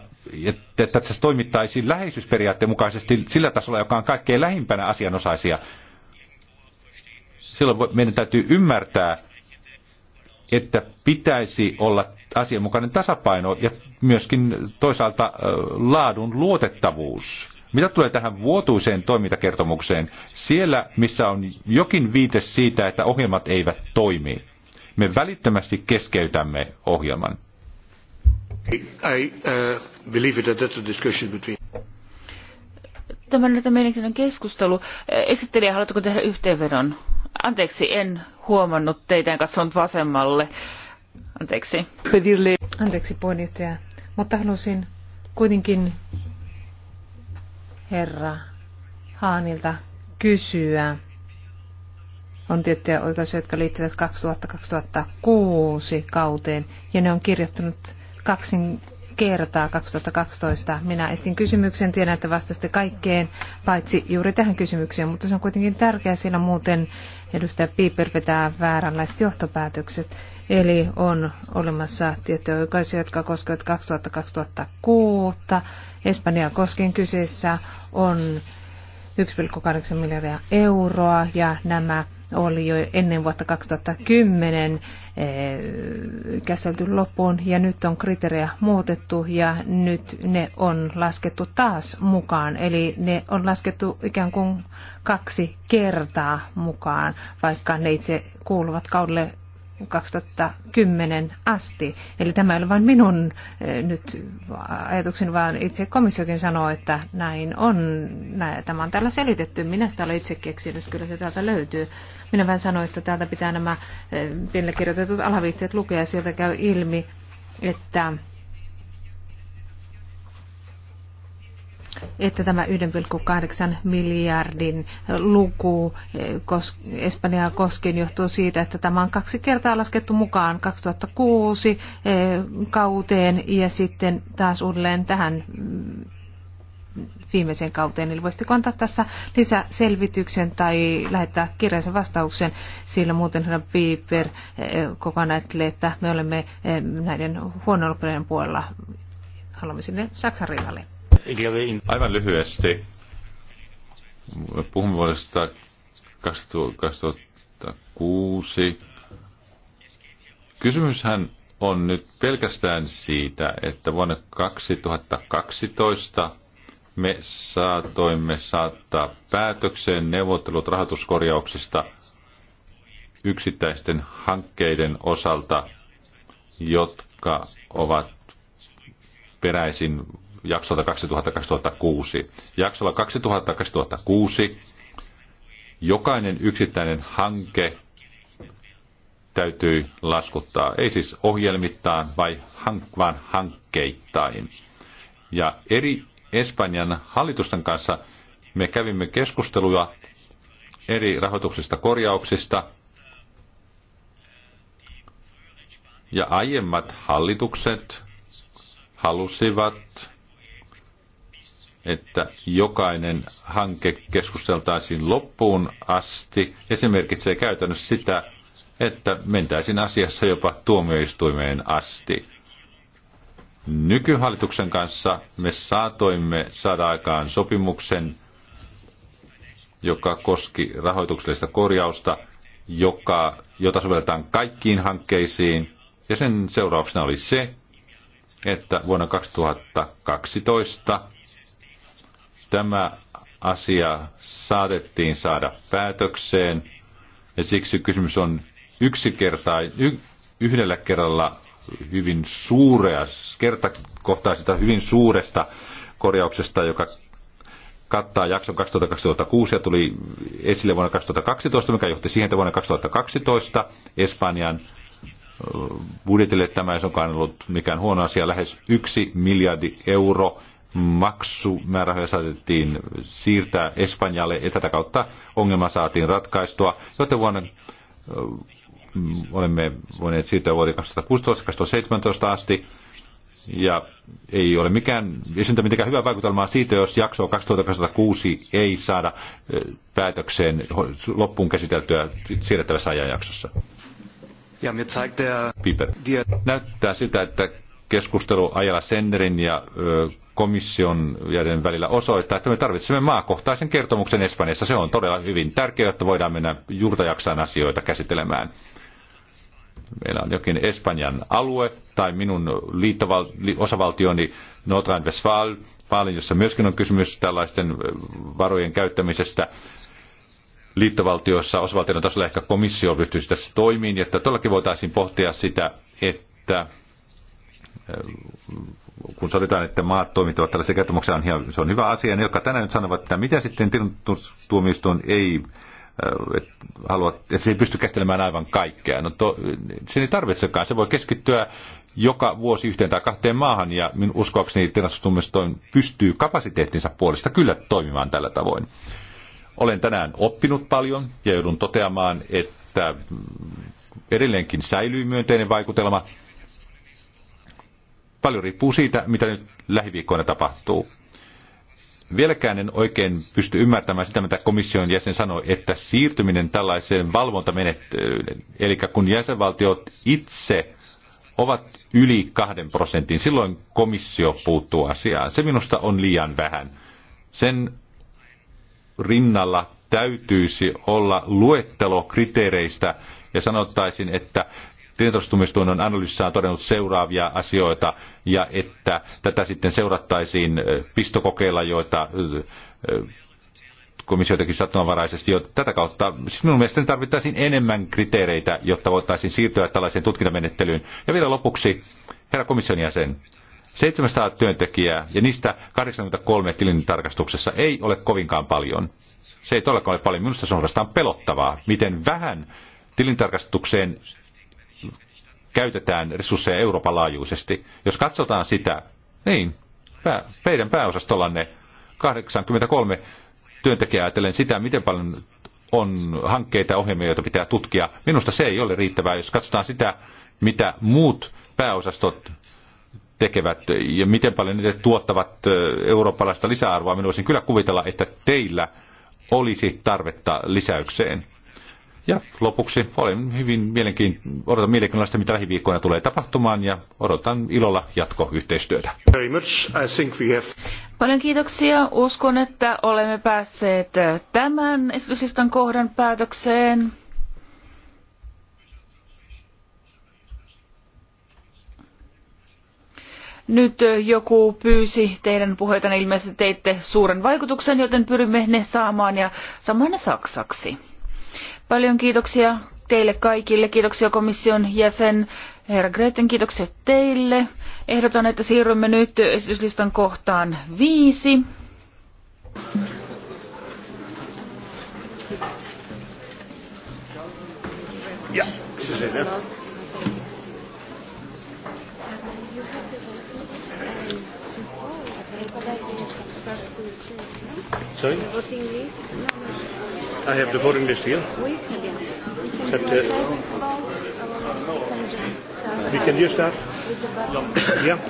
että tässä toimittaisiin läheisyysperiaatteen mukaisesti sillä tasolla, joka on kaikkein lähimpänä asianosaisia silloin meidän täytyy ymmärtää, että pitäisi olla asianmukainen tasapaino ja myöskin toisaalta laadun luotettavuus. Mitä tulee tähän vuotuiseen toimintakertomukseen, siellä missä on jokin viite siitä, että ohjelmat eivät toimi, me välittömästi keskeytämme ohjelman. I, uh, that that's a discussion between... Tämä on mielenkiintoinen keskustelu. Esittelijä, haluatko tehdä yhteenvedon? Anteeksi, en huomannut teitä, en katsonut vasemmalle. Anteeksi. Anteeksi puheenjohtaja, mutta halusin kuitenkin herra Haanilta kysyä. On tiettyjä oikaisuja, jotka liittyvät 2000-2006 kauteen, ja ne on kirjoittanut kaksin kertaa 2012. Minä estin kysymyksen, tiedän, että vastasitte kaikkeen, paitsi juuri tähän kysymykseen, mutta se on kuitenkin tärkeää, sillä muuten edustaja Piper vetää vääränlaiset johtopäätökset. Eli on olemassa tiettyjä oikaisuja, jotka koskevat 2000-2006. Espanjaa koskien kyseessä on 1,8 miljardia euroa ja nämä oli jo ennen vuotta 2010 eh, käsitelty loppuun ja nyt on kriteerejä muutettu ja nyt ne on laskettu taas mukaan. Eli ne on laskettu ikään kuin kaksi kertaa mukaan, vaikka ne itse kuuluvat kaudelle 2010 asti. Eli tämä ei ole vain minun eh, nyt ajatukseni, vaan itse komissiokin sanoo, että näin on. tämä on täällä selitetty. Minä sitä olen itse keksinyt, kyllä se täältä löytyy. Minä vain sanoin, että täältä pitää nämä eh, pienille kirjoitetut alaviitteet lukea ja sieltä käy ilmi, että että tämä 1,8 miljardin luku eh, Espanjaa koskien johtuu siitä, että tämä on kaksi kertaa laskettu mukaan 2006 eh, kauteen ja sitten taas uudelleen tähän mm, viimeiseen kauteen. Eli voisitteko antaa tässä lisäselvityksen tai lähettää kirjaisen vastauksen, sillä muuten herra Piper eh, koko ajan ajattelee, että me olemme näiden huono puolella haluamme sinne Saksan rinnalle. Aivan lyhyesti. Puhumme vuodesta 2006. Kysymyshän on nyt pelkästään siitä, että vuonna 2012 me saatoimme saattaa päätökseen neuvottelut rahoituskorjauksista yksittäisten hankkeiden osalta, jotka ovat peräisin jaksolta 2000-2006. Jaksolla 2000-2006 jokainen yksittäinen hanke täytyy laskuttaa, ei siis ohjelmittain, vai hank- vaan hankkeittain. Ja eri Espanjan hallitusten kanssa me kävimme keskusteluja eri rahoituksista korjauksista. Ja aiemmat hallitukset halusivat että jokainen hanke keskusteltaisiin loppuun asti, ja se merkitsee käytännössä sitä, että mentäisiin asiassa jopa tuomioistuimeen asti. Nykyhallituksen kanssa me saatoimme saada aikaan sopimuksen, joka koski rahoituksellista korjausta, joka, jota sovelletaan kaikkiin hankkeisiin, ja sen seurauksena oli se, että vuonna 2012 Tämä asia saatettiin saada päätökseen ja siksi kysymys on yksi kertaa, y- yhdellä kerralla hyvin suurea, kertakohtaisesta hyvin suuresta korjauksesta, joka kattaa jakson 2006 ja tuli esille vuonna 2012, mikä johti siihen, että vuonna 2012 Espanjan budjetille tämä ei suinkaan ollut mikään huono asia, lähes yksi miljardi euro maksumäärärahoja saatettiin siirtää Espanjalle ja tätä kautta ongelma saatiin ratkaistua, joten vuonna olemme voineet siirtyä vuoteen 2016-2017 asti. Ja ei ole mikään, ei syntä mitenkään hyvää vaikutelmaa siitä, jos jaksoa 2006 ei saada päätökseen loppuun käsiteltyä siirrettävässä ajanjaksossa. Ja Piper. Näyttää siltä, että keskustelu Ajala Senderin ja komission jäden välillä osoittaa, että me tarvitsemme maakohtaisen kertomuksen Espanjassa. Se on todella hyvin tärkeää, että voidaan mennä juurtajaksaan asioita käsittelemään. Meillä on jokin Espanjan alue tai minun liittoval- osavaltioni Notre westfalen Faalin, jossa myöskin on kysymys tällaisten varojen käyttämisestä liittovaltiossa, osavaltion tasolla ehkä komissio ryhtyisi tässä toimiin, että todellakin voitaisiin pohtia sitä, että Äh, kun sanotaan, että maat toimittavat tällaisen kertomuksen, niin se on hyvä asia. Ne, jotka tänään nyt sanovat, että mitä sitten tilintuomioistuin ei äh, et halua, että se ei pysty käsittelemään aivan kaikkea. No to, se ei tarvitsekaan. Se voi keskittyä joka vuosi yhteen tai kahteen maahan, ja minun uskoakseni tilastustumistoin pystyy kapasiteettinsa puolesta kyllä toimimaan tällä tavoin. Olen tänään oppinut paljon ja joudun toteamaan, että mm, edelleenkin säilyy myönteinen vaikutelma Paljon riippuu siitä, mitä nyt lähiviikkoina tapahtuu. Vieläkään en oikein pysty ymmärtämään sitä, mitä komission jäsen sanoi, että siirtyminen tällaiseen valvontamenettelyyn, eli kun jäsenvaltiot itse ovat yli kahden prosentin, silloin komissio puuttuu asiaan. Se minusta on liian vähän. Sen rinnalla täytyisi olla luettelo kriteereistä ja sanottaisin, että tietostumistunnon analyysissaan todennut seuraavia asioita ja että tätä sitten seurattaisiin pistokokeilla, joita komissio teki sattumanvaraisesti. tätä kautta siis minun mielestäni tarvittaisiin enemmän kriteereitä, jotta voitaisiin siirtyä tällaiseen tutkintamenettelyyn. Ja vielä lopuksi, herra komission jäsen, 700 työntekijää ja niistä 83 tilintarkastuksessa ei ole kovinkaan paljon. Se ei todellakaan ole paljon. Minusta se on vastaan pelottavaa, miten vähän tilintarkastukseen käytetään resursseja Euroopan laajuisesti. Jos katsotaan sitä, niin pää, teidän pääosastollanne 83 työntekijää ajatellen sitä, miten paljon on hankkeita ja ohjelmia, joita pitää tutkia. Minusta se ei ole riittävää, jos katsotaan sitä, mitä muut pääosastot tekevät ja miten paljon ne tuottavat eurooppalaista lisäarvoa. Minä voisin kyllä kuvitella, että teillä olisi tarvetta lisäykseen. Ja lopuksi olen hyvin mielenkiin, odotan mielenkiinnolla mitä lähiviikkoina tulee tapahtumaan ja odotan ilolla jatkoyhteistyötä. Very much. I think we have... Paljon kiitoksia. Uskon, että olemme päässeet tämän esityslistan kohdan päätökseen. Nyt joku pyysi teidän puheitanne, ilmeisesti teitte suuren vaikutuksen, joten pyrimme ne saamaan ja samana ne saksaksi. Paljon kiitoksia teille kaikille. Kiitoksia komission jäsen Herra Greten, kiitoksia teille. Ehdotan, että siirrymme nyt esityslistan kohtaan viisi. Ja, se Thank you first no? Sorry? The voting list? No, no. I have the voting list here. We can Except, do uh, we can just start. Uh, we can just start? With the Yeah.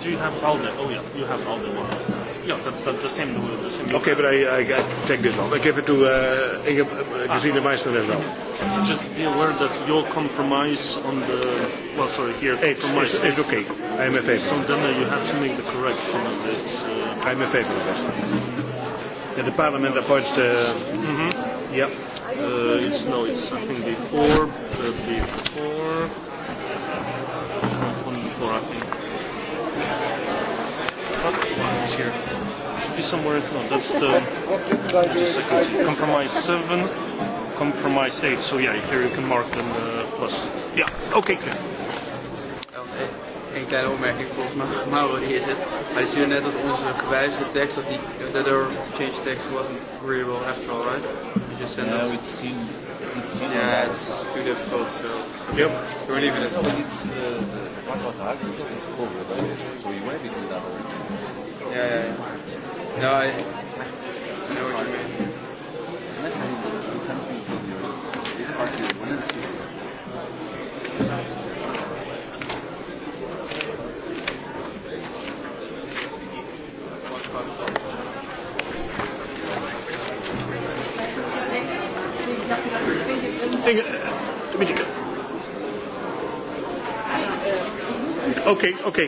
Do you have all the, oh yeah, you have all the one. Yeah, that's, that's the same rule. The same okay, but I, I, I take this one. I give it to uh, Inge, Gesine ah. Meissner as well. Just be aware that your compromise on the, well, sorry, here, It's, compromise it's, is okay. I am a favor. So then uh, you have to make the correction of it. Uh, I am a favor of that. Yeah, the parliament appoints the. Mm-hmm. Yeah. Uh, it's no, it's I think before, uh, before, one before I think. But, is here. Should be somewhere. No, that's the. Just a second. Compromise seven, compromise eight. So yeah, here you can mark them uh, plus. Yeah. Okay. okay. Eh, een kleine opmerking volgens mij, Mauro die hier zit. Hij stuurde net dat onze gewijzigde tekst, dat die that change text wasn't agreeable after all, right? You just send yeah, us. It's seen, it's seen yeah, it's too difficult, so. Yep. we're leaving it. So it's, uh, the, what was argued is covered, so we were between that already. Yeah, yeah, yeah. No, I, I know what you mean. Think, Oké, oké.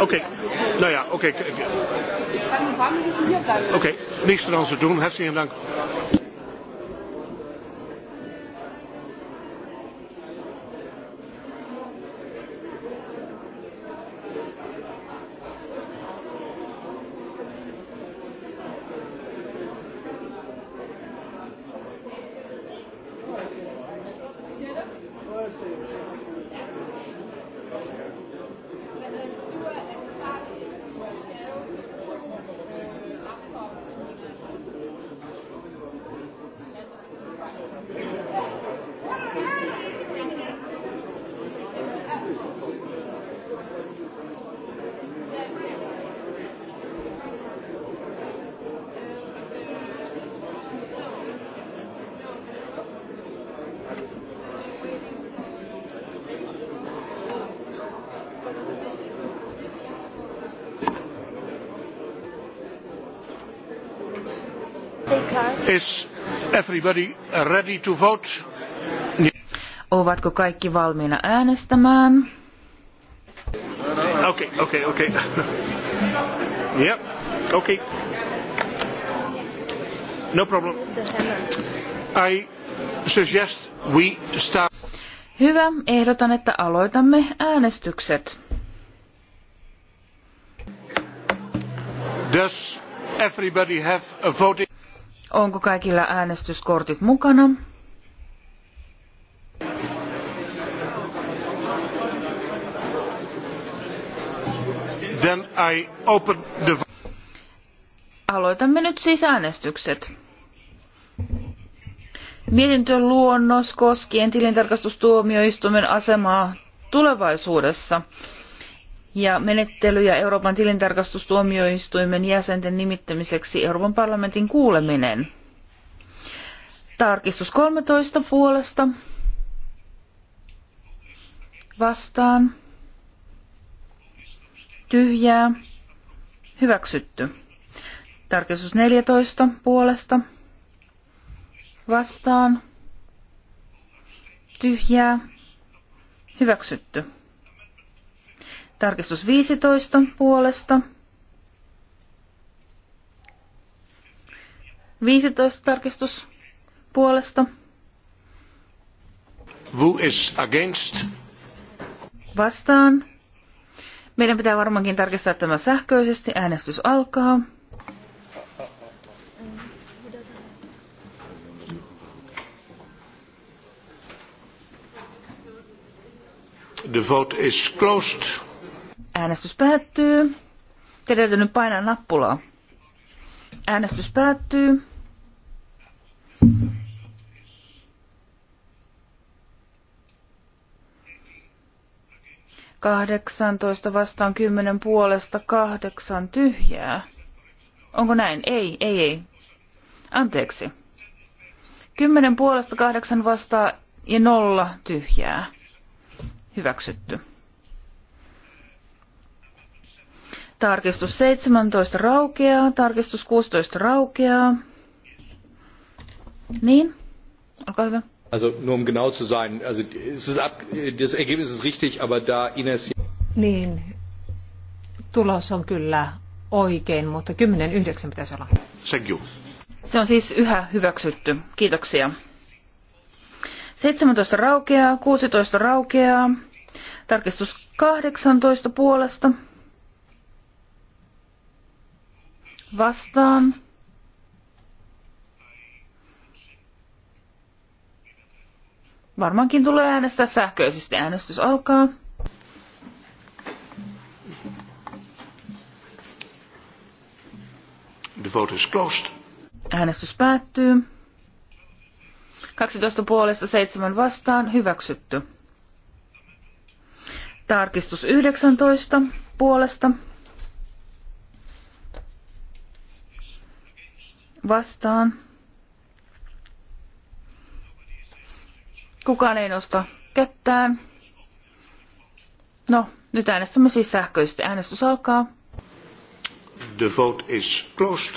Oké. Nou ja, oké. Okay. Oké, okay. niks eraan te doen. Hartstikke dank. Is Ovatko kaikki valmiina äänestämään? Okei, okay, okei, okay, okei. Okay. Yep, okei. Okay. No problem. I suggest we start. Hyvä, ehdotan, että aloitamme äänestykset. Does everybody have a voting? Onko kaikilla äänestyskortit mukana? Then I open the... Aloitamme nyt siis äänestykset. Mietintö luonnos koskien tilintarkastustuomioistuimen asemaa tulevaisuudessa ja menettelyjä Euroopan tilintarkastustuomioistuimen jäsenten nimittämiseksi Euroopan parlamentin kuuleminen. Tarkistus 13 puolesta vastaan tyhjää hyväksytty. Tarkistus 14 puolesta vastaan tyhjää hyväksytty. Tarkistus 15 puolesta. 15 tarkistus puolesta. Who is against? Vastaan. Meidän pitää varmaankin tarkistaa tämä sähköisesti. Äänestys alkaa. The vote is closed. Äänestys päättyy. Teidän täytyy nyt painaa nappulaa. Äänestys päättyy. Kahdeksantoista vastaan kymmenen puolesta kahdeksan tyhjää. Onko näin? Ei, ei, ei. Anteeksi. Kymmenen puolesta kahdeksan vastaa ja nolla tyhjää. Hyväksytty. Tarkistus 17 raukeaa, tarkistus 16 raukeaa. Niin, olkaa hyvä. Also nur um genau zu sein, also es ist ab, das Ergebnis ist richtig, aber da Ines... Niin, tulos on kyllä oikein, mutta 10.9 pitäisi olla. Thank you. Se on siis yhä hyväksytty. Kiitoksia. 17 raukeaa, 16 raukeaa, tarkistus 18 puolesta vastaan. Varmaankin tulee äänestää sähköisesti. Äänestys alkaa. The vote is closed. Äänestys päättyy. 12 puolesta 7 vastaan hyväksytty. Tarkistus 19 puolesta vastaan. Kukaan ei nosta kättään. No, nyt äänestämme siis sähköisesti. Äänestys alkaa. The vote is closed.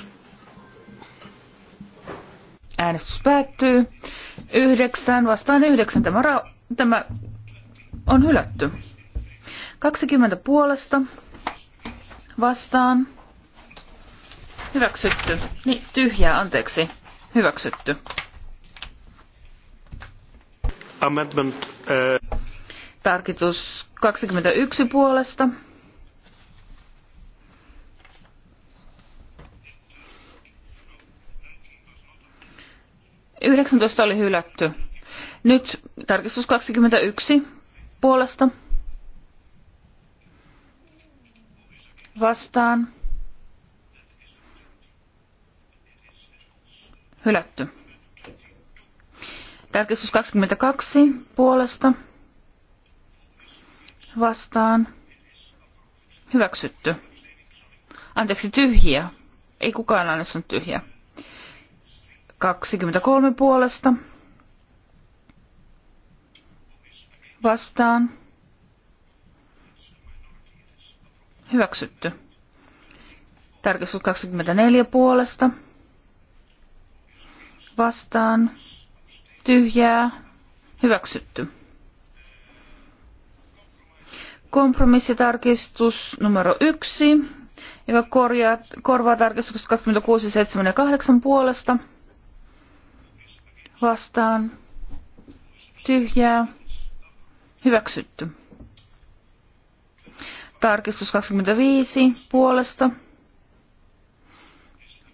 Äänestys päättyy. Yhdeksän vastaan yhdeksän. Tämä, ra- tämä on hylätty. 20 puolesta vastaan Hyväksytty. Niin, tyhjää, anteeksi. Hyväksytty. Amendment. Uh... Tarkitus 21 puolesta. Yhdeksäntoista oli hylätty. Nyt tarkistus 21 puolesta. Vastaan Hylätty. Tarkistus 22 puolesta. Vastaan. Hyväksytty. Anteeksi, tyhjiä. Ei kukaan on tyhjä. 23 puolesta. Vastaan. Hyväksytty. Tarkistus 24 puolesta vastaan tyhjää hyväksytty. Kompromissitarkistus numero yksi, joka korjaa, korvaa tarkistus 26, 7 ja 8 puolesta vastaan tyhjää hyväksytty. Tarkistus 25 puolesta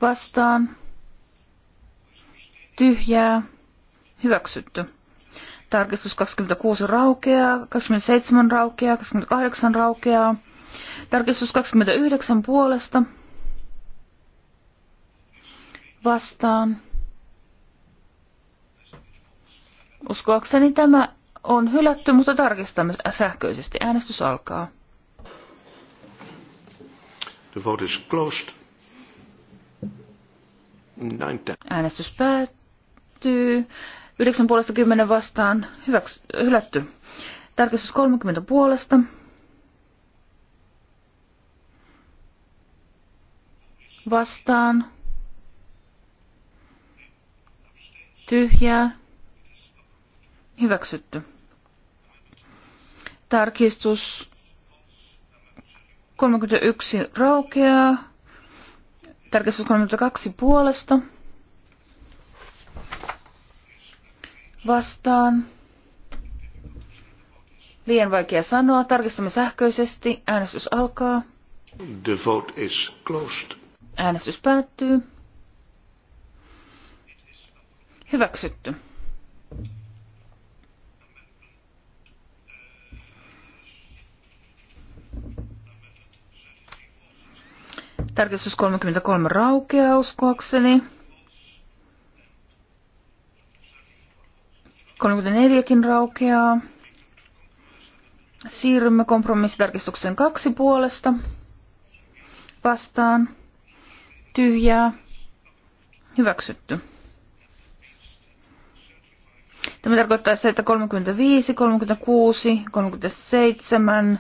vastaan tyhjää, hyväksytty. Tarkistus 26 raukeaa, 27 raukeaa, 28 raukeaa. Tarkistus 29 puolesta vastaan. Uskoakseni tämä on hylätty, mutta tarkistamme sähköisesti. Äänestys alkaa. The vote is closed. Äänestys päättyy päättyy. 9 puolesta 10 vastaan hyväksy, hylätty. Tarkistus 30 puolesta. Vastaan. Tyhjää. Hyväksytty. Tarkistus 31 raukeaa. Tarkistus 32 puolesta vastaan. Liian vaikea sanoa. Tarkistamme sähköisesti. Äänestys alkaa. The vote is closed. Äänestys päättyy. Hyväksytty. Tarkistus 33 raukeaa uskoakseni. 34kin raukeaa. Siirrymme kompromissitarkistuksen kaksi puolesta. Vastaan. Tyhjää. Hyväksytty. Tämä tarkoittaa se, että 35, 36, 37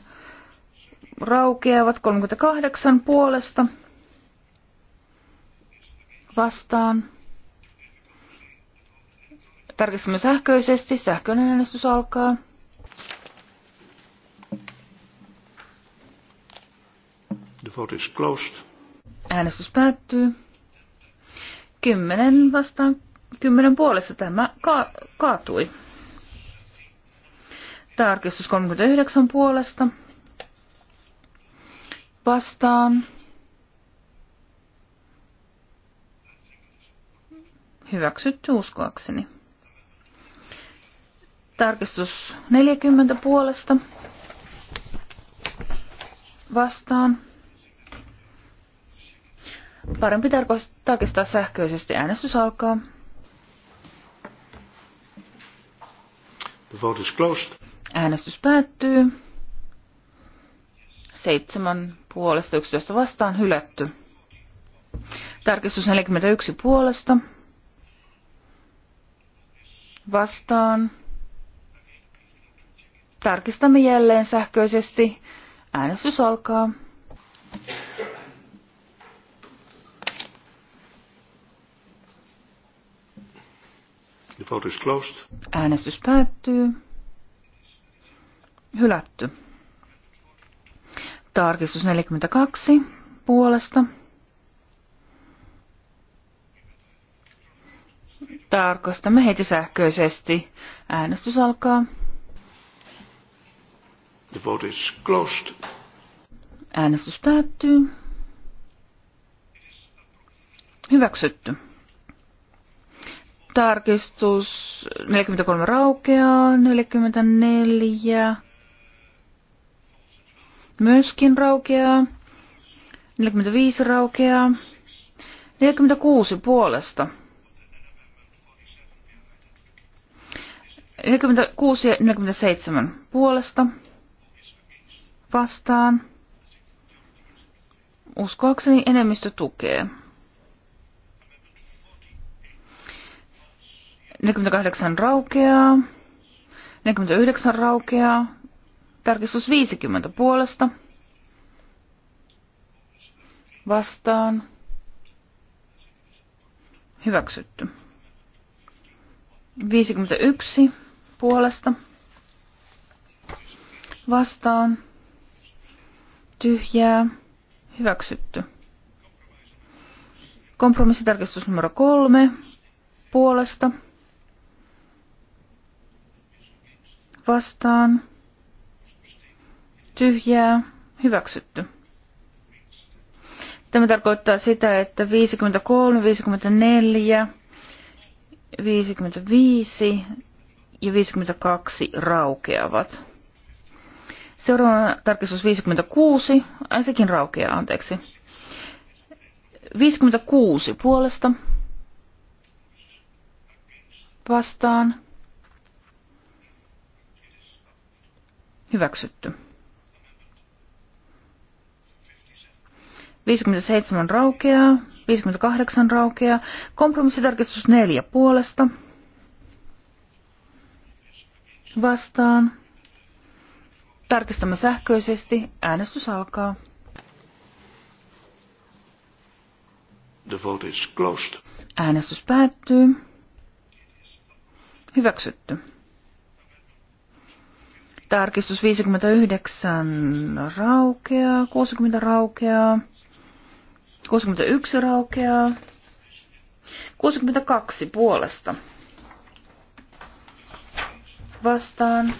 raukeavat 38 puolesta vastaan Tarkistamme sähköisesti. Sähköinen äänestys alkaa. The vote is closed. Äänestys päättyy. Kymmenen vastaan kymmenen puolessa tämä ka- kaatui. Tarkistus 39 puolesta. Vastaan. Hyväksytty uskoakseni. Tarkistus 40 puolesta. Vastaan. Parempi tarkistaa sähköisesti. Äänestys alkaa. The vote is closed. Äänestys päättyy. Seitsemän puolesta 11 vastaan hylätty. Tarkistus 41 puolesta. Vastaan. Tarkistamme jälleen sähköisesti. Äänestys alkaa. The vote is closed. Äänestys päättyy. Hylätty. Tarkistus 42 puolesta. Tarkastamme heti sähköisesti. Äänestys alkaa. The vote is closed. Äänestys päättyy. Hyväksytty. Tarkistus 43 raukeaa, 44 myöskin raukeaa, 45 raukeaa, 46 puolesta. 46 ja 47 puolesta vastaan. Uskoakseni enemmistö tukee. 48 raukeaa. 49 raukeaa. Tarkistus 50 puolesta. Vastaan. Hyväksytty. 51 puolesta. Vastaan tyhjää, hyväksytty. Kompromissitarkistus numero kolme, puolesta, vastaan, tyhjää, hyväksytty. Tämä tarkoittaa sitä, että 53, 54, 55 ja 52 raukeavat. Seuraava tarkistus 56. Ai sekin raukeaa, anteeksi. 56 puolesta. Vastaan. Hyväksytty. 57 raukeaa, 58 raukeaa, kompromissitarkistus 4 puolesta, vastaan, Tarkistamme sähköisesti. Äänestys alkaa. The vote is closed. Äänestys päättyy. Hyväksytty. Tarkistus 59 raukeaa, 60 raukeaa, 61 raukeaa, 62 puolesta. Vastaan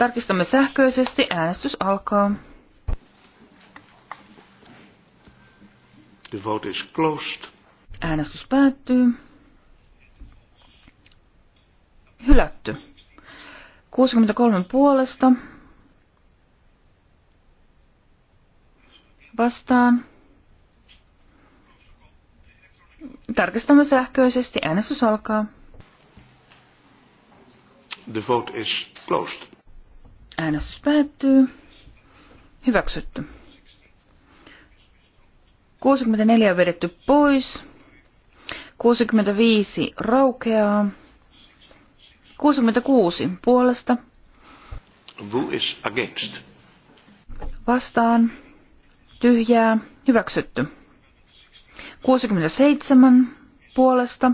Tarkistamme sähköisesti. Äänestys alkaa. The vote is closed. Äänestys päättyy. Hylätty. 63 puolesta. Vastaan. Tarkistamme sähköisesti. Äänestys alkaa. The vote is closed. Äänestys päättyy. Hyväksytty. 64 on vedetty pois. 65 raukeaa. 66 puolesta. Who is against? Vastaan. Tyhjää. Hyväksytty. 67 puolesta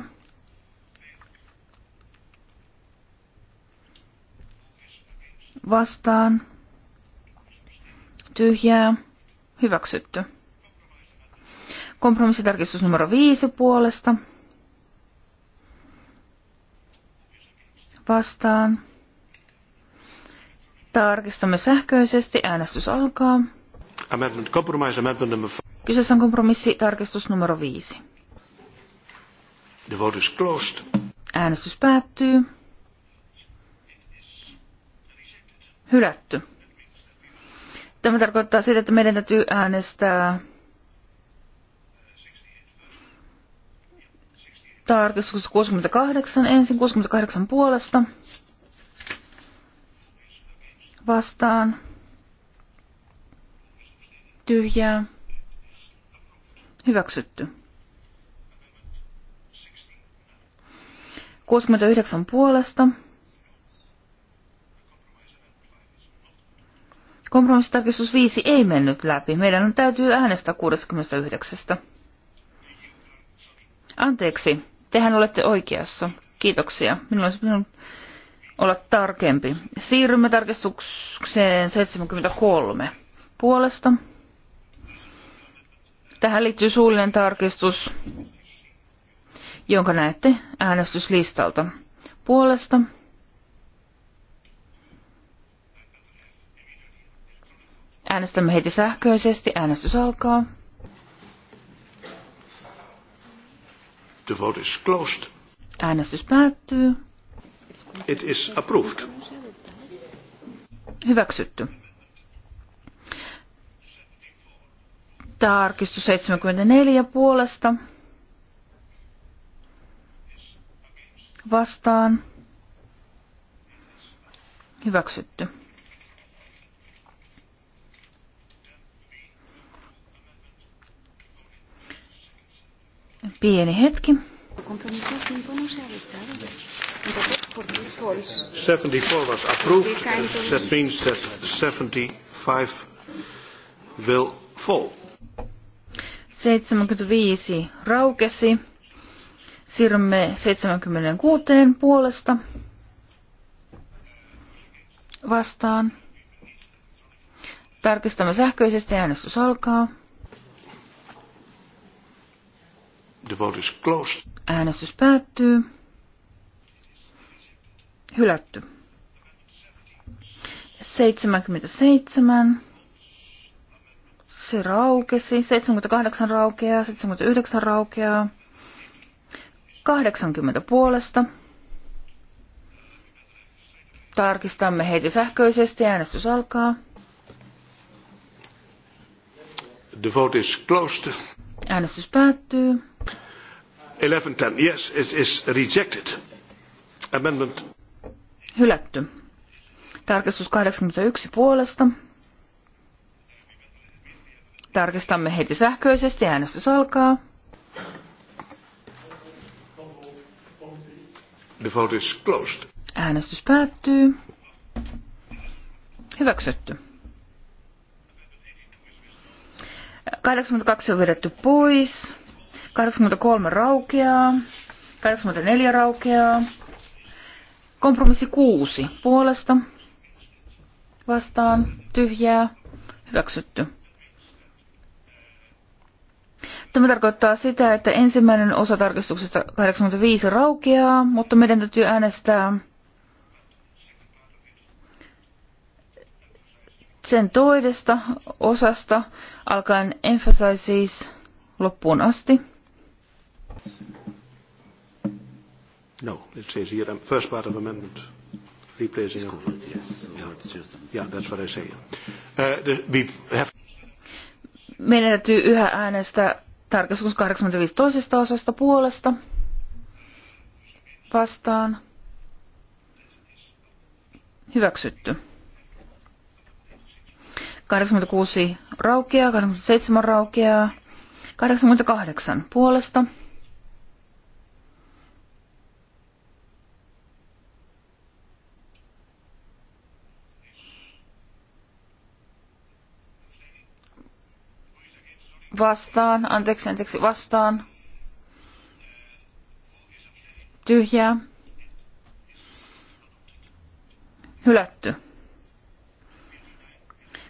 vastaan tyhjää hyväksytty. Kompromissitarkistus numero 5 puolesta vastaan. Tarkistamme sähköisesti. Äänestys alkaa. Amendment compromise, amendment number Kyseessä on kompromissitarkistus numero 5. The vote is closed. Äänestys päättyy. hylätty. Tämä tarkoittaa sitä, että meidän täytyy äänestää tarkistus 68 ensin, 68 puolesta vastaan tyhjää hyväksytty. 69 puolesta Kompromissitarkistus 5 ei mennyt läpi. Meidän on täytyy äänestää 69. Anteeksi, tehän olette oikeassa. Kiitoksia. Minulla olisi minun olla tarkempi. Siirrymme tarkistukseen 73 puolesta. Tähän liittyy suullinen tarkistus, jonka näette äänestyslistalta. Puolesta Äänestämme heti sähköisesti. Äänestys alkaa. The vote is closed. Äänestys päättyy. It is approved. Hyväksytty. Tarkistus 74 puolesta. Vastaan. Hyväksytty. Pieni hetki. 74 was approved, that means that 75 will fall. 75 raukesi. Siirrymme 76 puolesta vastaan. Tarkistamme sähköisesti. Äänestys alkaa. The vote is closed. Äänestys päättyy. Hylätty. 77. Se raukesi. 78 raukeaa. 79 raukeaa. 80 puolesta. Tarkistamme heti sähköisesti. Äänestys alkaa. The vote is closed. Äänestys päättyy. 11.10. Yes, it is rejected. Amendment. Hylätty. Tarkistus 81 puolesta. Tarkistamme heti sähköisesti. Äänestys alkaa. The vote is closed. Äänestys päättyy. Hyväksytty. 82 on vedetty pois. 83 raukeaa. 84 raukeaa. Kompromissi 6 puolesta. Vastaan. Tyhjää. Hyväksytty. Tämä tarkoittaa sitä, että ensimmäinen osa tarkistuksesta 85 raukeaa, mutta meidän täytyy äänestää sen toisesta osasta alkaen emphasizes loppuun asti. No, it says here um, first part of amendment replacing. Yes, yeah. yeah, that's what I say. Uh, the, we have... Meidän täytyy yhä äänestä tarkastus 85 toisesta osasta puolesta vastaan. Hyväksytty. 86 raukeaa, 87 raukeaa, 88 puolesta. Vastaan, anteeksi, anteeksi, vastaan. Tyhjää. Hylätty.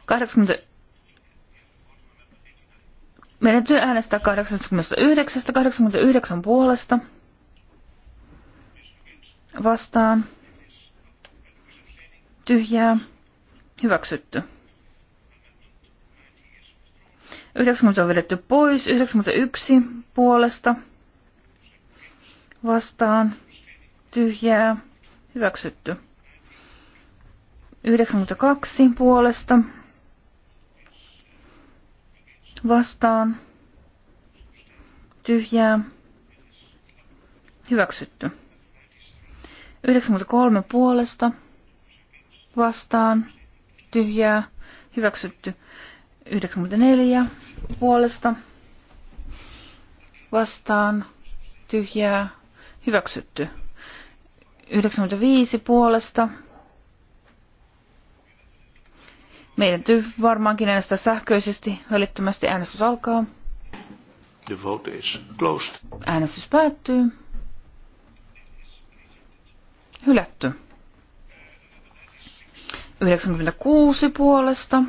80, meidän työ äänestää 89, 89 puolesta vastaan tyhjää hyväksytty. 90 on vedetty pois, 91 puolesta vastaan tyhjää hyväksytty. 92 puolesta vastaan tyhjää hyväksytty. 93 puolesta vastaan tyhjää hyväksytty. 94 puolesta vastaan tyhjää hyväksytty. 95 puolesta Meidän täytyy varmaankin äänestää sähköisesti. Välittömästi äänestys alkaa. The vote is closed. Äänestys päättyy. Hylätty. 96 puolesta.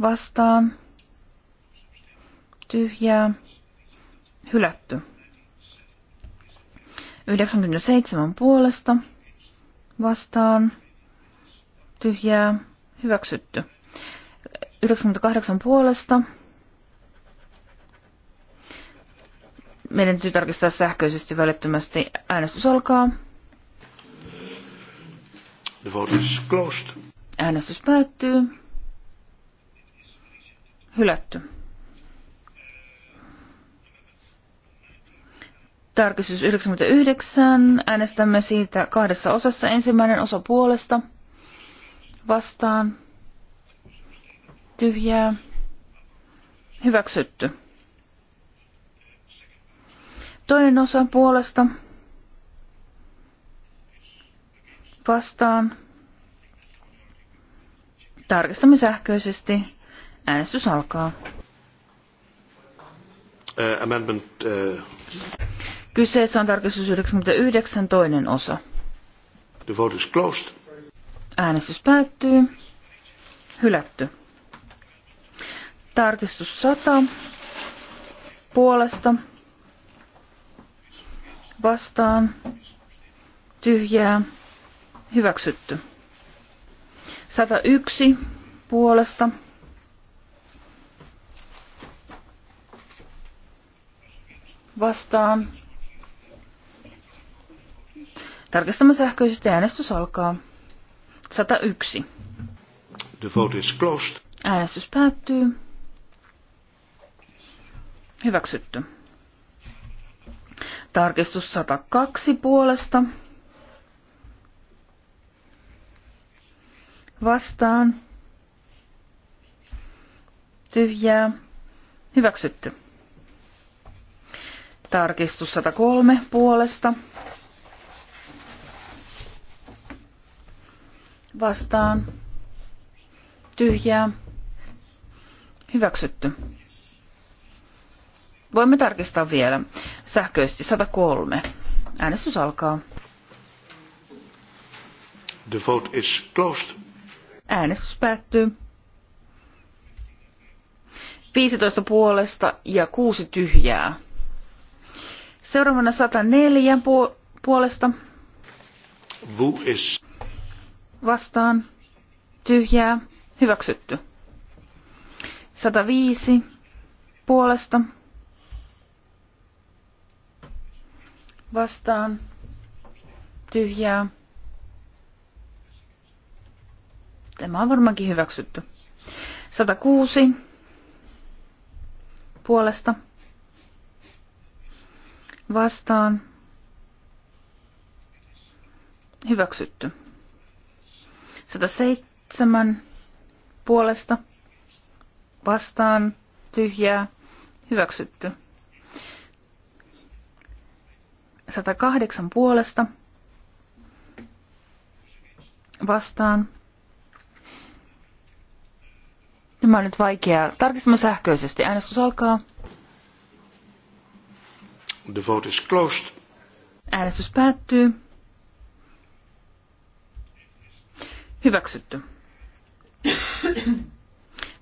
Vastaan. Tyhjää. Hylätty. 97 puolesta vastaan tyhjää hyväksytty. 98 puolesta. Meidän täytyy tarkistaa sähköisesti välittömästi. Äänestys alkaa. The vote is closed. Äänestys päättyy. Hylätty. Tarkistus 99. Äänestämme siitä kahdessa osassa. Ensimmäinen osa puolesta. Vastaan. Tyhjää. Hyväksytty. Toinen osa puolesta. Vastaan. Tarkistamme sähköisesti. Äänestys alkaa. Uh, amendment, uh... Kyseessä on tarkistus 99 toinen osa. The vote is closed. Äänestys päättyy. Hylätty. Tarkistus 100. Puolesta. Vastaan. Tyhjää. Hyväksytty. 101 puolesta. Vastaan Tarkistamme sähköisesti. Äänestys alkaa. 101. The vote is closed. Äänestys päättyy. Hyväksytty. Tarkistus 102 puolesta. Vastaan. Tyhjää. Hyväksytty. Tarkistus 103 puolesta. vastaan tyhjää hyväksytty. Voimme tarkistaa vielä sähköisesti 103. Äänestys alkaa. The vote is closed. Äänestys päättyy. 15 puolesta ja 6 tyhjää. Seuraavana 104 puolesta. Vu is vastaan tyhjää hyväksytty. 105 puolesta vastaan tyhjää. Tämä on varmaankin hyväksytty. 106 puolesta vastaan hyväksytty. 107 puolesta vastaan tyhjää hyväksytty. 108 puolesta vastaan. Tämä on nyt vaikeaa. Tarkistamme sähköisesti. Äänestys alkaa. The vote is closed. Äänestys päättyy. Hyväksytty.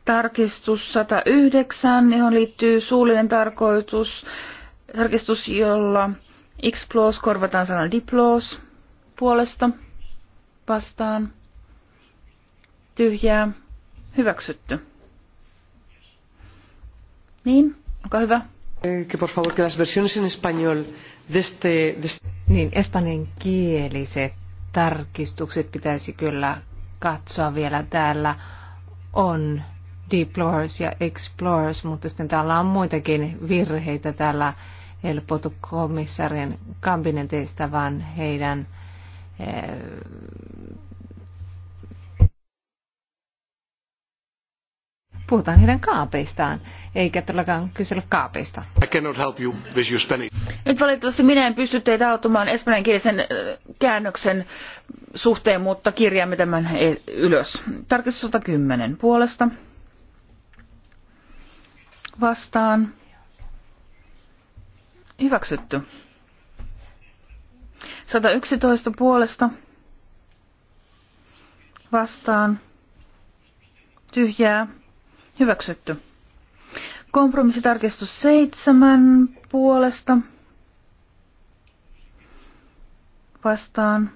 Tarkistus 109, johon liittyy suullinen tarkoitus, tarkistus, jolla explos korvataan sanan diplos puolesta vastaan. Tyhjää. Hyväksytty. Niin, olkaa hyvä. Que por favor, que las versiones en español de este, de este... Niin, espanjankieliset tarkistukset pitäisi kyllä katsoa vielä täällä on deplores ja explores, mutta sitten täällä on muitakin virheitä täällä helpotu komissarien kabineteista, vaan heidän eh, puhutaan heidän kaapeistaan, eikä todellakaan kysellä kaapeista. I cannot help you with your Spanish. Nyt valitettavasti minä en pysty teitä auttamaan espanjankielisen käännöksen suhteen, mutta kirjaamme tämän e, ylös. Tarkistus 110 puolesta. Vastaan. Hyväksytty. 111 puolesta. Vastaan. Tyhjää Hyväksytty. Kompromissitarkistus seitsemän puolesta. Vastaan.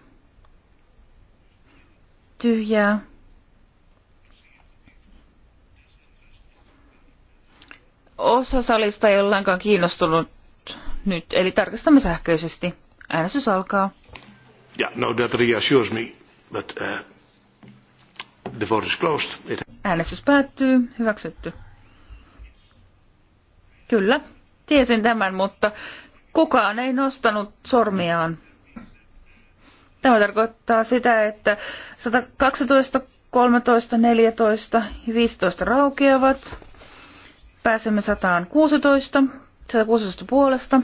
Tyhjää. Osa salista ei ollenkaan kiinnostunut nyt, eli tarkistamme sähköisesti. Äänestys alkaa. Yeah, no, that reassures me, but uh, the vote is closed. It... Äänestys päättyy. Hyväksytty. Kyllä, tiesin tämän, mutta kukaan ei nostanut sormiaan. Tämä tarkoittaa sitä, että 112, 13, 14 ja 15 raukeavat. Pääsemme 116, 116 puolesta.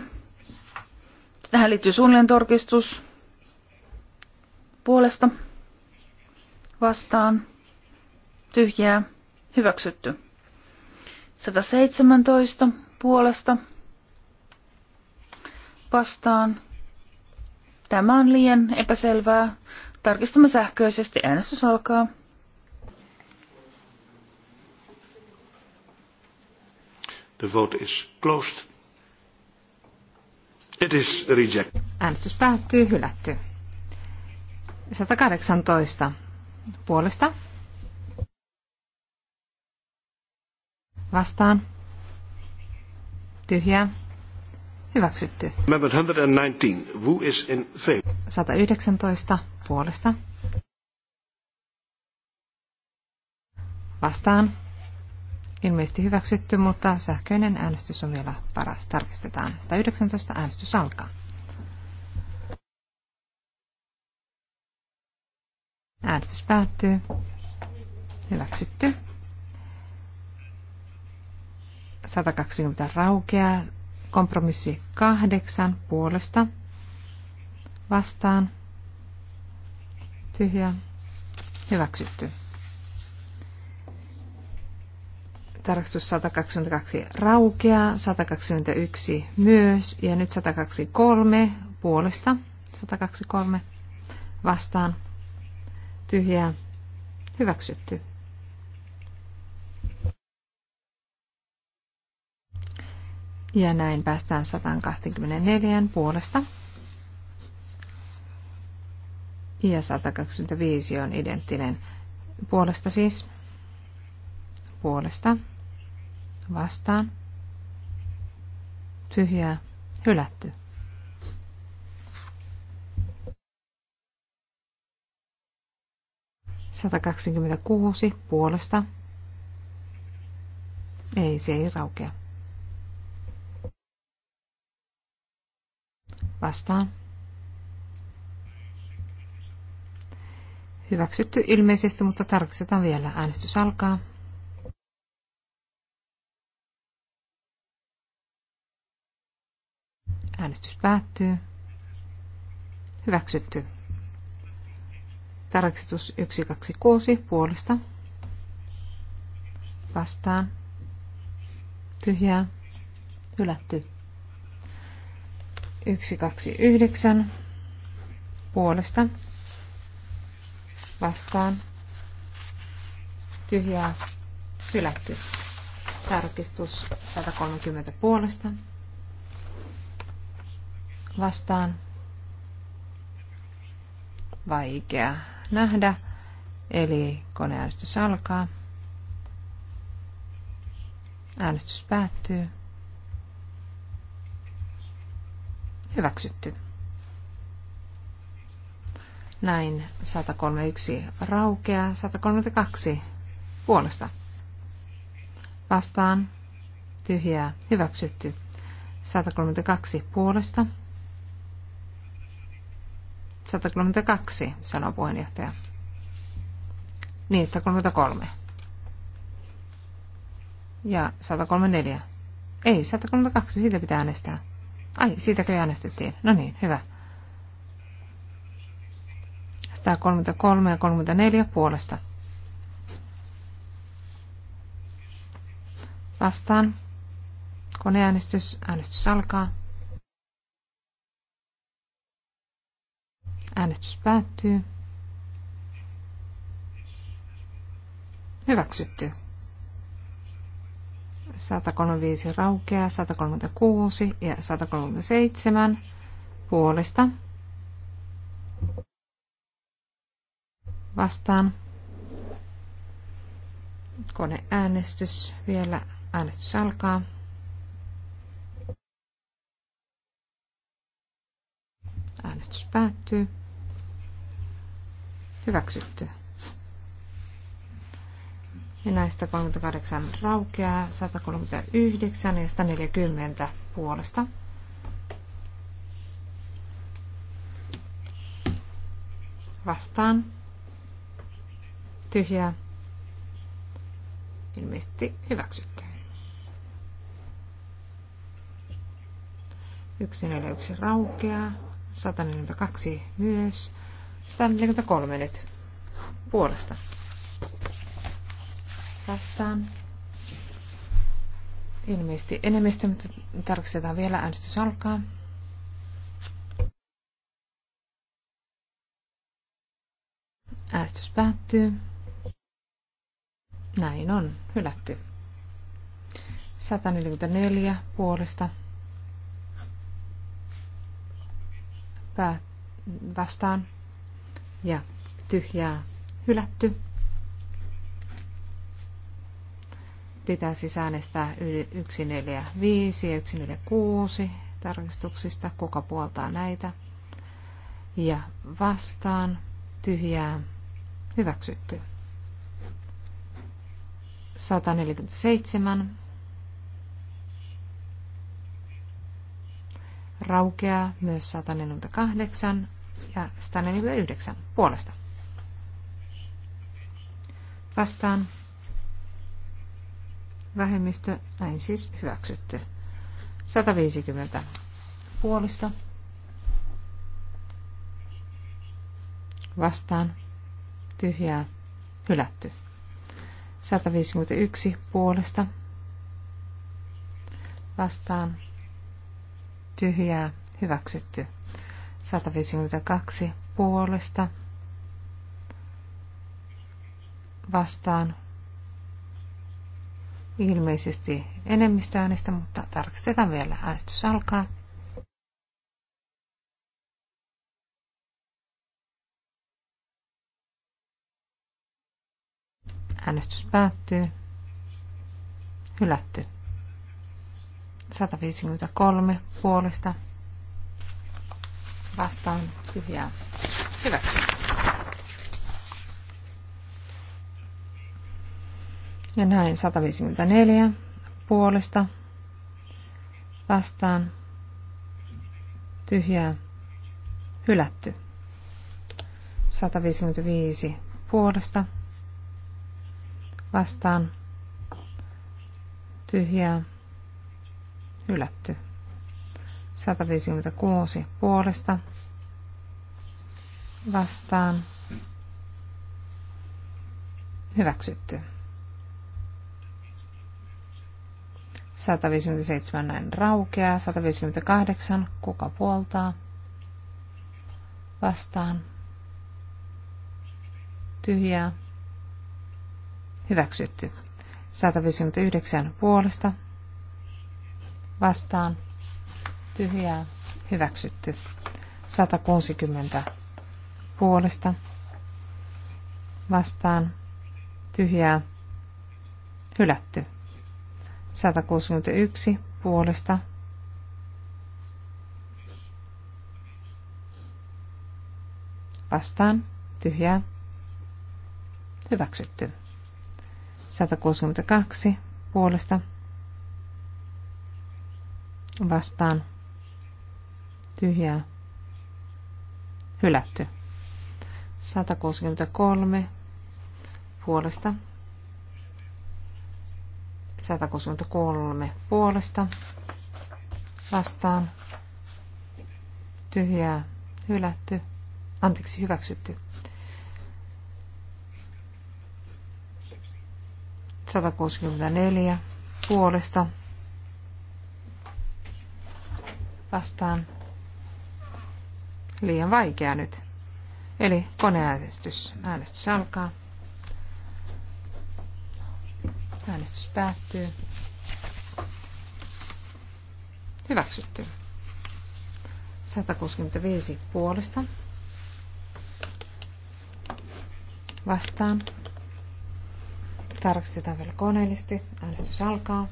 Tähän liittyy suunnilleen torkistus puolesta vastaan tyhjää, hyväksytty. 117 puolesta vastaan. Tämä on liian epäselvää. Tarkistamme sähköisesti. Äänestys alkaa. The vote is closed. It is rejected. Äänestys päättyy hylätty. 118 puolesta Vastaan. Tyhjää. Hyväksytty. Amendment 119. Who is in favor? 119. Puolesta. Vastaan. Ilmeisesti hyväksytty, mutta sähköinen äänestys on vielä paras. Tarkistetaan. 119. Äänestys alkaa. Äänestys päättyy. Hyväksytty. 120 raukeaa. Kompromissi 8 puolesta vastaan. Tyhjä. Hyväksytty. Tarkastus 122 raukeaa, 121 myös ja nyt 123 puolesta, 123 vastaan, tyhjää, hyväksytty. Ja näin päästään 124 puolesta. Ja 125 on identtinen puolesta siis. Puolesta. Vastaan. Tyhjää. Hylätty. kuusi puolesta. Ei, se ei raukea. vastaan. Hyväksytty ilmeisesti, mutta tarkistetaan vielä. Äänestys alkaa. Äänestys päättyy. Hyväksytty. Tarkistus 126 puolesta. Vastaan. Tyhjää. Hylätty. 129 puolesta vastaan tyhjää hylätty. Tarkistus 130 puolesta vastaan vaikea nähdä, eli koneäänestys alkaa. Äänestys päättyy. Hyväksytty. Näin 131 raukea, 132 puolesta. Vastaan tyhjää hyväksytty. 132 puolesta. 132, sanoo puheenjohtaja. Niin, 133. Ja 134. Ei, 132, siitä pitää äänestää. Ai, siitäkö äänestettiin? No niin, hyvä. 133 ja 34 puolesta. Vastaan. Koneäänestys. Äänestys alkaa. Äänestys päättyy. Hyväksytty. 135 raukeaa, 136 ja 137 puolesta. Vastaan. Koneäänestys vielä. Äänestys alkaa. Äänestys päättyy. Hyväksytty. Ja näistä 38 raukeaa, 139 ja 140 puolesta. Vastaan. Tyhjää. Ilmeisesti hyväksytty. 141 raukeaa, 142 myös, 143 nyt puolesta vastaan. Ilmeisesti enemmistö, mutta tarkistetaan vielä. Äänestys alkaa. Äänestys päättyy. Näin on, hylätty. 144 puolesta pää, vastaan ja tyhjää hylätty. pitää siis 145 ja 146 tarkistuksista, kuka puoltaa näitä. Ja vastaan tyhjää hyväksytty. 147 raukeaa myös 148 ja 149 puolesta. Vastaan vähemmistö, näin siis hyväksytty. 150 puolista. Vastaan. Tyhjää. Hylätty. 151 puolesta. Vastaan. Tyhjää. Hyväksytty. 152 puolesta. Vastaan ilmeisesti enemmistö äänestä, mutta tarkistetaan vielä. Äänestys alkaa. Äänestys päättyy. Hylätty. 153 puolesta vastaan tyhjää. Hyväksytty. Ja näin 154 puolesta vastaan tyhjää hylätty. 155 puolesta vastaan tyhjää hylätty. 156 puolesta vastaan hyväksytty. 157 näin raukeaa. 158 kuka puoltaa vastaan. Tyhjää. Hyväksytty. 159 puolesta vastaan. Tyhjää. Hyväksytty. 160 puolesta vastaan. Tyhjää. Hylätty. 161 puolesta vastaan tyhjää hyväksytty. 162 puolesta vastaan tyhjää hylätty. 163 puolesta 163 puolesta vastaan tyhjää hylätty, anteeksi hyväksytty. 164 puolesta vastaan liian vaikea nyt. Eli koneäänestys. Äänestys alkaa. Äänestys päättyy. Hyväksytty. 165 puolesta. Vastaan. Tarkistetaan vielä koneellisesti. Äänestys alkaa.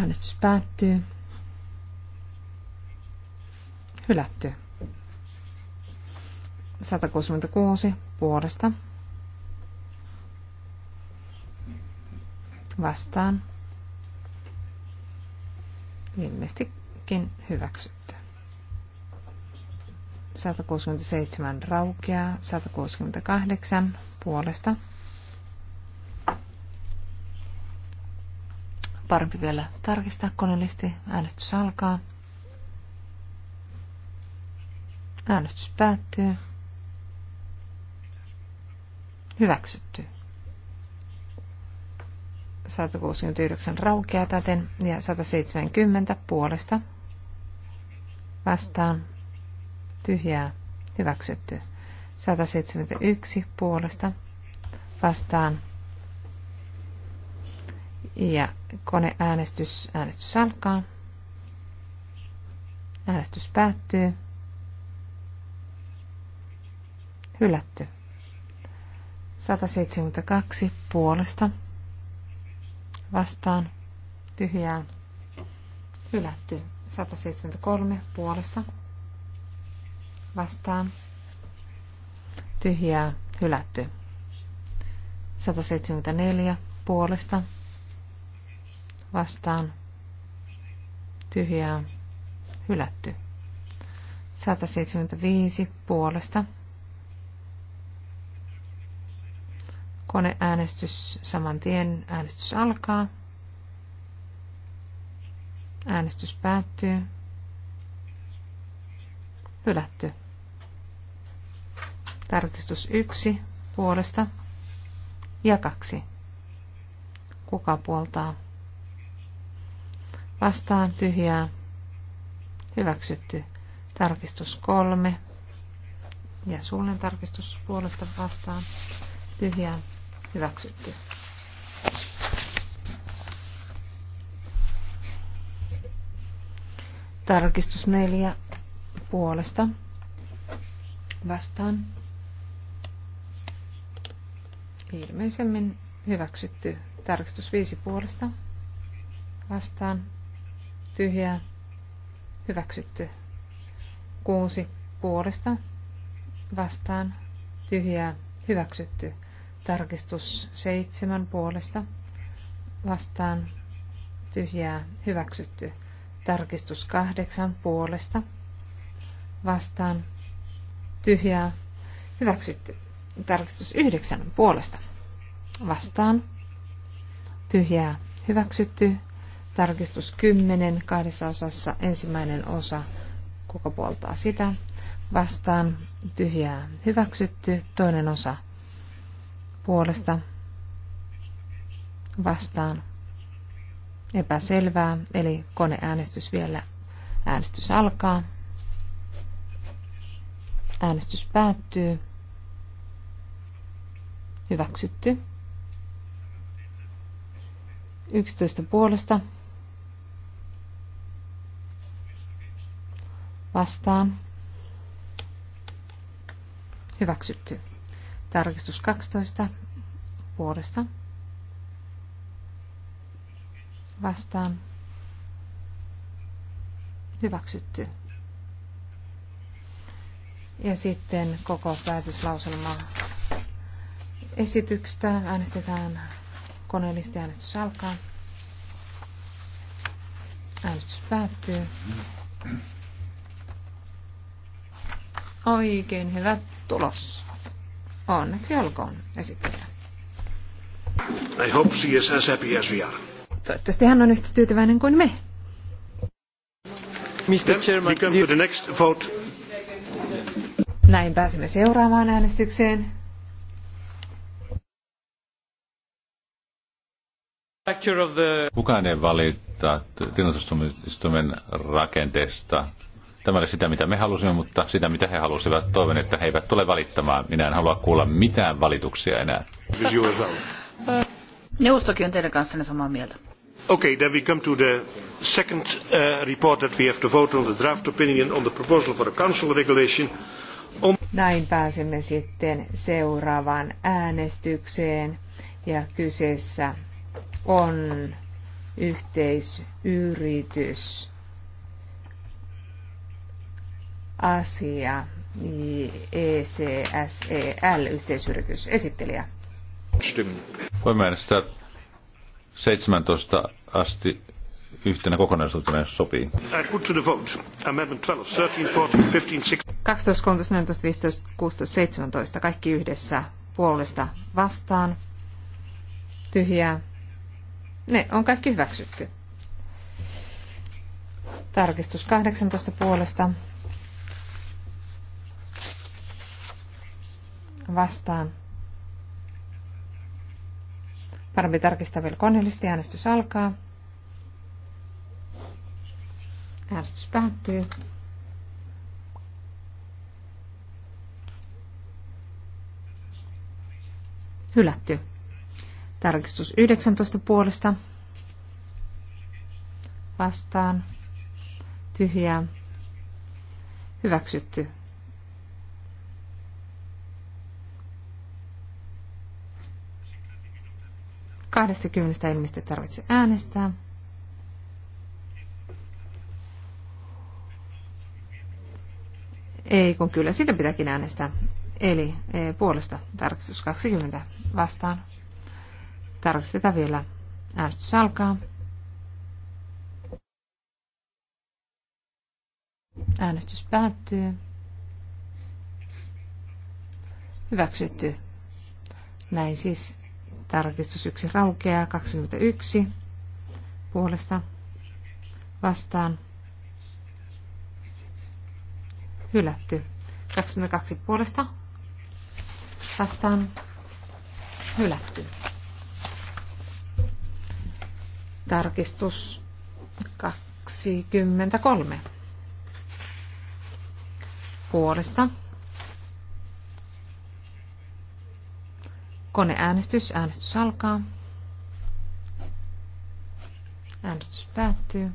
Äänestys päättyy. Hylätty. 166 puolesta vastaan. Ilmeisestikin hyväksytty. 167 raukeaa, 168 puolesta. Parempi vielä tarkistaa koneellisesti. Äänestys alkaa. Äänestys päättyy. Hyväksytty. 169 raukeaa täten ja 170 puolesta vastaan tyhjää hyväksytty. 171 puolesta vastaan ja koneäänestys äänestys alkaa. Äänestys päättyy. Hylätty. 172 puolesta vastaan tyhjää hylätty. 173 puolesta vastaan tyhjää hylätty. 174 puolesta vastaan tyhjää hylätty. 175 puolesta vastaan Koneäänestys saman tien. Äänestys alkaa. Äänestys päättyy. Hylätty. Tarkistus yksi puolesta ja kaksi. Kuka puoltaa? Vastaan tyhjää. Hyväksytty. Tarkistus kolme. Ja suullinen tarkistus puolesta vastaan. Tyhjää. Hyväksytty. Tarkistus neljä puolesta. Vastaan. Ilmeisemmin hyväksytty. Tarkistus viisi puolesta. Vastaan. Tyhjää. Hyväksytty. Kuusi puolesta. Vastaan. Tyhjää. Hyväksytty. Tarkistus seitsemän puolesta vastaan tyhjää hyväksytty. Tarkistus kahdeksan puolesta vastaan tyhjää hyväksytty. Tarkistus yhdeksän puolesta vastaan tyhjää hyväksytty. Tarkistus kymmenen kahdessa osassa ensimmäinen osa kuka puoltaa sitä vastaan tyhjää hyväksytty. Toinen osa puolesta vastaan epäselvää, eli koneäänestys vielä. Äänestys alkaa. Äänestys päättyy. Hyväksytty. 11 puolesta. Vastaan. Hyväksytty. Tarkistus 12 puolesta vastaan hyväksytty. Ja sitten koko päätöslauselma esityksestä äänestetään koneellisesti äänestys alkaa. Äänestys päättyy. Oikein hyvä tulos. Onneksi olkoon esittelijä. I hope she is as happy as we are. Toivottavasti hän on yhtä tyytyväinen kuin me. Mr. Chairman, we come to the next vote. Näin pääsemme seuraavaan äänestykseen. Kukaan ei valita tilastustumistumen rakenteesta. Tämä oli sitä, mitä me halusimme, mutta sitä, mitä he halusivat. Toivon, että he eivät tule valittamaan. Minä en halua kuulla mitään valituksia enää. Neuvostokin on teidän kanssanne samaa mieltä. Okay, then we come to the second uh, report that we have to vote on the draft opinion on the proposal for a council regulation. On... Näin pääsemme sitten seuraavaan äänestykseen ja kyseessä on yhteisyritys. asia. ECSEL, yhteisyritys, esittelijä. Voimme äänestää 17 asti yhtenä kokonaisuutena, jos sopii. I uh, put to the vote. Amendment 12, 13, 14, 15, 16. 12, 13, 14, 15, 16, 17. Kaikki yhdessä puolesta vastaan. Tyhjää. Ne on kaikki hyväksytty. Tarkistus 18 puolesta vastaan. Parempi tarkistaa vielä koneellisesti. Äänestys alkaa. Äänestys päättyy. Hylätty. Tarkistus 19 puolesta. Vastaan. Tyhjää. Hyväksytty. 20 ilmeisesti tarvitse äänestää. Ei, kun kyllä sitä pitääkin äänestää. Eli e, puolesta tarkistus 20 vastaan. Tarkistetaan vielä. Äänestys alkaa. Äänestys päättyy. Hyväksytty. Näin siis Tarkistus 1 raukeaa. 21 puolesta vastaan. Hylätty. 22 puolesta vastaan. Hylätty. Tarkistus 23 puolesta Koneäänestys. Äänestys alkaa. Äänestys päättyy.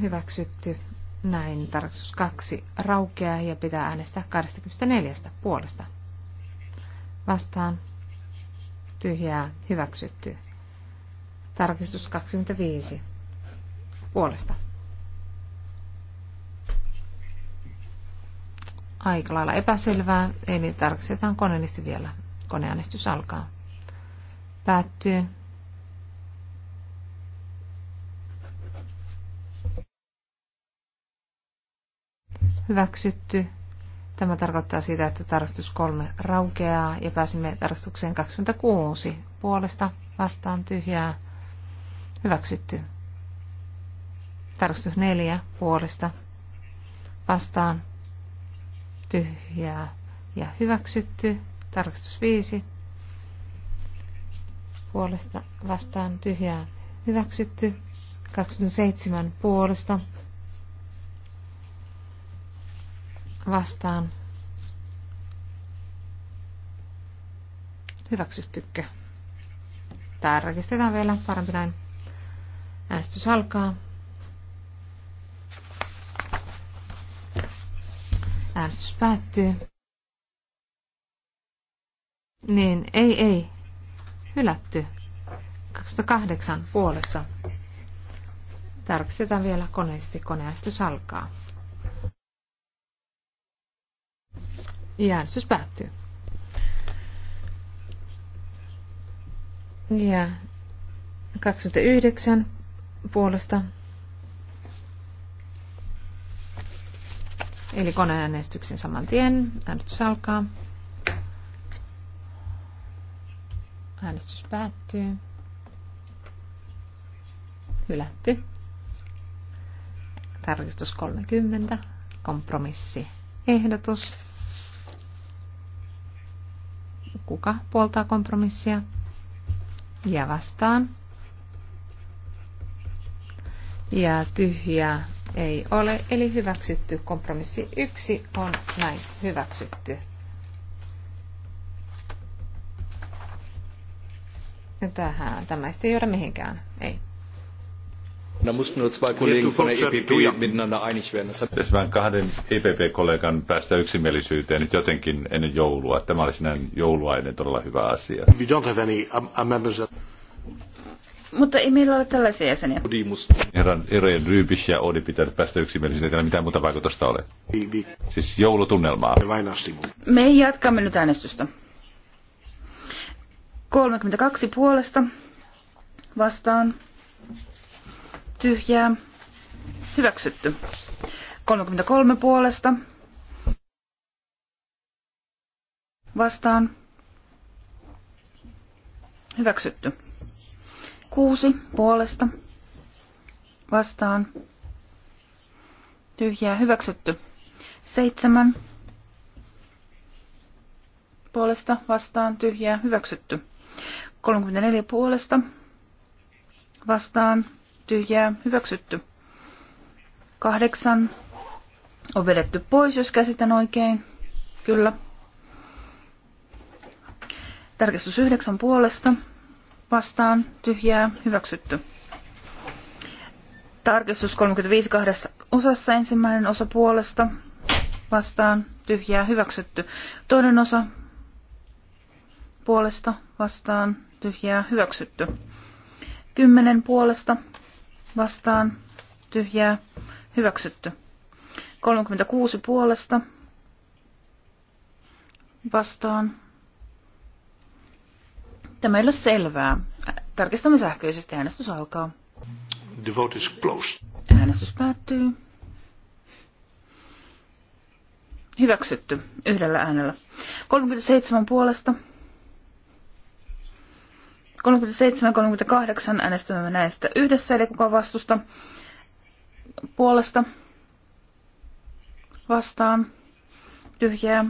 Hyväksytty. Näin tarkastus kaksi raukeaa ja pitää äänestää 24 puolesta. Vastaan. Tyhjää. Hyväksytty. Tarkistus 25 puolesta. aika lailla epäselvää, eli tarkistetaan koneellisesti vielä. Koneäänestys alkaa. Päättyy. Hyväksytty. Tämä tarkoittaa sitä, että tarkastus 3 raukeaa ja pääsimme tarkastukseen 26. Puolesta vastaan tyhjää. Hyväksytty. Tarkastus 4 puolesta vastaan tyhjää ja hyväksytty. Tarkastus 5 puolesta vastaan tyhjää hyväksytty. 27 puolesta vastaan hyväksyttykö. rakistetaan vielä parempi näin. Äänestys alkaa. Äänestys päättyy. Niin, ei, ei. Hylätty. 28 puolesta. Tarkistetaan vielä koneesti. Koneäänestys alkaa. Ja äänestys päättyy. Ja 29 puolesta Eli koneäänestyksen saman tien. Äänestys alkaa. Äänestys päättyy. Hylätty. Tarkistus 30. Kompromissi. Ehdotus. Kuka puoltaa kompromissia? Ja vastaan. Ja tyhjä ei ole, eli hyväksytty. Kompromissi 1 on näin hyväksytty. Tähän, tämä ei johda mihinkään, ei. Da mussten nur zwei Kollegen von der EPP miteinander einig werden. Das hat vain kahden EPP-kollegan päästä yksimielisyyteen nyt jotenkin ennen joulua. Tämä oli sinänsä joulua todella hyvä asia. We don't have any amendments mutta ei meillä ole tällaisia jäseniä. Herran Erojen Ryypis ja Odi pitää päästä yksimielisyyteen, ei mitään muuta vaikutusta ole. Siis joulutunnelmaa. Me jatkamme nyt äänestystä. 32 puolesta vastaan tyhjää hyväksytty. 33 puolesta vastaan hyväksytty. Kuusi puolesta vastaan tyhjää hyväksytty. Seitsemän puolesta vastaan tyhjää hyväksytty. 34 puolesta vastaan tyhjää hyväksytty. Kahdeksan on vedetty pois, jos käsitän oikein. Kyllä. Tarkistus yhdeksän puolesta vastaan tyhjää hyväksytty. Tarkistus 35 kahdessa osassa ensimmäinen osa puolesta vastaan tyhjää hyväksytty. Toinen osa puolesta vastaan tyhjää hyväksytty. Kymmenen puolesta vastaan tyhjää hyväksytty. 36 puolesta vastaan Tämä ei ole selvää. Tarkistamme sähköisesti. Äänestys alkaa. The vote is closed. Äänestys päättyy. Hyväksytty yhdellä äänellä. 37 puolesta. 37-38 äänestämme näistä yhdessä, eli kuka vastusta puolesta vastaan tyhjää.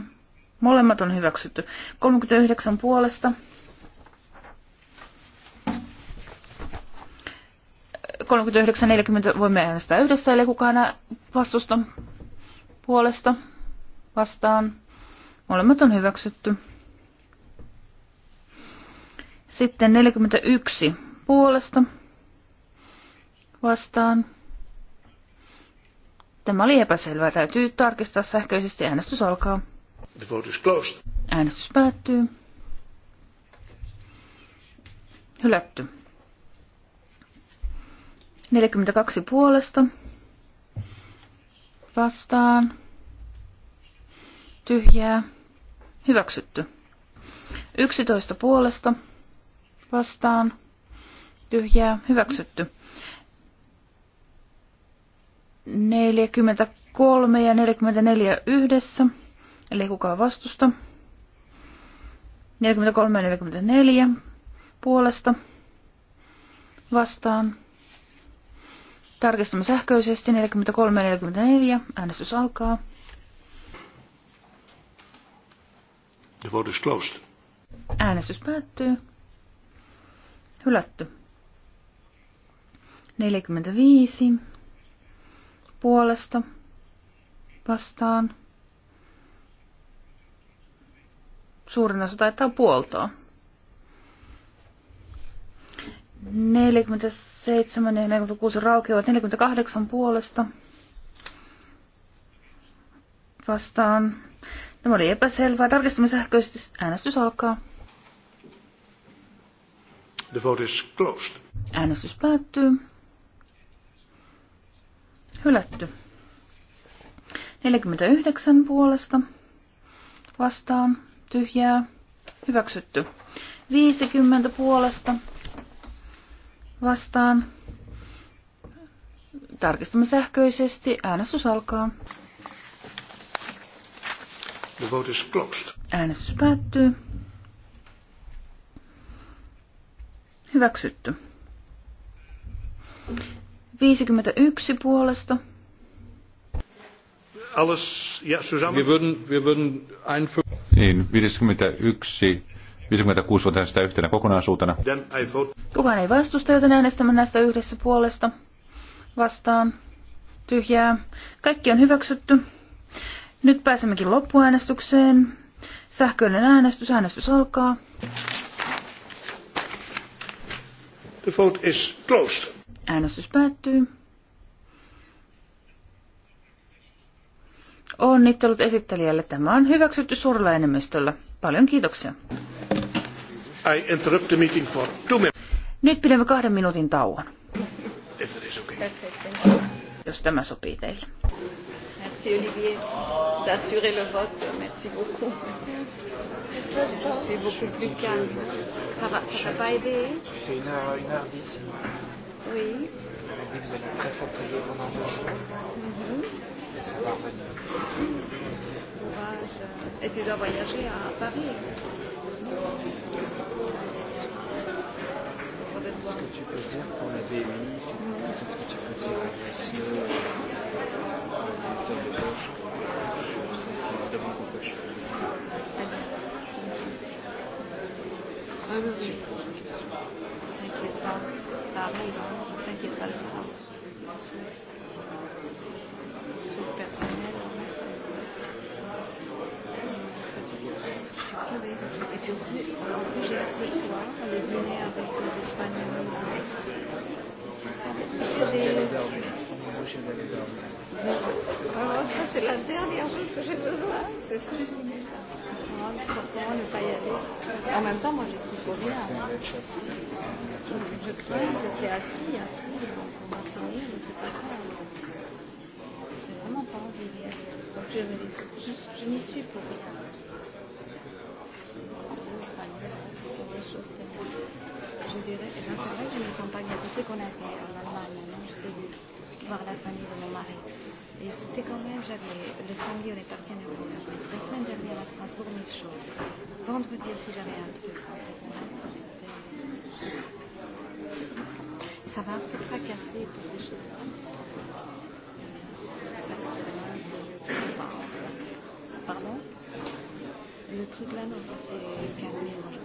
Molemmat on hyväksytty. 39 puolesta 39.40 voimme äänestää yhdessä, eli kukaan vastusta puolesta vastaan. Molemmat on hyväksytty. Sitten 41 puolesta vastaan. Tämä oli epäselvää. Täytyy tarkistaa sähköisesti. Äänestys alkaa. The vote is closed. Äänestys päättyy. Hylätty. 42 puolesta vastaan tyhjää hyväksytty. 11 puolesta vastaan tyhjää hyväksytty. 43 ja 44 yhdessä, eli kukaan vastusta. 43 ja 44 puolesta vastaan Tarkistamme sähköisesti 43.44. Äänestys alkaa. The vote is closed. Äänestys päättyy. Hylätty. 45 puolesta vastaan. Suurin osa taitaa puoltaa. 47 ja 46 raukeavat 48 puolesta vastaan. Tämä oli epäselvää. Tarkistamme sähköisesti. Äänestys alkaa. The vote is closed. Äänestys päättyy. Hylätty. 49 puolesta vastaan. Tyhjää. Hyväksytty. 50 puolesta vastaan. Tarkistamme sähköisesti. Äänestys alkaa. The vote is closed. Äänestys päättyy. Hyväksytty. 51 puolesta. Alles, ja, Wir würden, wir würden Niin, 51 56 vuotta sitä yhtenä kokonaisuutena. Kukaan ei vastusta, joten äänestämme näistä yhdessä puolesta. Vastaan. Tyhjää. Kaikki on hyväksytty. Nyt pääsemmekin loppuäänestykseen. Sähköinen äänestys. Äänestys alkaa. The vote is closed. Äänestys päättyy. Onnittelut esittelijälle. Tämä on hyväksytty suurella enemmistöllä. Paljon kiitoksia. I interrupt the meeting for two minutes. Nyt pidämme kahden minuutin tauon. Okay. Jos tämä sopii teille. Merci Olivier d'assurer le vote. Merci beaucoup. Je suis beaucoup plus calme. Ça va, ça va pas aider une heure, une heure dix. Oui. vous très fatigué pendant deux jours. Mm -hmm. Et ça va revenir. Et tu dois voyager à Paris. Ce que tu peux dire pour la BMI, c'est peut-être que tu peux dire à Yassine, à l'éditeur de gauche, que ça se demande pourquoi je suis venu. Ah oui, oui. T'inquiète pas, ça arrive, hein. t'inquiète pas de ça. Merci. suis, j'ai ce soir le dîner avec euh, l'Espagnol. Vraiment, ah, ça c'est la dernière chose que j'ai besoin, c'est ce dîner. Ah, pourquoi ne pas y aller En même temps, moi je suis sur rien. Donc je crains que c'est assis, assis, donc on va finir, je ne sais pas quoi. J'ai vraiment pas envie d'y aller. Donc je me dis, je, je n'y suis pour rien. choses. Je dirais que c'est vrai qu'ils ne sont pas bien. Tu sais qu'on a en Allemagne, non J'étais voir la famille de mon mari. Et c'était quand même, j'avais, le samedi, on est parti en Europe. La semaine dernière à Strasbourg, mille choses. Vendredi aussi, j'avais un truc. Ça m'a un peu fracassé, toutes ces choses-là. Pardon Le truc là, non, ça c'est Caroline.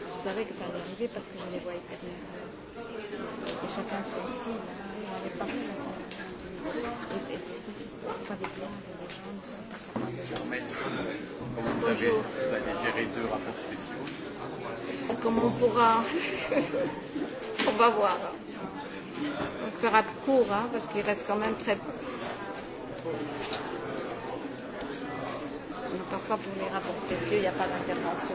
Je savais que ça allait arriver parce que je les voyais venir. Et chacun son style. Hein. On avait parlé la Et, et parfois des plaintes, les gens ne sont pas capables de Comment vous avez, vous avez géré deux rapports spéciaux Comment on pourra On va voir. On fera court, hein, parce qu'il reste quand même très parfois pour les rapports spéciaux, il n'y a pas d'intervention.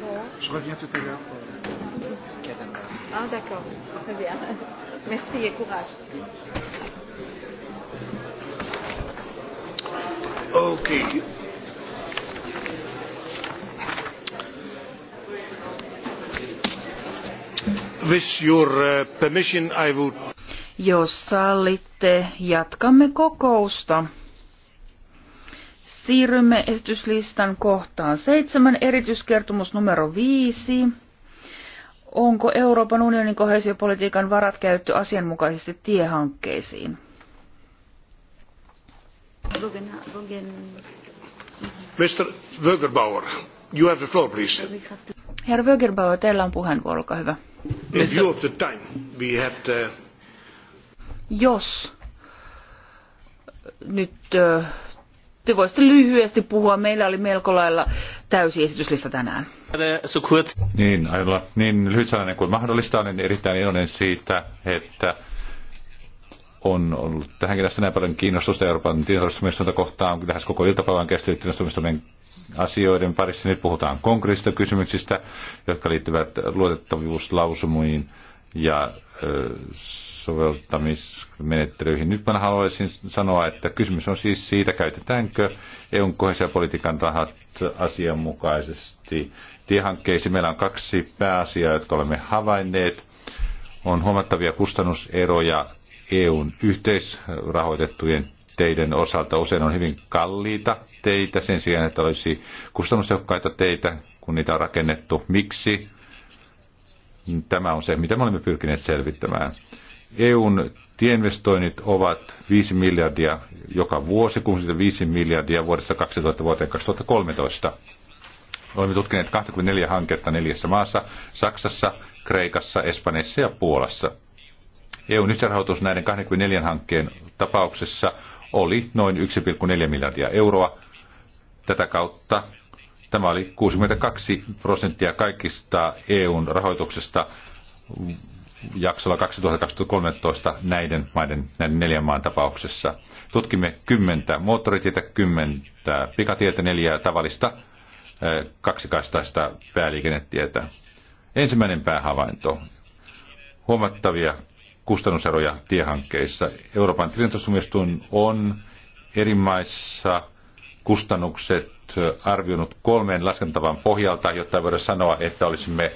Bon. Je reviens tout à l'heure. Ah d'accord, très bien. Merci et courage. Ok. With your uh, permission, I would jos sallitte, jatkamme kokousta. Siirrymme esityslistan kohtaan seitsemän, erityiskertomus numero viisi. Onko Euroopan unionin kohesiopolitiikan varat käytetty asianmukaisesti tiehankkeisiin? Mr. Wögerbauer, you have the floor, please. Herra Wögerbauer, teillä on puheenvuoro, olkaa hyvä. In view of the time, we had uh, jos nyt te voisitte lyhyesti puhua. Meillä oli melko lailla täysi esityslista tänään. Niin, aivan niin lyhyt sellainen kuin mahdollista. Olen erittäin iloinen siitä, että on ollut tähänkin asti näin paljon kiinnostusta Euroopan kohtaa, kohtaan. Lähes koko iltapäivän kestänyt tietoisuusmiestonten asioiden parissa. Nyt puhutaan konkreettisista kysymyksistä, jotka liittyvät luotettavuuslausumuihin ja ö, soveltamismenettelyihin. Nyt mä haluaisin sanoa, että kysymys on siis siitä, käytetäänkö EUn kohesiopolitiikan rahat asianmukaisesti tiehankkeisiin. Meillä on kaksi pääasiaa, jotka olemme havainneet. On huomattavia kustannuseroja EUn yhteisrahoitettujen teiden osalta. Usein on hyvin kalliita teitä sen sijaan, että olisi kustannustehokkaita teitä, kun niitä on rakennettu. Miksi? Tämä on se, mitä me olemme pyrkineet selvittämään. EUn tieinvestoinnit ovat 5 miljardia joka vuosi, kun 5 miljardia vuodesta 2000 vuoteen 2013. Olemme tutkineet 24 hanketta neljässä maassa, Saksassa, Kreikassa, Espanjassa ja Puolassa. EUn lisärahoitus näiden 24 hankkeen tapauksessa oli noin 1,4 miljardia euroa. Tätä kautta tämä oli 62 prosenttia kaikista EUn rahoituksesta jaksolla 2013 näiden, maiden, näiden neljän maan tapauksessa. Tutkimme kymmentä moottoritietä, kymmentä pikatietä, neljää tavallista eh, kaksikaistaista pääliikennetietä. Ensimmäinen päähavainto. Huomattavia kustannuseroja tiehankkeissa. Euroopan tilintosumistuin on eri maissa kustannukset eh, arvioinut kolmeen laskentavan pohjalta, jotta ei voida sanoa, että olisimme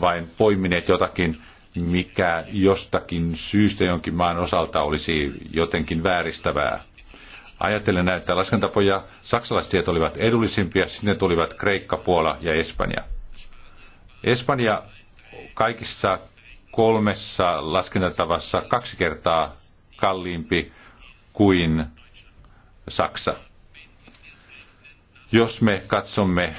vain poimineet jotakin mikä jostakin syystä jonkin maan osalta olisi jotenkin vääristävää. Ajattelen näitä laskentapoja, saksalaiset tiet olivat edullisimpia, sinne tulivat Kreikka, Puola ja Espanja. Espanja kaikissa kolmessa laskentatavassa kaksi kertaa kalliimpi kuin Saksa. Jos me katsomme,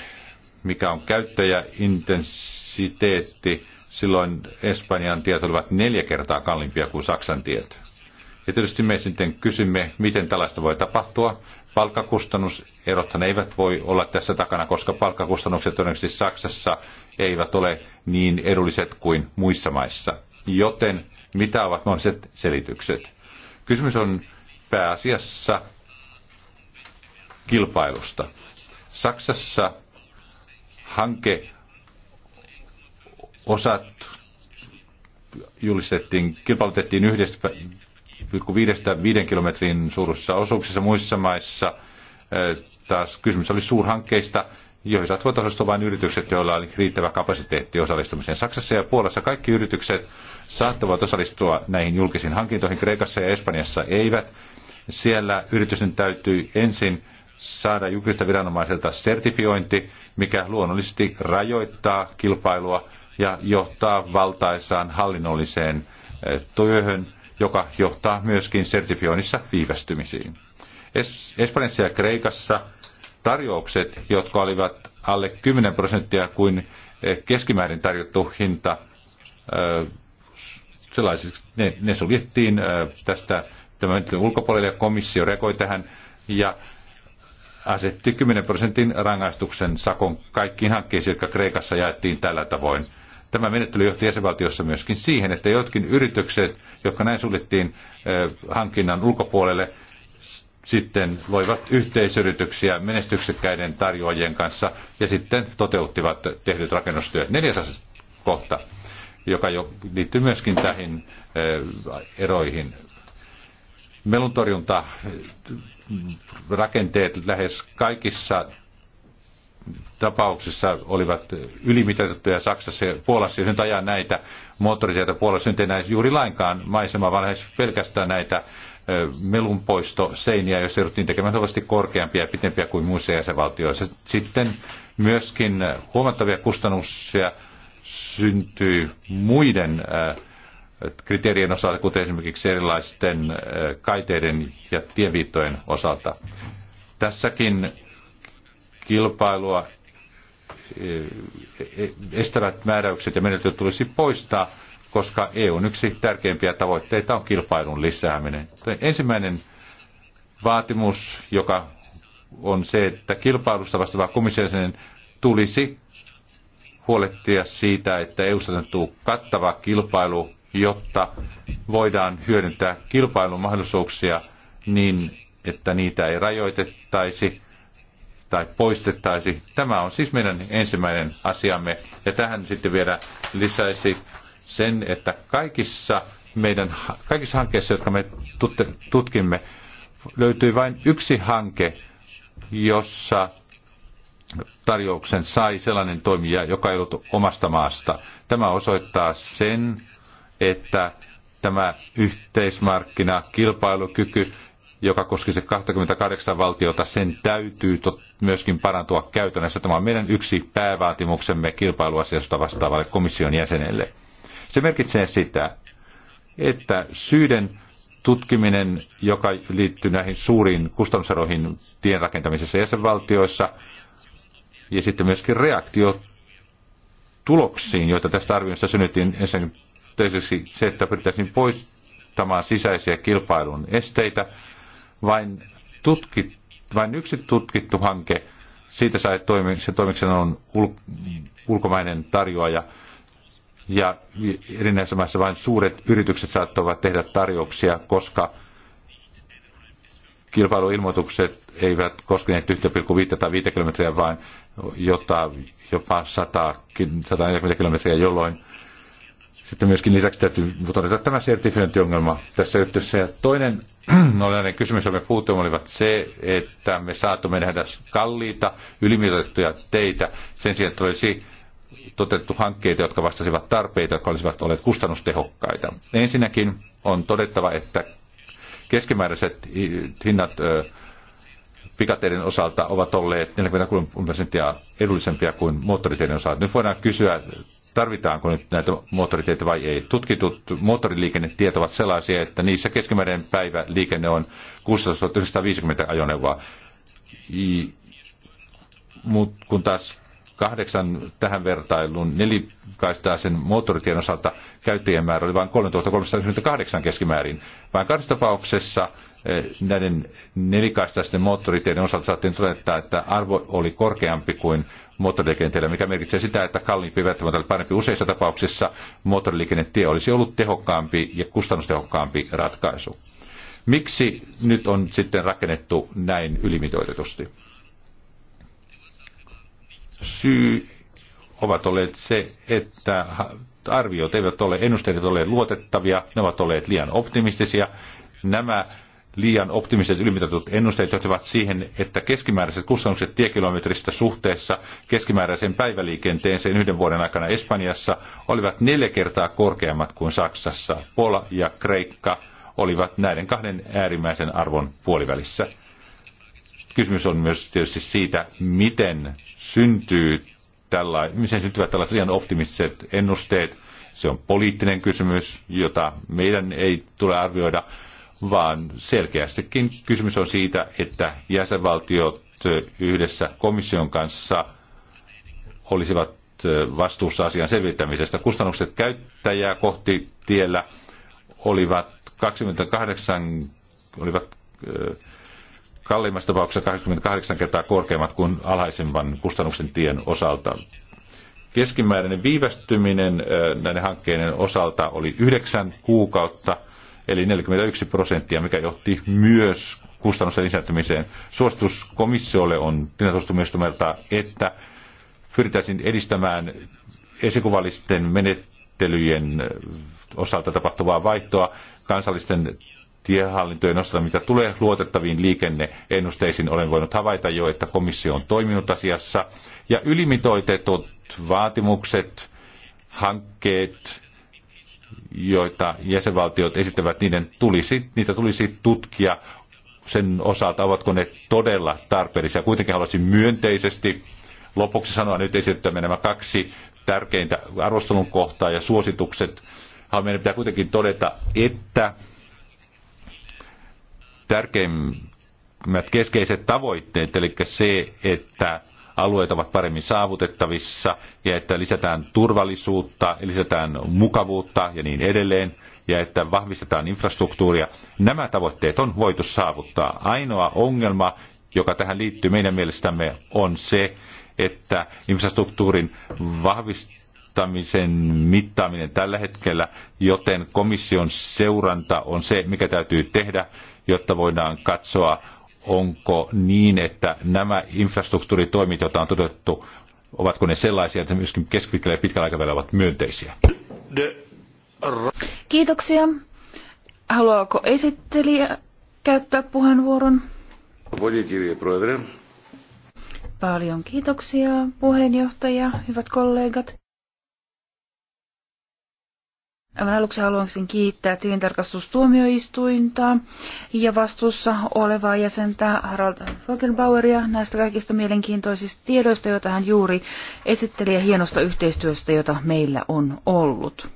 mikä on käyttäjäintensiteetti, silloin Espanjan tiet olivat neljä kertaa kalliimpia kuin Saksan tiet. Ja tietysti me sitten kysymme, miten tällaista voi tapahtua. Palkkakustannuserothan eivät voi olla tässä takana, koska palkkakustannukset todennäköisesti Saksassa eivät ole niin edulliset kuin muissa maissa. Joten mitä ovat mahdolliset selitykset? Kysymys on pääasiassa kilpailusta. Saksassa hanke osat julistettiin, kilpailutettiin 1,5 kilometrin suurussa osuuksissa muissa maissa. Taas kysymys oli suurhankkeista, joihin saattavat osallistua vain yritykset, joilla oli riittävä kapasiteetti osallistumiseen. Saksassa ja Puolassa kaikki yritykset saattavat osallistua näihin julkisiin hankintoihin, Kreikassa ja Espanjassa eivät. Siellä yritysten täytyy ensin saada julkista viranomaiselta sertifiointi, mikä luonnollisesti rajoittaa kilpailua ja johtaa valtaisaan hallinnolliseen eh, työhön, joka johtaa myöskin sertifioinnissa viivästymisiin. Es- Espanjassa ja Kreikassa tarjoukset, jotka olivat alle 10 prosenttia kuin eh, keskimäärin tarjottu hinta, eh, ne, ne suljettiin tästä tämän ulkopuolelle ja komissio rekoi tähän ja asetti 10 prosentin rangaistuksen sakon kaikkiin hankkeisiin, jotka Kreikassa jaettiin tällä tavoin. Tämä menettely johti jäsenvaltiossa myöskin siihen, että jotkin yritykset, jotka näin suljettiin hankinnan ulkopuolelle, sitten loivat yhteisyrityksiä menestyksekkäiden tarjoajien kanssa ja sitten toteuttivat tehdyt rakennustyöt. Neljäs kohta, joka jo liittyy myöskin tähän eroihin. Meluntorjunta rakenteet lähes kaikissa tapauksissa olivat ylimitoitettuja Saksassa ja Puolassa, jos nyt ajaa näitä moottoriteitä Puolassa, nyt ei juuri lainkaan maisema, vaan lähes pelkästään näitä melunpoistoseiniä, joissa jouduttiin tekemään huomattavasti korkeampia ja pitempiä kuin muissa jäsenvaltioissa. Sitten myöskin huomattavia kustannuksia syntyy muiden kriteerien osalta, kuten esimerkiksi erilaisten kaiteiden ja tieviittojen osalta. Tässäkin kilpailua e, e, estävät määräykset ja menetelmät tulisi poistaa, koska EUn yksi tärkeimpiä tavoitteita on kilpailun lisääminen. Ensimmäinen vaatimus, joka on se, että kilpailusta vastaava komissiaisen tulisi huolehtia siitä, että EU sanottuu kattava kilpailu, jotta voidaan hyödyntää kilpailun mahdollisuuksia niin, että niitä ei rajoitettaisi tai poistettaisi. Tämä on siis meidän ensimmäinen asiamme. Ja tähän sitten vielä lisäisi sen, että kaikissa meidän kaikissa hankkeissa, jotka me tutkimme, löytyy vain yksi hanke, jossa tarjouksen sai sellainen toimija, joka ei ollut omasta maasta. Tämä osoittaa sen, että tämä yhteismarkkina, kilpailukyky, joka koskisi 28 valtiota, sen täytyy myöskin parantua käytännössä. Tämä on meidän yksi päävaatimuksemme kilpailuasiasta vastaavalle komission jäsenelle. Se merkitsee sitä, että syiden tutkiminen, joka liittyy näihin suuriin kustannuseroihin tien rakentamisessa jäsenvaltioissa, ja sitten myöskin reaktio tuloksiin, joita tästä arvioinnista synnyttiin ensinnäkin se, että pyrittäisiin poistamaan sisäisiä kilpailun esteitä, vain tutkit vain yksi tutkittu hanke. Siitä sai toimi, se on ul, ulkomainen tarjoaja. Ja erinäisessä maissa vain suuret yritykset saattavat tehdä tarjouksia, koska kilpailuilmoitukset eivät koskeneet 1,5 tai 5 kilometriä, vaan jota jopa 100, 140 kilometriä, jolloin sitten myöskin lisäksi täytyy todeta tämä sertifiointiongelma tässä yhteydessä. Ja toinen olennainen kysymys, jonka me puhuttiin, olivat se, että me saatomme nähdä kalliita, ylimitoitettuja teitä sen sijaan, että olisi toteutettu hankkeita, jotka vastasivat tarpeita, jotka olisivat olleet kustannustehokkaita. Ensinnäkin on todettava, että keskimääräiset hinnat pikateiden osalta ovat olleet 40 prosenttia edullisempia kuin moottoriteiden osalta. Nyt voidaan kysyä tarvitaanko nyt näitä moottoriteitä vai ei. Tutkitut moottoriliikennetiet ovat sellaisia, että niissä keskimääräinen päivä liikenne on 16 ajoneuvoa. I, mut, kun taas kahdeksan tähän vertailuun nelikaistaisen moottoritien osalta käyttäjien määrä oli vain 3398 keskimäärin. Vain kahdessa tapauksessa eh, näiden nelikaistaisten moottoriteiden osalta saatiin todeta, että arvo oli korkeampi kuin moottoriliikenteellä, mikä merkitsee sitä, että kalliimpi välttämättä oli parempi. Useissa tapauksissa moottoriliikennetie olisi ollut tehokkaampi ja kustannustehokkaampi ratkaisu. Miksi nyt on sitten rakennettu näin ylimitoitetusti? Syy ovat olleet se, että arviot eivät ole, ennusteet eivät ole luotettavia, ne ovat olleet liian optimistisia. Nämä liian optimiset ylimitatut ennusteet johtavat siihen, että keskimääräiset kustannukset tiekilometristä suhteessa keskimääräiseen päiväliikenteeseen yhden vuoden aikana Espanjassa olivat neljä kertaa korkeammat kuin Saksassa. Pola ja Kreikka olivat näiden kahden äärimmäisen arvon puolivälissä. Kysymys on myös tietysti siitä, miten syntyy tällä, miten syntyvät tällaiset liian optimistiset ennusteet. Se on poliittinen kysymys, jota meidän ei tule arvioida vaan selkeästikin kysymys on siitä, että jäsenvaltiot yhdessä komission kanssa olisivat vastuussa asian selvittämisestä. Kustannukset käyttäjää kohti tiellä olivat 28, olivat kalliimmassa tapauksessa 28 kertaa korkeammat kuin alhaisemman kustannuksen tien osalta. Keskimääräinen viivästyminen näiden hankkeiden osalta oli 9 kuukautta – eli 41 prosenttia, mikä johti myös kustannusten lisääntymiseen. Suositus komissiolle on tilatustumistumelta, että pyritäisiin edistämään esikuvallisten menettelyjen osalta tapahtuvaa vaihtoa kansallisten tiehallintojen osalta, mitä tulee luotettaviin liikenneennusteisiin, olen voinut havaita jo, että komissio on toiminut asiassa. Ja ylimitoitetut vaatimukset, hankkeet, joita jäsenvaltiot esittävät, niiden tulisi, niitä tulisi tutkia sen osalta, ovatko ne todella tarpeellisia. Kuitenkin haluaisin myönteisesti lopuksi sanoa nyt esittämme nämä kaksi tärkeintä arvostelun kohtaa ja suositukset. Meidän pitää kuitenkin todeta, että tärkeimmät keskeiset tavoitteet, eli se, että alueet ovat paremmin saavutettavissa ja että lisätään turvallisuutta, lisätään mukavuutta ja niin edelleen ja että vahvistetaan infrastruktuuria. Nämä tavoitteet on voitu saavuttaa. Ainoa ongelma, joka tähän liittyy meidän mielestämme, on se, että infrastruktuurin vahvistamisen mittaaminen tällä hetkellä, joten komission seuranta on se, mikä täytyy tehdä, jotta voidaan katsoa, onko niin, että nämä infrastruktuuritoimit, joita on toteutettu, ovatko ne sellaisia, että myöskin keskipitkällä ja pitkällä aikavälillä ovat myönteisiä? Kiitoksia. Haluaako esittelijä käyttää puheenvuoron? Paljon kiitoksia puheenjohtaja, hyvät kollegat. Aivan aluksi haluaisin kiittää tilintarkastustuomioistuinta ja vastuussa olevaa jäsentä Harald Fogelbaueria näistä kaikista mielenkiintoisista tiedoista, joita hän juuri esitteli ja hienosta yhteistyöstä, jota meillä on ollut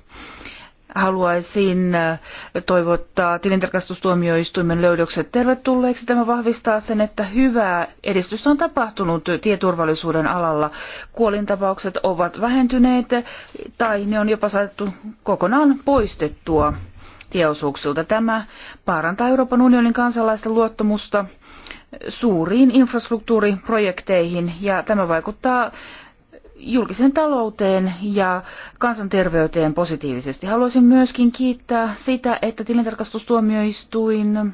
haluaisin äh, toivottaa tilintarkastustuomioistuimen löydökset tervetulleeksi. Tämä vahvistaa sen, että hyvää edistystä on tapahtunut tieturvallisuuden alalla. Kuolintapaukset ovat vähentyneet tai ne on jopa saatu kokonaan poistettua tieosuuksilta. Tämä parantaa Euroopan unionin kansalaisten luottamusta suuriin infrastruktuuriprojekteihin ja tämä vaikuttaa julkisen talouteen ja kansanterveyteen positiivisesti. Haluaisin myöskin kiittää sitä, että tilintarkastustuomioistuin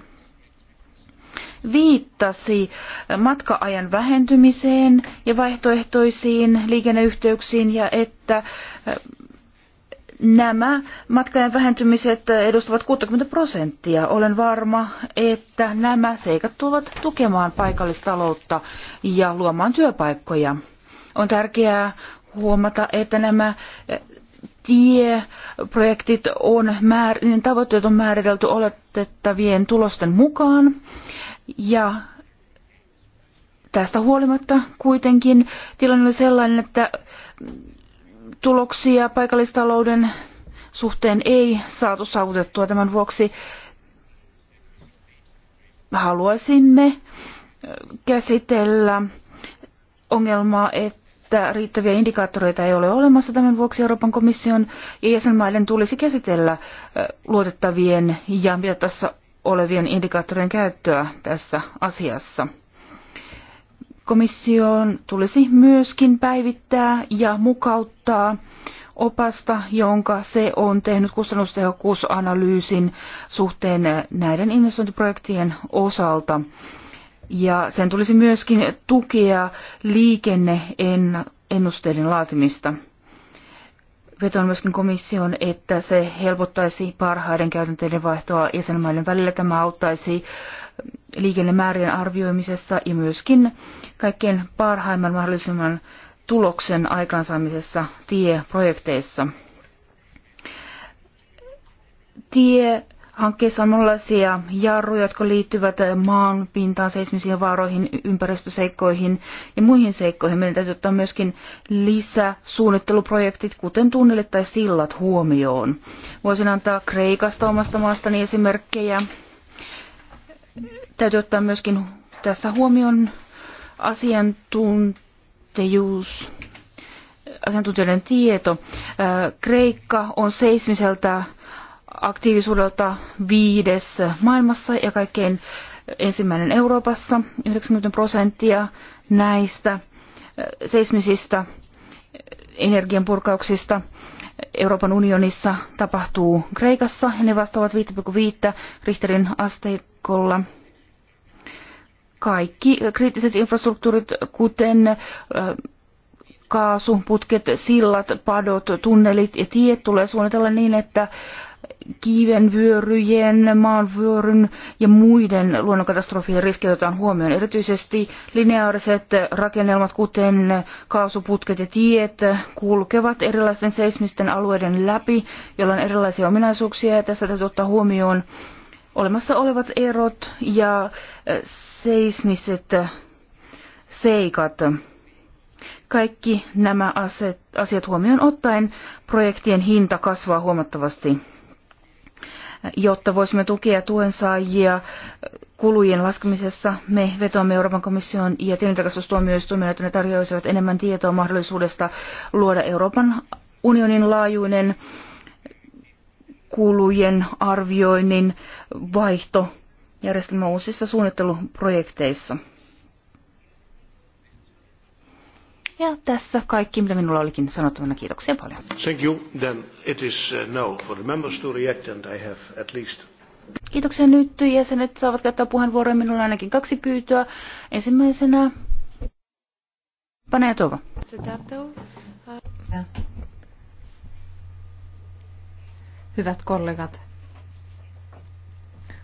viittasi matkaajan vähentymiseen ja vaihtoehtoisiin liikenneyhteyksiin ja että äh, nämä matkajan vähentymiset edustavat 60 prosenttia. Olen varma, että nämä seikat tulevat tukemaan paikallistaloutta ja luomaan työpaikkoja. On tärkeää huomata, että nämä eh, tieprojektit on määr, niin tavoitteet on määritelty oletettavien tulosten mukaan. Ja tästä huolimatta kuitenkin tilanne oli sellainen, että tuloksia paikallistalouden suhteen ei saatu saavutettua. Tämän vuoksi haluaisimme käsitellä ongelmaa, että että riittäviä indikaattoreita ei ole olemassa. Tämän vuoksi Euroopan komission ja jäsenmaiden tulisi käsitellä luotettavien ja mitä tässä olevien indikaattorien käyttöä tässä asiassa. Komission tulisi myöskin päivittää ja mukauttaa opasta, jonka se on tehnyt kustannustehokkuusanalyysin suhteen näiden investointiprojektien osalta ja sen tulisi myöskin tukea liikenneennusteiden laatimista. Vetoan myöskin komission, että se helpottaisi parhaiden käytänteiden vaihtoa jäsenmaiden välillä. Tämä auttaisi liikennemäärien arvioimisessa ja myöskin kaikkein parhaimman mahdollisimman tuloksen aikaansaamisessa tieprojekteissa. Tie Hankkeessa on monenlaisia jarruja, jotka liittyvät maan pintaan, seismisiin vaaroihin, ympäristöseikkoihin ja muihin seikkoihin. Meidän täytyy ottaa myöskin lisäsuunnitteluprojektit, kuten tunnelit tai sillat, huomioon. Voisin antaa Kreikasta omasta maastani esimerkkejä. Täytyy ottaa myöskin tässä huomioon asiantuntijuus, asiantuntijoiden tieto. Kreikka on seismiseltä aktiivisuudelta viides maailmassa ja kaikkein ensimmäinen Euroopassa. 90 prosenttia näistä eh, seismisistä eh, energianpurkauksista Euroopan unionissa tapahtuu Kreikassa ja ne vastaavat 5,5 Richterin asteikolla. Kaikki kriittiset infrastruktuurit, kuten eh, kaasuputket, sillat, padot, tunnelit ja tiet tulee suunnitella niin, että kiivenvyöryjen, maanvyöryn ja muiden luonnonkatastrofien riskit otetaan huomioon. Erityisesti lineaariset rakennelmat, kuten kaasuputket ja tiet, kulkevat erilaisten seismisten alueiden läpi, joilla on erilaisia ominaisuuksia ja tässä täytyy ottaa huomioon olemassa olevat erot ja eh, seismiset eh, seikat. Kaikki nämä asiat huomioon ottaen projektien hinta kasvaa huomattavasti jotta voisimme tukea tuensaajia kulujen laskemisessa. Me vetoamme Euroopan komission ja tilintarkastustuomioistuimeen, että ne tarjoaisivat enemmän tietoa mahdollisuudesta luoda Euroopan unionin laajuinen kulujen arvioinnin vaihto järjestelmä uusissa suunnitteluprojekteissa. Ja tässä kaikki, mitä minulla olikin sanottavana. Kiitoksia paljon. Thank you. Then it is uh, now for the members to react and I have at least Kiitoksia nyt. Jäsenet saavat käyttää puheenvuoroja. Minulla on ainakin kaksi pyytöä. Ensimmäisenä Panajatova. Hyvät kollegat,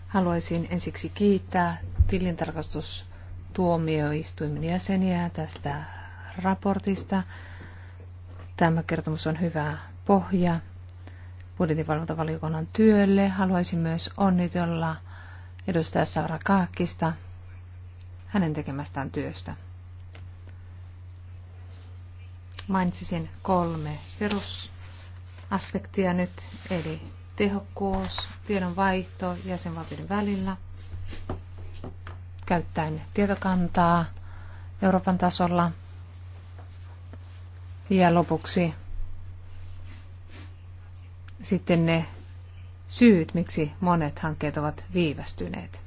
haluaisin ensiksi kiittää tilintarkastustuomioistuimen jäseniä tästä raportista. Tämä kertomus on hyvä pohja budjetinvalvontavaliokunnan työlle. Haluaisin myös onnitella edustaja Saara Kaakkista hänen tekemästään työstä. Mainitsisin kolme perusaspektia nyt, eli tehokkuus, tiedonvaihto jäsenvaltioiden välillä, käyttäen tietokantaa Euroopan tasolla – ja lopuksi sitten ne syyt, miksi monet hankkeet ovat viivästyneet.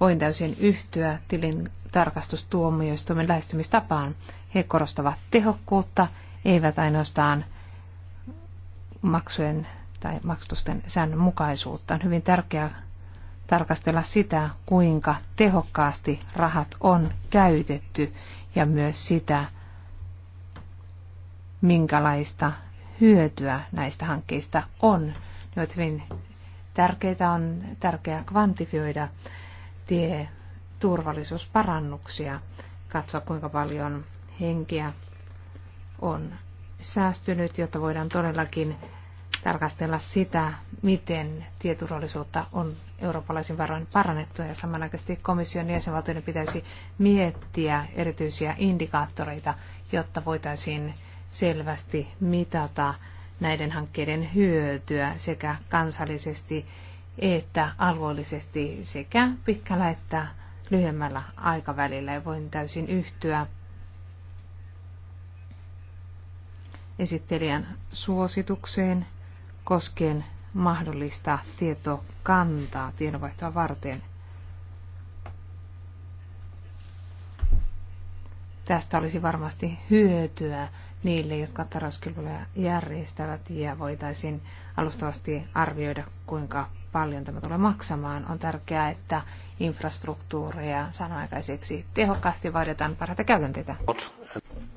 Voin täysin yhtyä tilin tarkastustuomioistuimen lähestymistapaan. He korostavat tehokkuutta, eivät ainoastaan maksujen tai maksatusten säännönmukaisuutta. On hyvin tärkeää tarkastella sitä, kuinka tehokkaasti rahat on käytetty ja myös sitä, minkälaista hyötyä näistä hankkeista on. Ne ovat hyvin tärkeitä, on tärkeää kvantifioida tie turvallisuusparannuksia, katsoa kuinka paljon henkiä on säästynyt, jotta voidaan todellakin tarkastella sitä, miten tieturvallisuutta on eurooppalaisin varoin parannettu ja samanaikaisesti komission jäsenvaltioiden pitäisi miettiä erityisiä indikaattoreita, jotta voitaisiin selvästi mitata näiden hankkeiden hyötyä sekä kansallisesti että alueellisesti sekä pitkällä että lyhyemmällä aikavälillä. Ja voin täysin yhtyä esittelijän suositukseen koskien mahdollista tietokantaa tiedonvaihtoa varten. Tästä olisi varmasti hyötyä niille, jotka tarjouskilpailuja järjestävät ja voitaisiin alustavasti arvioida, kuinka paljon tämä tulee maksamaan. On tärkeää, että infrastruktuuria saadaan tehokkaasti vaaditaan parhaita käytänteitä.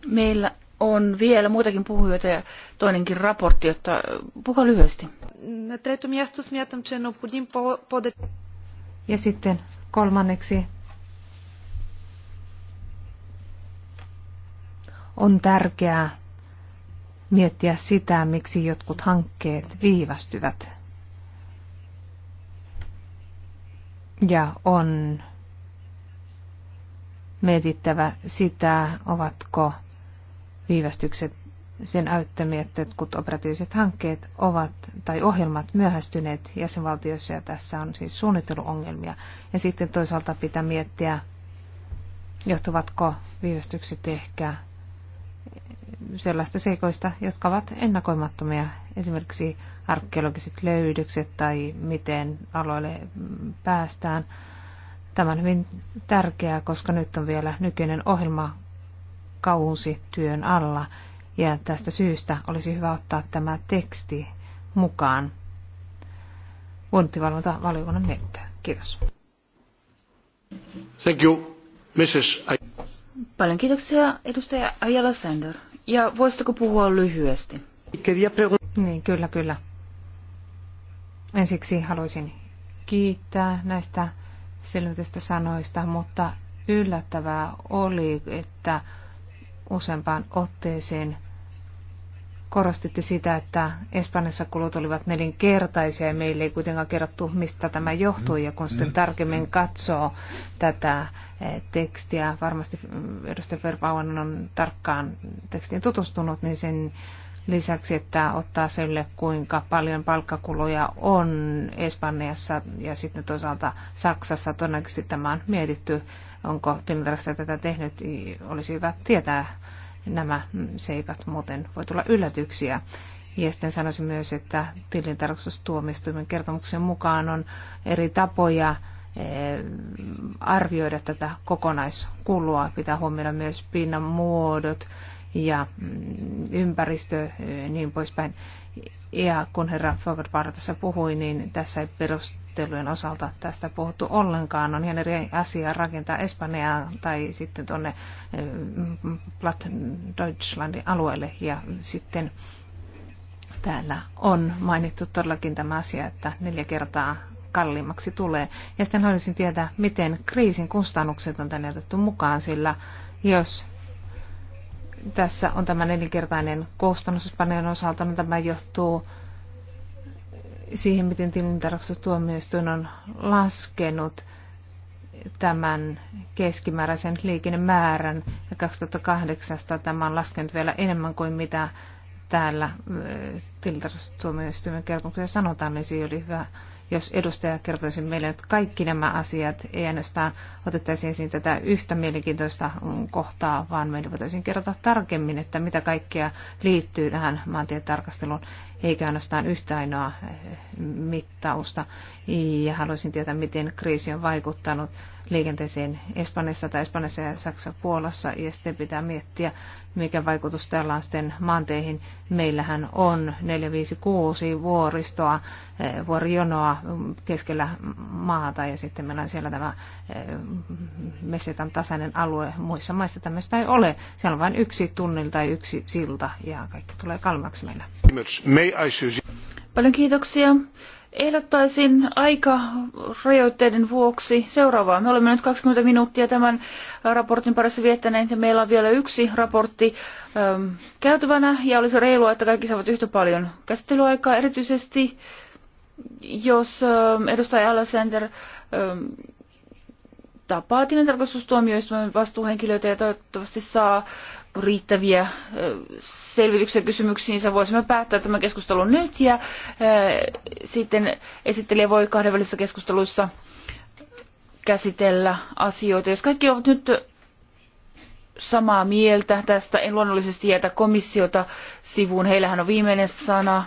Meillä on vielä muitakin puhujoita ja toinenkin raportti, jotta puhua lyhyesti. Ja sitten kolmanneksi on tärkeää miettiä sitä, miksi jotkut hankkeet viivästyvät. Ja on mietittävä sitä, ovatko viivästykset sen auttamia, että jotkut operatiiviset hankkeet ovat tai ohjelmat myöhästyneet jäsenvaltioissa ja tässä on siis suunnitteluongelmia. Ja sitten toisaalta pitää miettiä, johtuvatko viivästykset ehkä sellaista seikoista, jotka ovat ennakoimattomia, esimerkiksi arkeologiset löydökset tai miten aloille päästään. Tämä on hyvin tärkeää, koska nyt on vielä nykyinen ohjelma kausi työn alla. Ja tästä syystä olisi hyvä ottaa tämä teksti mukaan valiokunnan miettää. Kiitos. Thank you, Mrs. I- Paljon kiitoksia, edustaja Ayala Sander. Ja voisitko puhua lyhyesti? Niin, kyllä, kyllä. Ensiksi haluaisin kiittää näistä selvitystä sanoista, mutta yllättävää oli, että useampaan otteeseen korostitte sitä, että Espanjassa kulut olivat nelinkertaisia ja meille ei kuitenkaan kerrottu, mistä tämä johtuu. Ja kun sitten tarkemmin katsoo tätä eh, tekstiä, varmasti mm, edustaja Verbauen on tarkkaan tekstiin tutustunut, niin sen lisäksi, että ottaa sille, kuinka paljon palkkakuluja on Espanjassa ja sitten toisaalta Saksassa. Todennäköisesti tämä on mietitty, onko Timmerassa tätä tehnyt, olisi hyvä tietää nämä seikat, muuten voi tulla yllätyksiä. Ja sitten sanoisin myös, että tilintarkastustuomioistuimen kertomuksen mukaan on eri tapoja eh, arvioida tätä kokonaiskulua. Pitää huomioida myös pinnan muodot ja mm, ympäristö eh, niin poispäin. Ja kun herra Fogartvar tässä puhui, niin tässä ei perustu neuvottelujen osalta tästä puhuttu ollenkaan. On ihan eri asia rakentaa Espanjaa tai sitten tuonne eh, Platt Deutschlandin alueelle ja sitten täällä on mainittu todellakin tämä asia, että neljä kertaa kalliimmaksi tulee. Ja sitten haluaisin tietää, miten kriisin kustannukset on tänne otettu mukaan, sillä jos tässä on tämä nelinkertainen kustannus Espanjan osalta, niin tämä johtuu siihen, miten tilintarkastustuomioistuin on laskenut tämän keskimääräisen liikennemäärän ja 2008 tämä on laskenut vielä enemmän kuin mitä täällä tilintarkastustuomioistuimen kertomuksessa sanotaan, niin siinä oli hyvä jos edustaja kertoisi meille, että kaikki nämä asiat ei ainoastaan otettaisiin esiin tätä yhtä mielenkiintoista kohtaa, vaan meidän voitaisiin kertoa tarkemmin, että mitä kaikkea liittyy tähän maantietarkasteluun, eikä ainoastaan yhtä ainoa mittausta. Ja haluaisin tietää, miten kriisi on vaikuttanut liikenteeseen Espanjassa tai Espanjassa ja Saksa Puolassa ja sitten pitää miettiä, mikä vaikutus tällä on sitten maanteihin. Meillähän on 456 vuoristoa, eh, vuorijonoa keskellä maata ja sitten meillä on siellä tämä eh, Messetan tasainen alue. Muissa maissa tämmöistä ei ole. Siellä on vain yksi tunneli tai yksi silta ja kaikki tulee kalmaksi meillä. Paljon kiitoksia. Ehdottaisin aika rajoitteiden vuoksi seuraavaa. Me olemme nyt 20 minuuttia tämän raportin parissa viettäneet ja meillä on vielä yksi raportti ähm, käytävänä ja olisi reilua, että kaikki saavat yhtä paljon käsittelyaikaa erityisesti, jos ähm, edustaja Alexander ähm, tapaa tilintarkastustuomioistuimen vastuuhenkilöitä ja toivottavasti saa riittäviä selvityksiä kysymyksiinsä. Voisimme päättää tämän keskustelun nyt ja sitten esittelijä voi kahdenvälisissä keskusteluissa käsitellä asioita. Jos kaikki ovat nyt samaa mieltä tästä, en luonnollisesti jätä komissiota sivuun. Heillähän on viimeinen sana,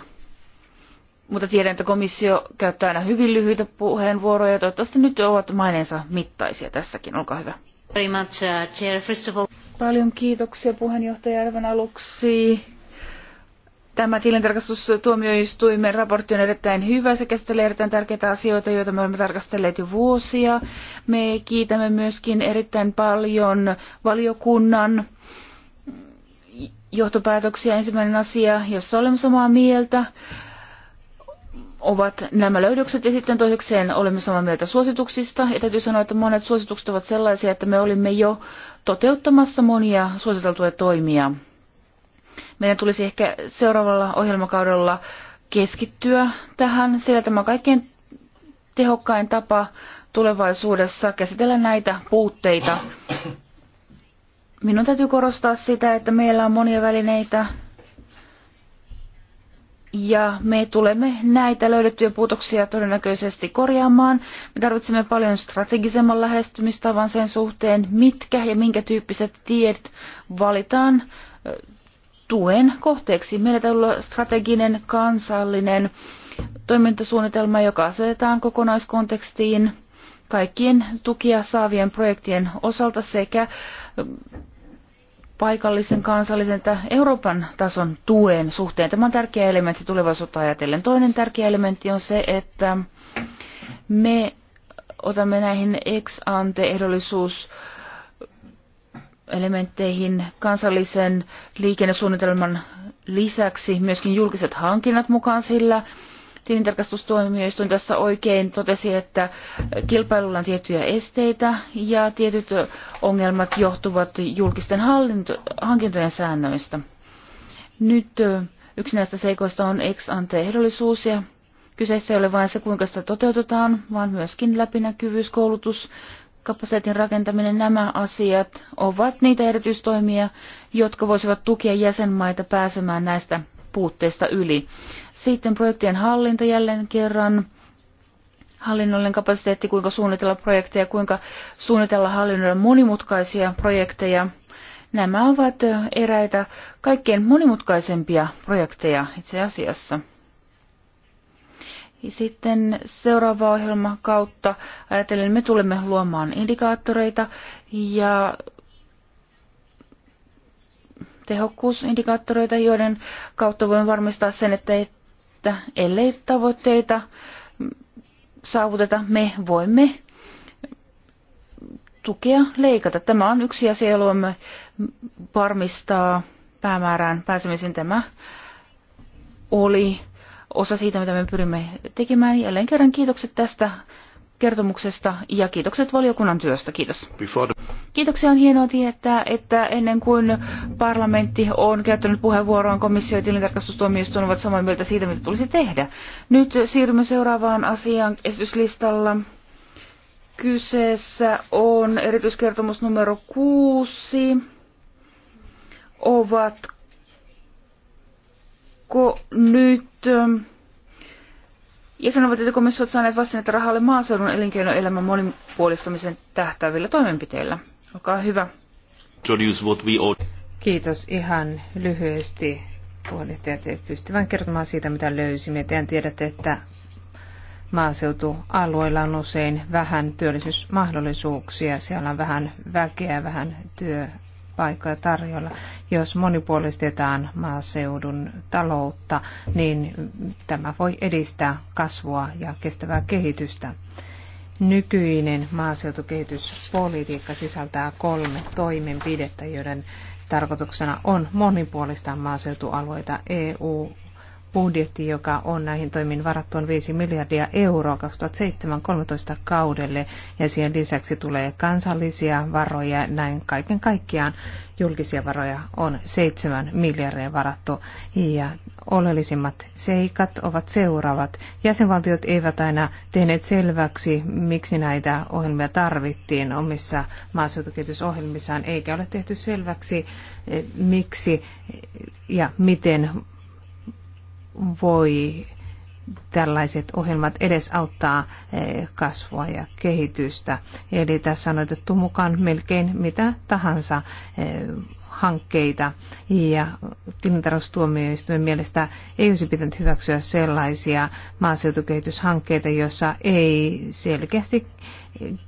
mutta tiedän, että komissio käyttää aina hyvin lyhyitä puheenvuoroja. Toivottavasti nyt ovat maineensa mittaisia tässäkin. Olkaa hyvä. Uh, paljon kiitoksia puheenjohtaja Ervan aluksi. Tämä tilintarkastustuomioistuimen raportti on erittäin hyvä. Se käsittelee erittäin tärkeitä asioita, joita me olemme tarkastelleet jo vuosia. Me kiitämme myöskin erittäin paljon valiokunnan johtopäätöksiä. Ensimmäinen asia, jossa olemme samaa mieltä, ovat nämä löydökset ja sitten toisekseen olemme samaa mieltä suosituksista. Ja täytyy sanoa, että monet suositukset ovat sellaisia, että me olimme jo toteuttamassa monia suositeltuja toimia. Meidän tulisi ehkä seuraavalla ohjelmakaudella keskittyä tähän, sillä tämä on kaikkein tehokkain tapa tulevaisuudessa käsitellä näitä puutteita. Minun täytyy korostaa sitä, että meillä on monia välineitä ja me tulemme näitä löydettyjä puutoksia todennäköisesti korjaamaan. Me tarvitsemme paljon strategisemman lähestymistavan sen suhteen, mitkä ja minkä tyyppiset tiet valitaan tuen kohteeksi. Meillä täytyy olla strateginen kansallinen toimintasuunnitelma, joka asetetaan kokonaiskontekstiin kaikkien tukia saavien projektien osalta sekä paikallisen, kansallisen tai Euroopan tason tuen suhteen. Tämä on tärkeä elementti tulevaisuutta ajatellen. Toinen tärkeä elementti on se, että me otamme näihin ex-ante-ehdollisuus elementteihin kansallisen liikennesuunnitelman lisäksi myöskin julkiset hankinnat mukaan, sillä tilintarkastustuomioistuin tässä oikein totesi, että kilpailulla on tiettyjä esteitä ja tietyt ongelmat johtuvat julkisten hallinto- hankintojen säännöistä. Nyt yksi näistä seikoista on ex ante ehdollisuus ja kyseessä ei ole vain se, kuinka sitä toteutetaan, vaan myöskin läpinäkyvyys, koulutus, kapasiteetin rakentaminen, nämä asiat ovat niitä erityistoimia, jotka voisivat tukea jäsenmaita pääsemään näistä puutteista yli. Sitten projektien hallinta jälleen kerran. Hallinnollinen kapasiteetti, kuinka suunnitella projekteja, kuinka suunnitella hallinnolle monimutkaisia projekteja. Nämä ovat eräitä kaikkein monimutkaisempia projekteja itse asiassa. Ja sitten seuraava ohjelma kautta ajatellen me tulemme luomaan indikaattoreita ja tehokkuusindikaattoreita, joiden kautta voin varmistaa sen, että että ellei tavoitteita saavuteta, me voimme tukea leikata. Tämä on yksi asia, jolla voimme varmistaa päämäärään pääsemisen. Tämä oli osa siitä, mitä me pyrimme tekemään. Jälleen kerran kiitokset tästä kertomuksesta ja kiitokset valiokunnan työstä. Kiitos. Kiitoksia. On hienoa tietää, että ennen kuin parlamentti on käyttänyt puheenvuoroon, komissio ja tilintarkastustuomioistuin ovat samaa mieltä siitä, mitä tulisi tehdä. Nyt siirrymme seuraavaan asiaan esityslistalla. Kyseessä on erityiskertomus numero kuusi. Ovatko nyt ja sanovat, että on saaneet vastineita rahalle maaseudun elinkeinoelämän monipuolistamisen tähtäävillä toimenpiteillä. Olkaa hyvä. Kiitos ihan lyhyesti puheenjohtaja. Pystyn vain kertomaan siitä, mitä löysimme. Teidän tiedätte, että maaseutualueilla on usein vähän työllisyysmahdollisuuksia. Siellä on vähän väkeä, vähän työ paikkoja tarjolla. Jos monipuolistetaan maaseudun taloutta, niin tämä voi edistää kasvua ja kestävää kehitystä. Nykyinen maaseutukehityspolitiikka sisältää kolme toimenpidettä, joiden tarkoituksena on monipuolistaa maaseutualueita. EU budjetti, joka on näihin toimiin varattu, on 5 miljardia euroa 2007-2013 kaudelle ja siihen lisäksi tulee kansallisia varoja. Näin kaiken kaikkiaan julkisia varoja on 7 miljardia varattu ja oleellisimmat seikat ovat seuraavat. Jäsenvaltiot eivät aina tehneet selväksi, miksi näitä ohjelmia tarvittiin omissa maaseutukehitysohjelmissaan, eikä ole tehty selväksi, eh, miksi ja miten voi tällaiset ohjelmat edesauttaa eh, kasvua ja kehitystä. Eli tässä on otettu mukaan melkein mitä tahansa eh, hankkeita ja tilintarkastustuomioistuimen mielestä ei olisi pitänyt hyväksyä sellaisia maaseutukehityshankkeita, joissa ei selkeästi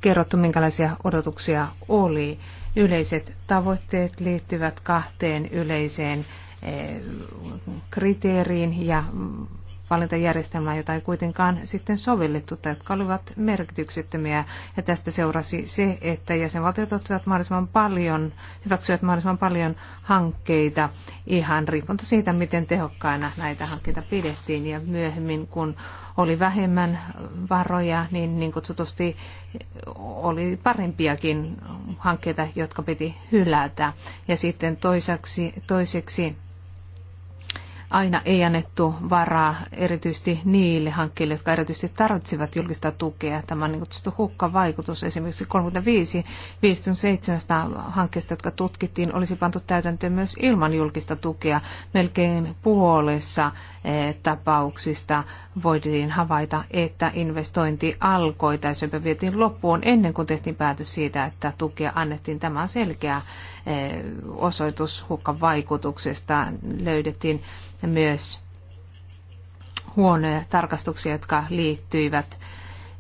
kerrottu, minkälaisia odotuksia oli. Yleiset tavoitteet liittyvät kahteen yleiseen kriteeriin ja valintajärjestelmään jota ei kuitenkaan sitten sovellettu tai jotka olivat merkityksettömiä. Ja tästä seurasi se, että jäsenvaltiot ottivat mahdollisimman paljon, hyväksyivät mahdollisimman paljon hankkeita ihan riippumatta siitä, miten tehokkaina näitä hankkeita pidettiin. Ja myöhemmin, kun oli vähemmän varoja, niin niin kutsutusti oli parempiakin hankkeita, jotka piti hylätä. Ja sitten toiseksi, toiseksi aina ei annettu varaa erityisesti niille hankkeille, jotka erityisesti tarvitsivat julkista tukea. Tämä on niin kutsuttu hukkavaikutus. Esimerkiksi 35 57 hankkeesta, jotka tutkittiin, olisi pantu täytäntöön myös ilman julkista tukea. Melkein puolessa eh, tapauksista voitiin havaita, että investointi alkoi tai se vietiin loppuun ennen kuin tehtiin päätös siitä, että tukea annettiin. Tämä on selkeä Eh, osoitus vaikutuksesta Löydettiin myös huonoja tarkastuksia, jotka liittyivät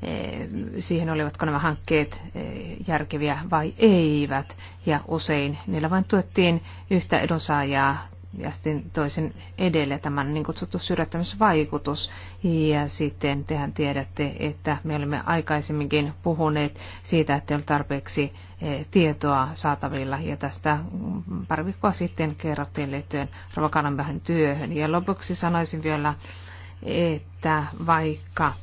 eh, siihen, olivatko nämä hankkeet eh, järkeviä vai eivät. Ja usein niillä vain tuettiin yhtä edunsaajaa ja sitten toisen edelle tämän niin kutsuttu syrjäyttämisvaikutus. Ja sitten tehän tiedätte, että me olemme aikaisemminkin puhuneet siitä, että on tarpeeksi eh, tietoa saatavilla. Ja tästä pari viikkoa sitten kerrottiin liittyen Rovakalanpähän työhön. Ja lopuksi sanoisin vielä, että vaikka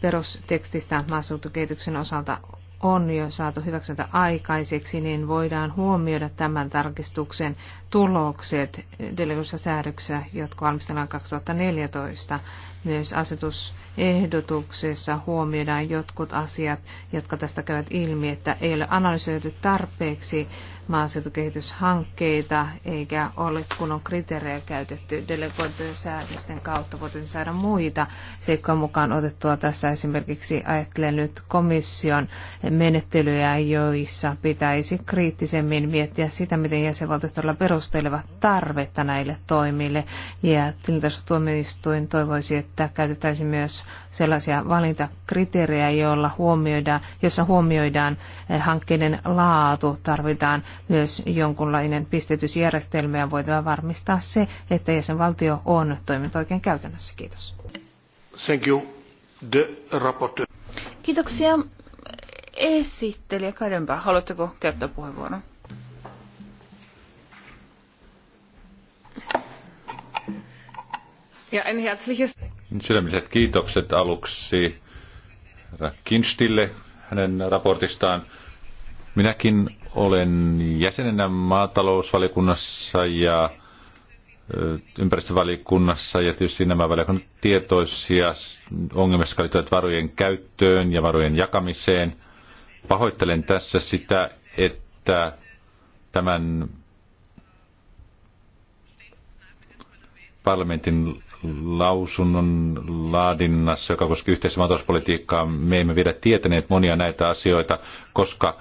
perustekstistä maaseutukehityksen osalta on jo saatu hyväksyntä aikaiseksi, niin voidaan huomioida tämän tarkistuksen tulokset delegoissa säädöksissä, jotka valmistellaan 2014. Myös asetus ehdotuksessa huomioidaan jotkut asiat, jotka tästä käyvät ilmi, että ei ole analysoitu tarpeeksi maaseutukehityshankkeita eikä ole kunnon kriteerejä käytetty delegoitujen säädösten kautta. Voitin saada muita seikkoja mukaan otettua tässä esimerkiksi ajattelen nyt komission menettelyjä, joissa pitäisi kriittisemmin miettiä sitä, miten jäsenvaltiot todella perustelevat tarvetta näille toimille. Ja tilintasotuomioistuin toivoisi, että käytettäisiin myös sellaisia valintakriteerejä, joilla huomioidaan, jossa huomioidaan eh, hankkeiden laatu. Tarvitaan myös jonkunlainen pistetysjärjestelmä ja voidaan varmistaa se, että jäsenvaltio on toiminut oikein käytännössä. Kiitos. Thank you. The rapporteur. Kiitoksia. Esittelijä Kadenpää, haluatteko käyttää puheenvuoron? Ja ein herzliches Sydämiset kiitokset aluksi Kinstille hänen raportistaan. Minäkin olen jäsenenä maatalousvaliokunnassa ja ympäristövaliokunnassa ja tietysti nämä valiokunnat tietoisia ongelmista, jotka liittyvät varojen käyttöön ja varojen jakamiseen. Pahoittelen tässä sitä, että tämän parlamentin lausunnon laadinnassa, joka koski yhteistä maatalouspolitiikkaa, me emme vielä tietäneet monia näitä asioita, koska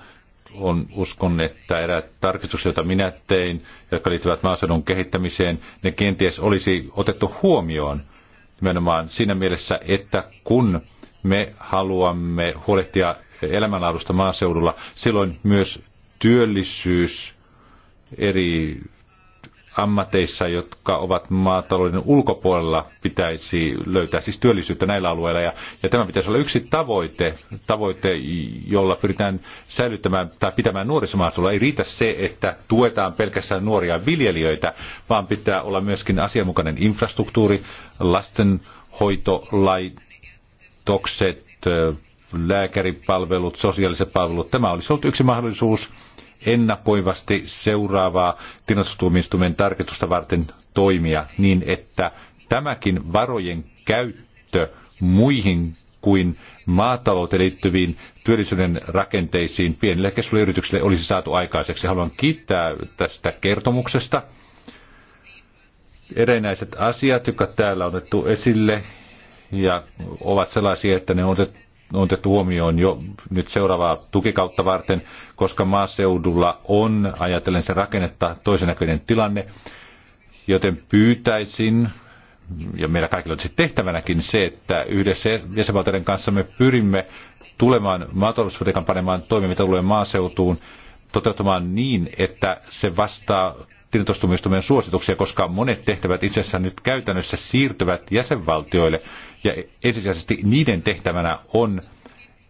on, uskon, että eräät tarkistukset, joita minä tein, jotka liittyvät maaseudun kehittämiseen, ne kenties olisi otettu huomioon nimenomaan siinä mielessä, että kun me haluamme huolehtia elämänlaadusta maaseudulla, silloin myös työllisyys eri ammateissa, jotka ovat maatalouden ulkopuolella, pitäisi löytää siis työllisyyttä näillä alueilla. Ja, ja tämä pitäisi olla yksi tavoite, tavoite, jolla pyritään säilyttämään tai pitämään nuorissa Ei riitä se, että tuetaan pelkästään nuoria viljelijöitä, vaan pitää olla myöskin asianmukainen infrastruktuuri, lastenhoitolaitokset, lääkäripalvelut, sosiaaliset palvelut. Tämä olisi ollut yksi mahdollisuus ennakoivasti seuraavaa tilastotuomioistuimen tarkistusta varten toimia niin, että tämäkin varojen käyttö muihin kuin maatalouteen liittyviin työllisyyden rakenteisiin pienille ja yrityksille olisi saatu aikaiseksi. Haluan kiittää tästä kertomuksesta. Erinäiset asiat, jotka täällä on otettu esille ja ovat sellaisia, että ne on otettu on otettu huomioon jo nyt seuraavaa tukikautta varten, koska maaseudulla on, ajatellen se rakennetta, toisen näköinen tilanne, joten pyytäisin, ja meillä kaikilla on tehtävänäkin se, että yhdessä jäsenvaltioiden kanssa me pyrimme tulemaan maatalouspolitiikan panemaan toimia, mitä tulee maaseutuun, toteutumaan niin, että se vastaa tilintostumistumien suosituksia, koska monet tehtävät itse asiassa nyt käytännössä siirtyvät jäsenvaltioille ja ensisijaisesti niiden tehtävänä on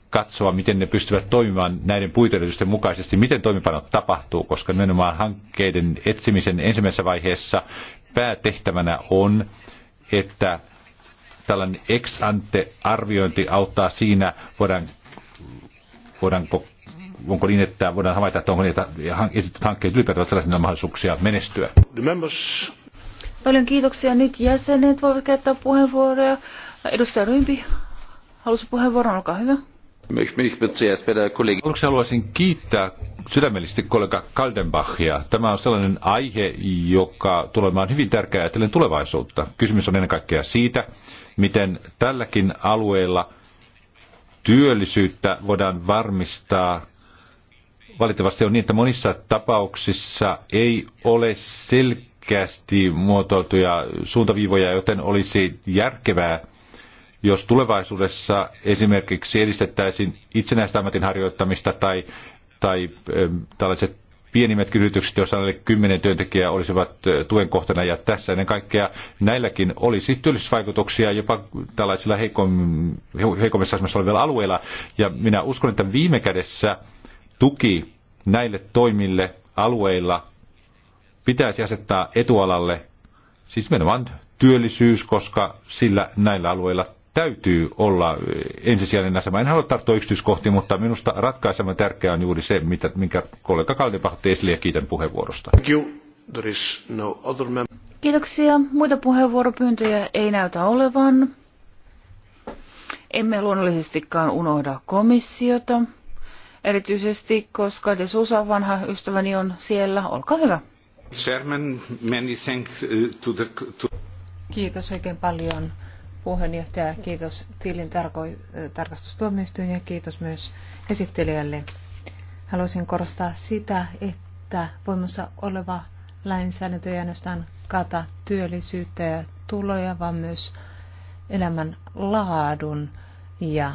katsoa, miten ne pystyvät toimimaan näiden puitelitysten mukaisesti, miten toimipano tapahtuu, koska nimenomaan hankkeiden etsimisen ensimmäisessä vaiheessa päätehtävänä on, että tällainen ex ante arviointi auttaa siinä, voidaan, voidaanko onko niin, että voidaan havaita, että onko niitä esitetyt hankkeet ylipäätään sellaisia mahdollisuuksia menestyä? Paljon kiitoksia. Nyt jäsenet voivat käyttää puheenvuoroja. Edustaja Rympi, halusi puheenvuoron, olkaa hyvä. Aluksi haluaisin kiittää sydämellisesti kollega Kaldenbachia. Tämä on sellainen aihe, joka tulee olemaan hyvin tärkeä ajatellen tulevaisuutta. Kysymys on ennen kaikkea siitä, miten tälläkin alueella työllisyyttä voidaan varmistaa valitettavasti on niin, että monissa tapauksissa ei ole selkeästi muotoiltuja suuntaviivoja, joten olisi järkevää, jos tulevaisuudessa esimerkiksi edistettäisiin itsenäistä ammatin harjoittamista tai, tai tällaiset pienimmät yritykset, joissa alle kymmenen työntekijää olisivat tuen kohtana ja tässä ennen kaikkea näilläkin olisi työllisyysvaikutuksia jopa tällaisilla heikommissa asemassa olevilla alueilla ja minä uskon, että viime kädessä tuki näille toimille alueilla pitäisi asettaa etualalle, siis nimenomaan työllisyys, koska sillä näillä alueilla täytyy olla eh, ensisijainen asema. En halua tarttua yksityiskohtiin, mutta minusta ratkaisemaan tärkeää on juuri se, mitä, minkä kollega Kallipa otti esille ja kiitän puheenvuorosta. No Kiitoksia. Muita puheenvuoropyyntöjä ei näytä olevan. Emme luonnollisestikaan unohda komissiota erityisesti koska Desusa, vanha ystäväni, on siellä. Olkaa hyvä. Chairman, many thanks uh, to the, to... Kiitos oikein paljon puheenjohtaja, kiitos tilin tarkastustuomioistuin ja kiitos myös esittelijälle. Haluaisin korostaa sitä, että voimassa oleva lainsäädäntö ei ainoastaan kata työllisyyttä ja tuloja, vaan myös elämän laadun ja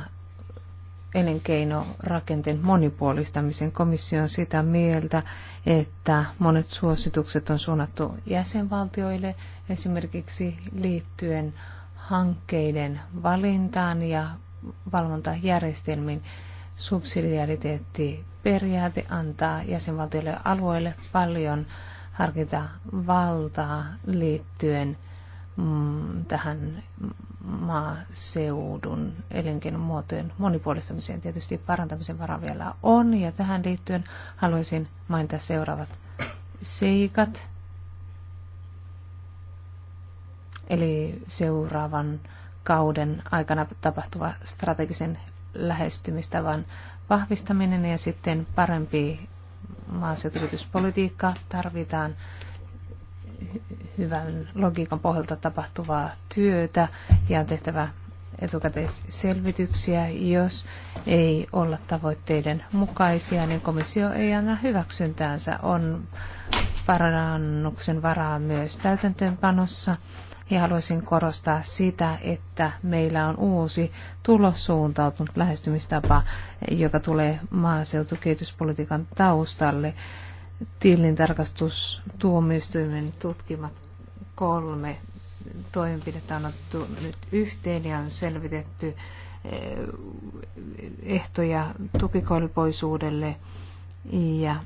elinkeinorakenteen monipuolistamisen. Komissio on sitä mieltä, että monet suositukset on suunnattu jäsenvaltioille esimerkiksi liittyen hankkeiden valintaan ja valvontajärjestelmiin. Subsidiariteettiperiaate antaa jäsenvaltioille alueille paljon harkita valtaa liittyen mm, tähän maaseudun elinkeinomuotojen monipuolistamiseen tietysti parantamisen varaa vielä on. Ja tähän liittyen haluaisin mainita seuraavat seikat. Eli seuraavan kauden aikana tapahtuva strategisen lähestymistavan vahvistaminen ja sitten parempi maaseutuyrityspolitiikka tarvitaan hyvän logiikan pohjalta tapahtuvaa työtä ja on tehtävä etukäteisselvityksiä. Jos ei olla tavoitteiden mukaisia, niin komissio ei anna hyväksyntäänsä. On parannuksen varaa myös täytäntöönpanossa. Ja haluaisin korostaa sitä, että meillä on uusi tulossuuntautunut lähestymistapa, joka tulee maaseutukehityspolitiikan taustalle tilintarkastustuomioistuimen tutkimat kolme toimenpidettä on otettu nyt yhteen ja on selvitetty eh, ehtoja tukikolpoisuudelle ja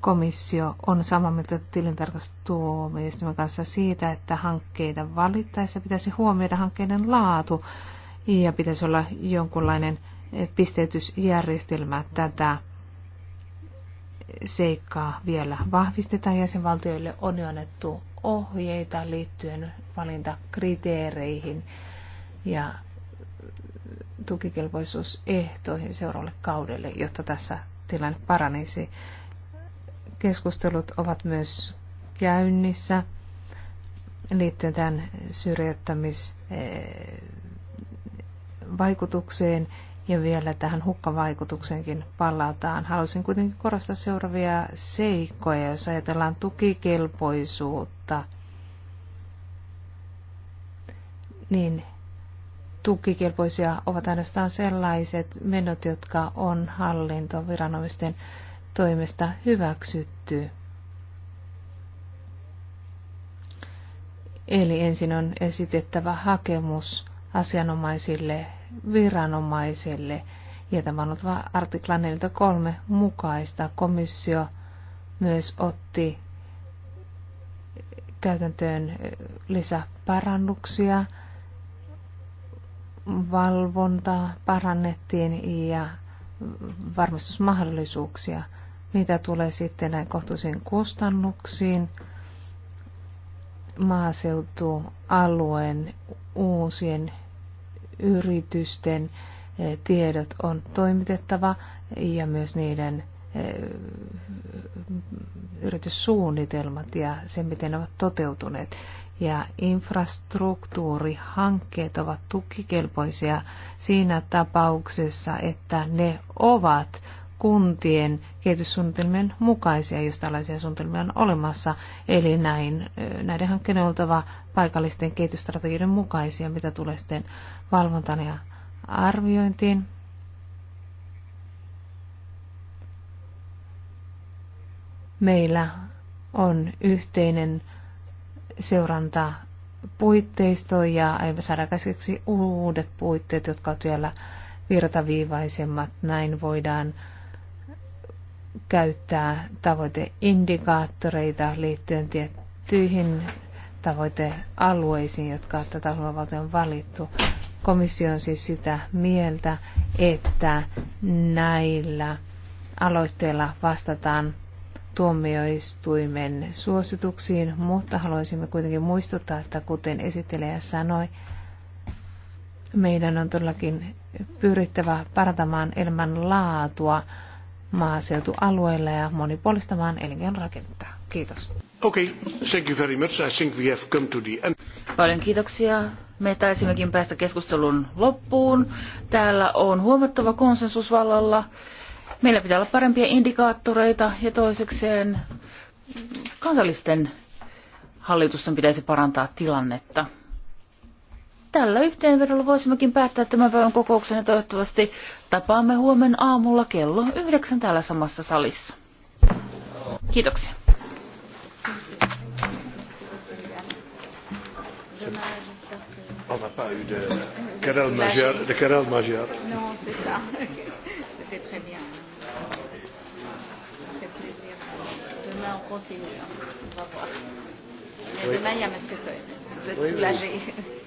komissio on samaa mieltä tilintarkastustuomioistuimen kanssa siitä, että hankkeita valittaessa pitäisi huomioida hankkeiden laatu ja pitäisi olla jonkunlainen eh, pisteytysjärjestelmä tätä seikkaa vielä vahvistetaan. Jäsenvaltioille on jo annettu ohjeita liittyen valintakriteereihin ja tukikelpoisuusehtoihin seuraavalle kaudelle, jotta tässä tilanne paranisi. Keskustelut ovat myös käynnissä liittyen tämän syrjäyttämisvaikutukseen eh, ja vielä tähän hukkavaikutukseenkin palataan. Haluaisin kuitenkin korostaa seuraavia seikkoja, jos ajatellaan tukikelpoisuutta, niin tukikelpoisia ovat ainoastaan sellaiset menot, jotka on hallintoviranomisten toimesta hyväksytty. Eli ensin on esitettävä hakemus asianomaisille viranomaiselle. Ja tämä on vain artikla 43 mukaista. Komissio myös otti käytäntöön lisäparannuksia, valvontaa parannettiin ja varmistusmahdollisuuksia. Mitä tulee sitten näin kohtuisiin kustannuksiin, maaseutualueen uusien yritysten eh, tiedot on toimitettava ja myös niiden eh, yrityssuunnitelmat ja se, miten ne ovat toteutuneet. Ja infrastruktuurihankkeet ovat tukikelpoisia siinä tapauksessa, että ne ovat kuntien kehityssuunnitelmien mukaisia, jos tällaisia suunnitelmia on olemassa. Eli näin, näiden hankkeiden on oltava paikallisten kehitysstrategioiden mukaisia, mitä tulee sitten valvontaan ja arviointiin. Meillä on yhteinen seuranta puitteisto ja aivan saada käsiksi uudet puitteet, jotka ovat vielä virtaviivaisemmat. Näin voidaan käyttää tavoiteindikaattoreita liittyen tiettyihin tavoitealueisiin, jotka tätä valtio on valittu. Komissio on siis sitä mieltä, että näillä aloitteilla vastataan tuomioistuimen suosituksiin, mutta haluaisimme kuitenkin muistuttaa, että kuten esittelijä sanoi, meidän on todellakin pyrittävä parantamaan elämän laatua maaseutualueilla ja monipuolistamaan elinkeinorakentaa. Kiitos. Okay, thank you very much. I think we have come to the end. Paljon kiitoksia. Me taisimmekin päästä keskustelun loppuun. Täällä on huomattava konsensus vallalla. Meillä pitää olla parempia indikaattoreita ja toisekseen kansallisten hallitusten pitäisi parantaa tilannetta. Tällä yhteenvedolla voisimmekin päättää tämän päivän kokouksen ja toivottavasti Tapaamme huomenna aamulla kello yhdeksän täällä samassa salissa. Kiitoksia. On n'a pas eu de querelle majeure. De querelle majeure. Non, c'est ça. C'était très bien. Ça fait plaisir. Demain, on continue. On va voir. oui. demain, il y a M. Cohen. Vous êtes oui, soulagé. Oui.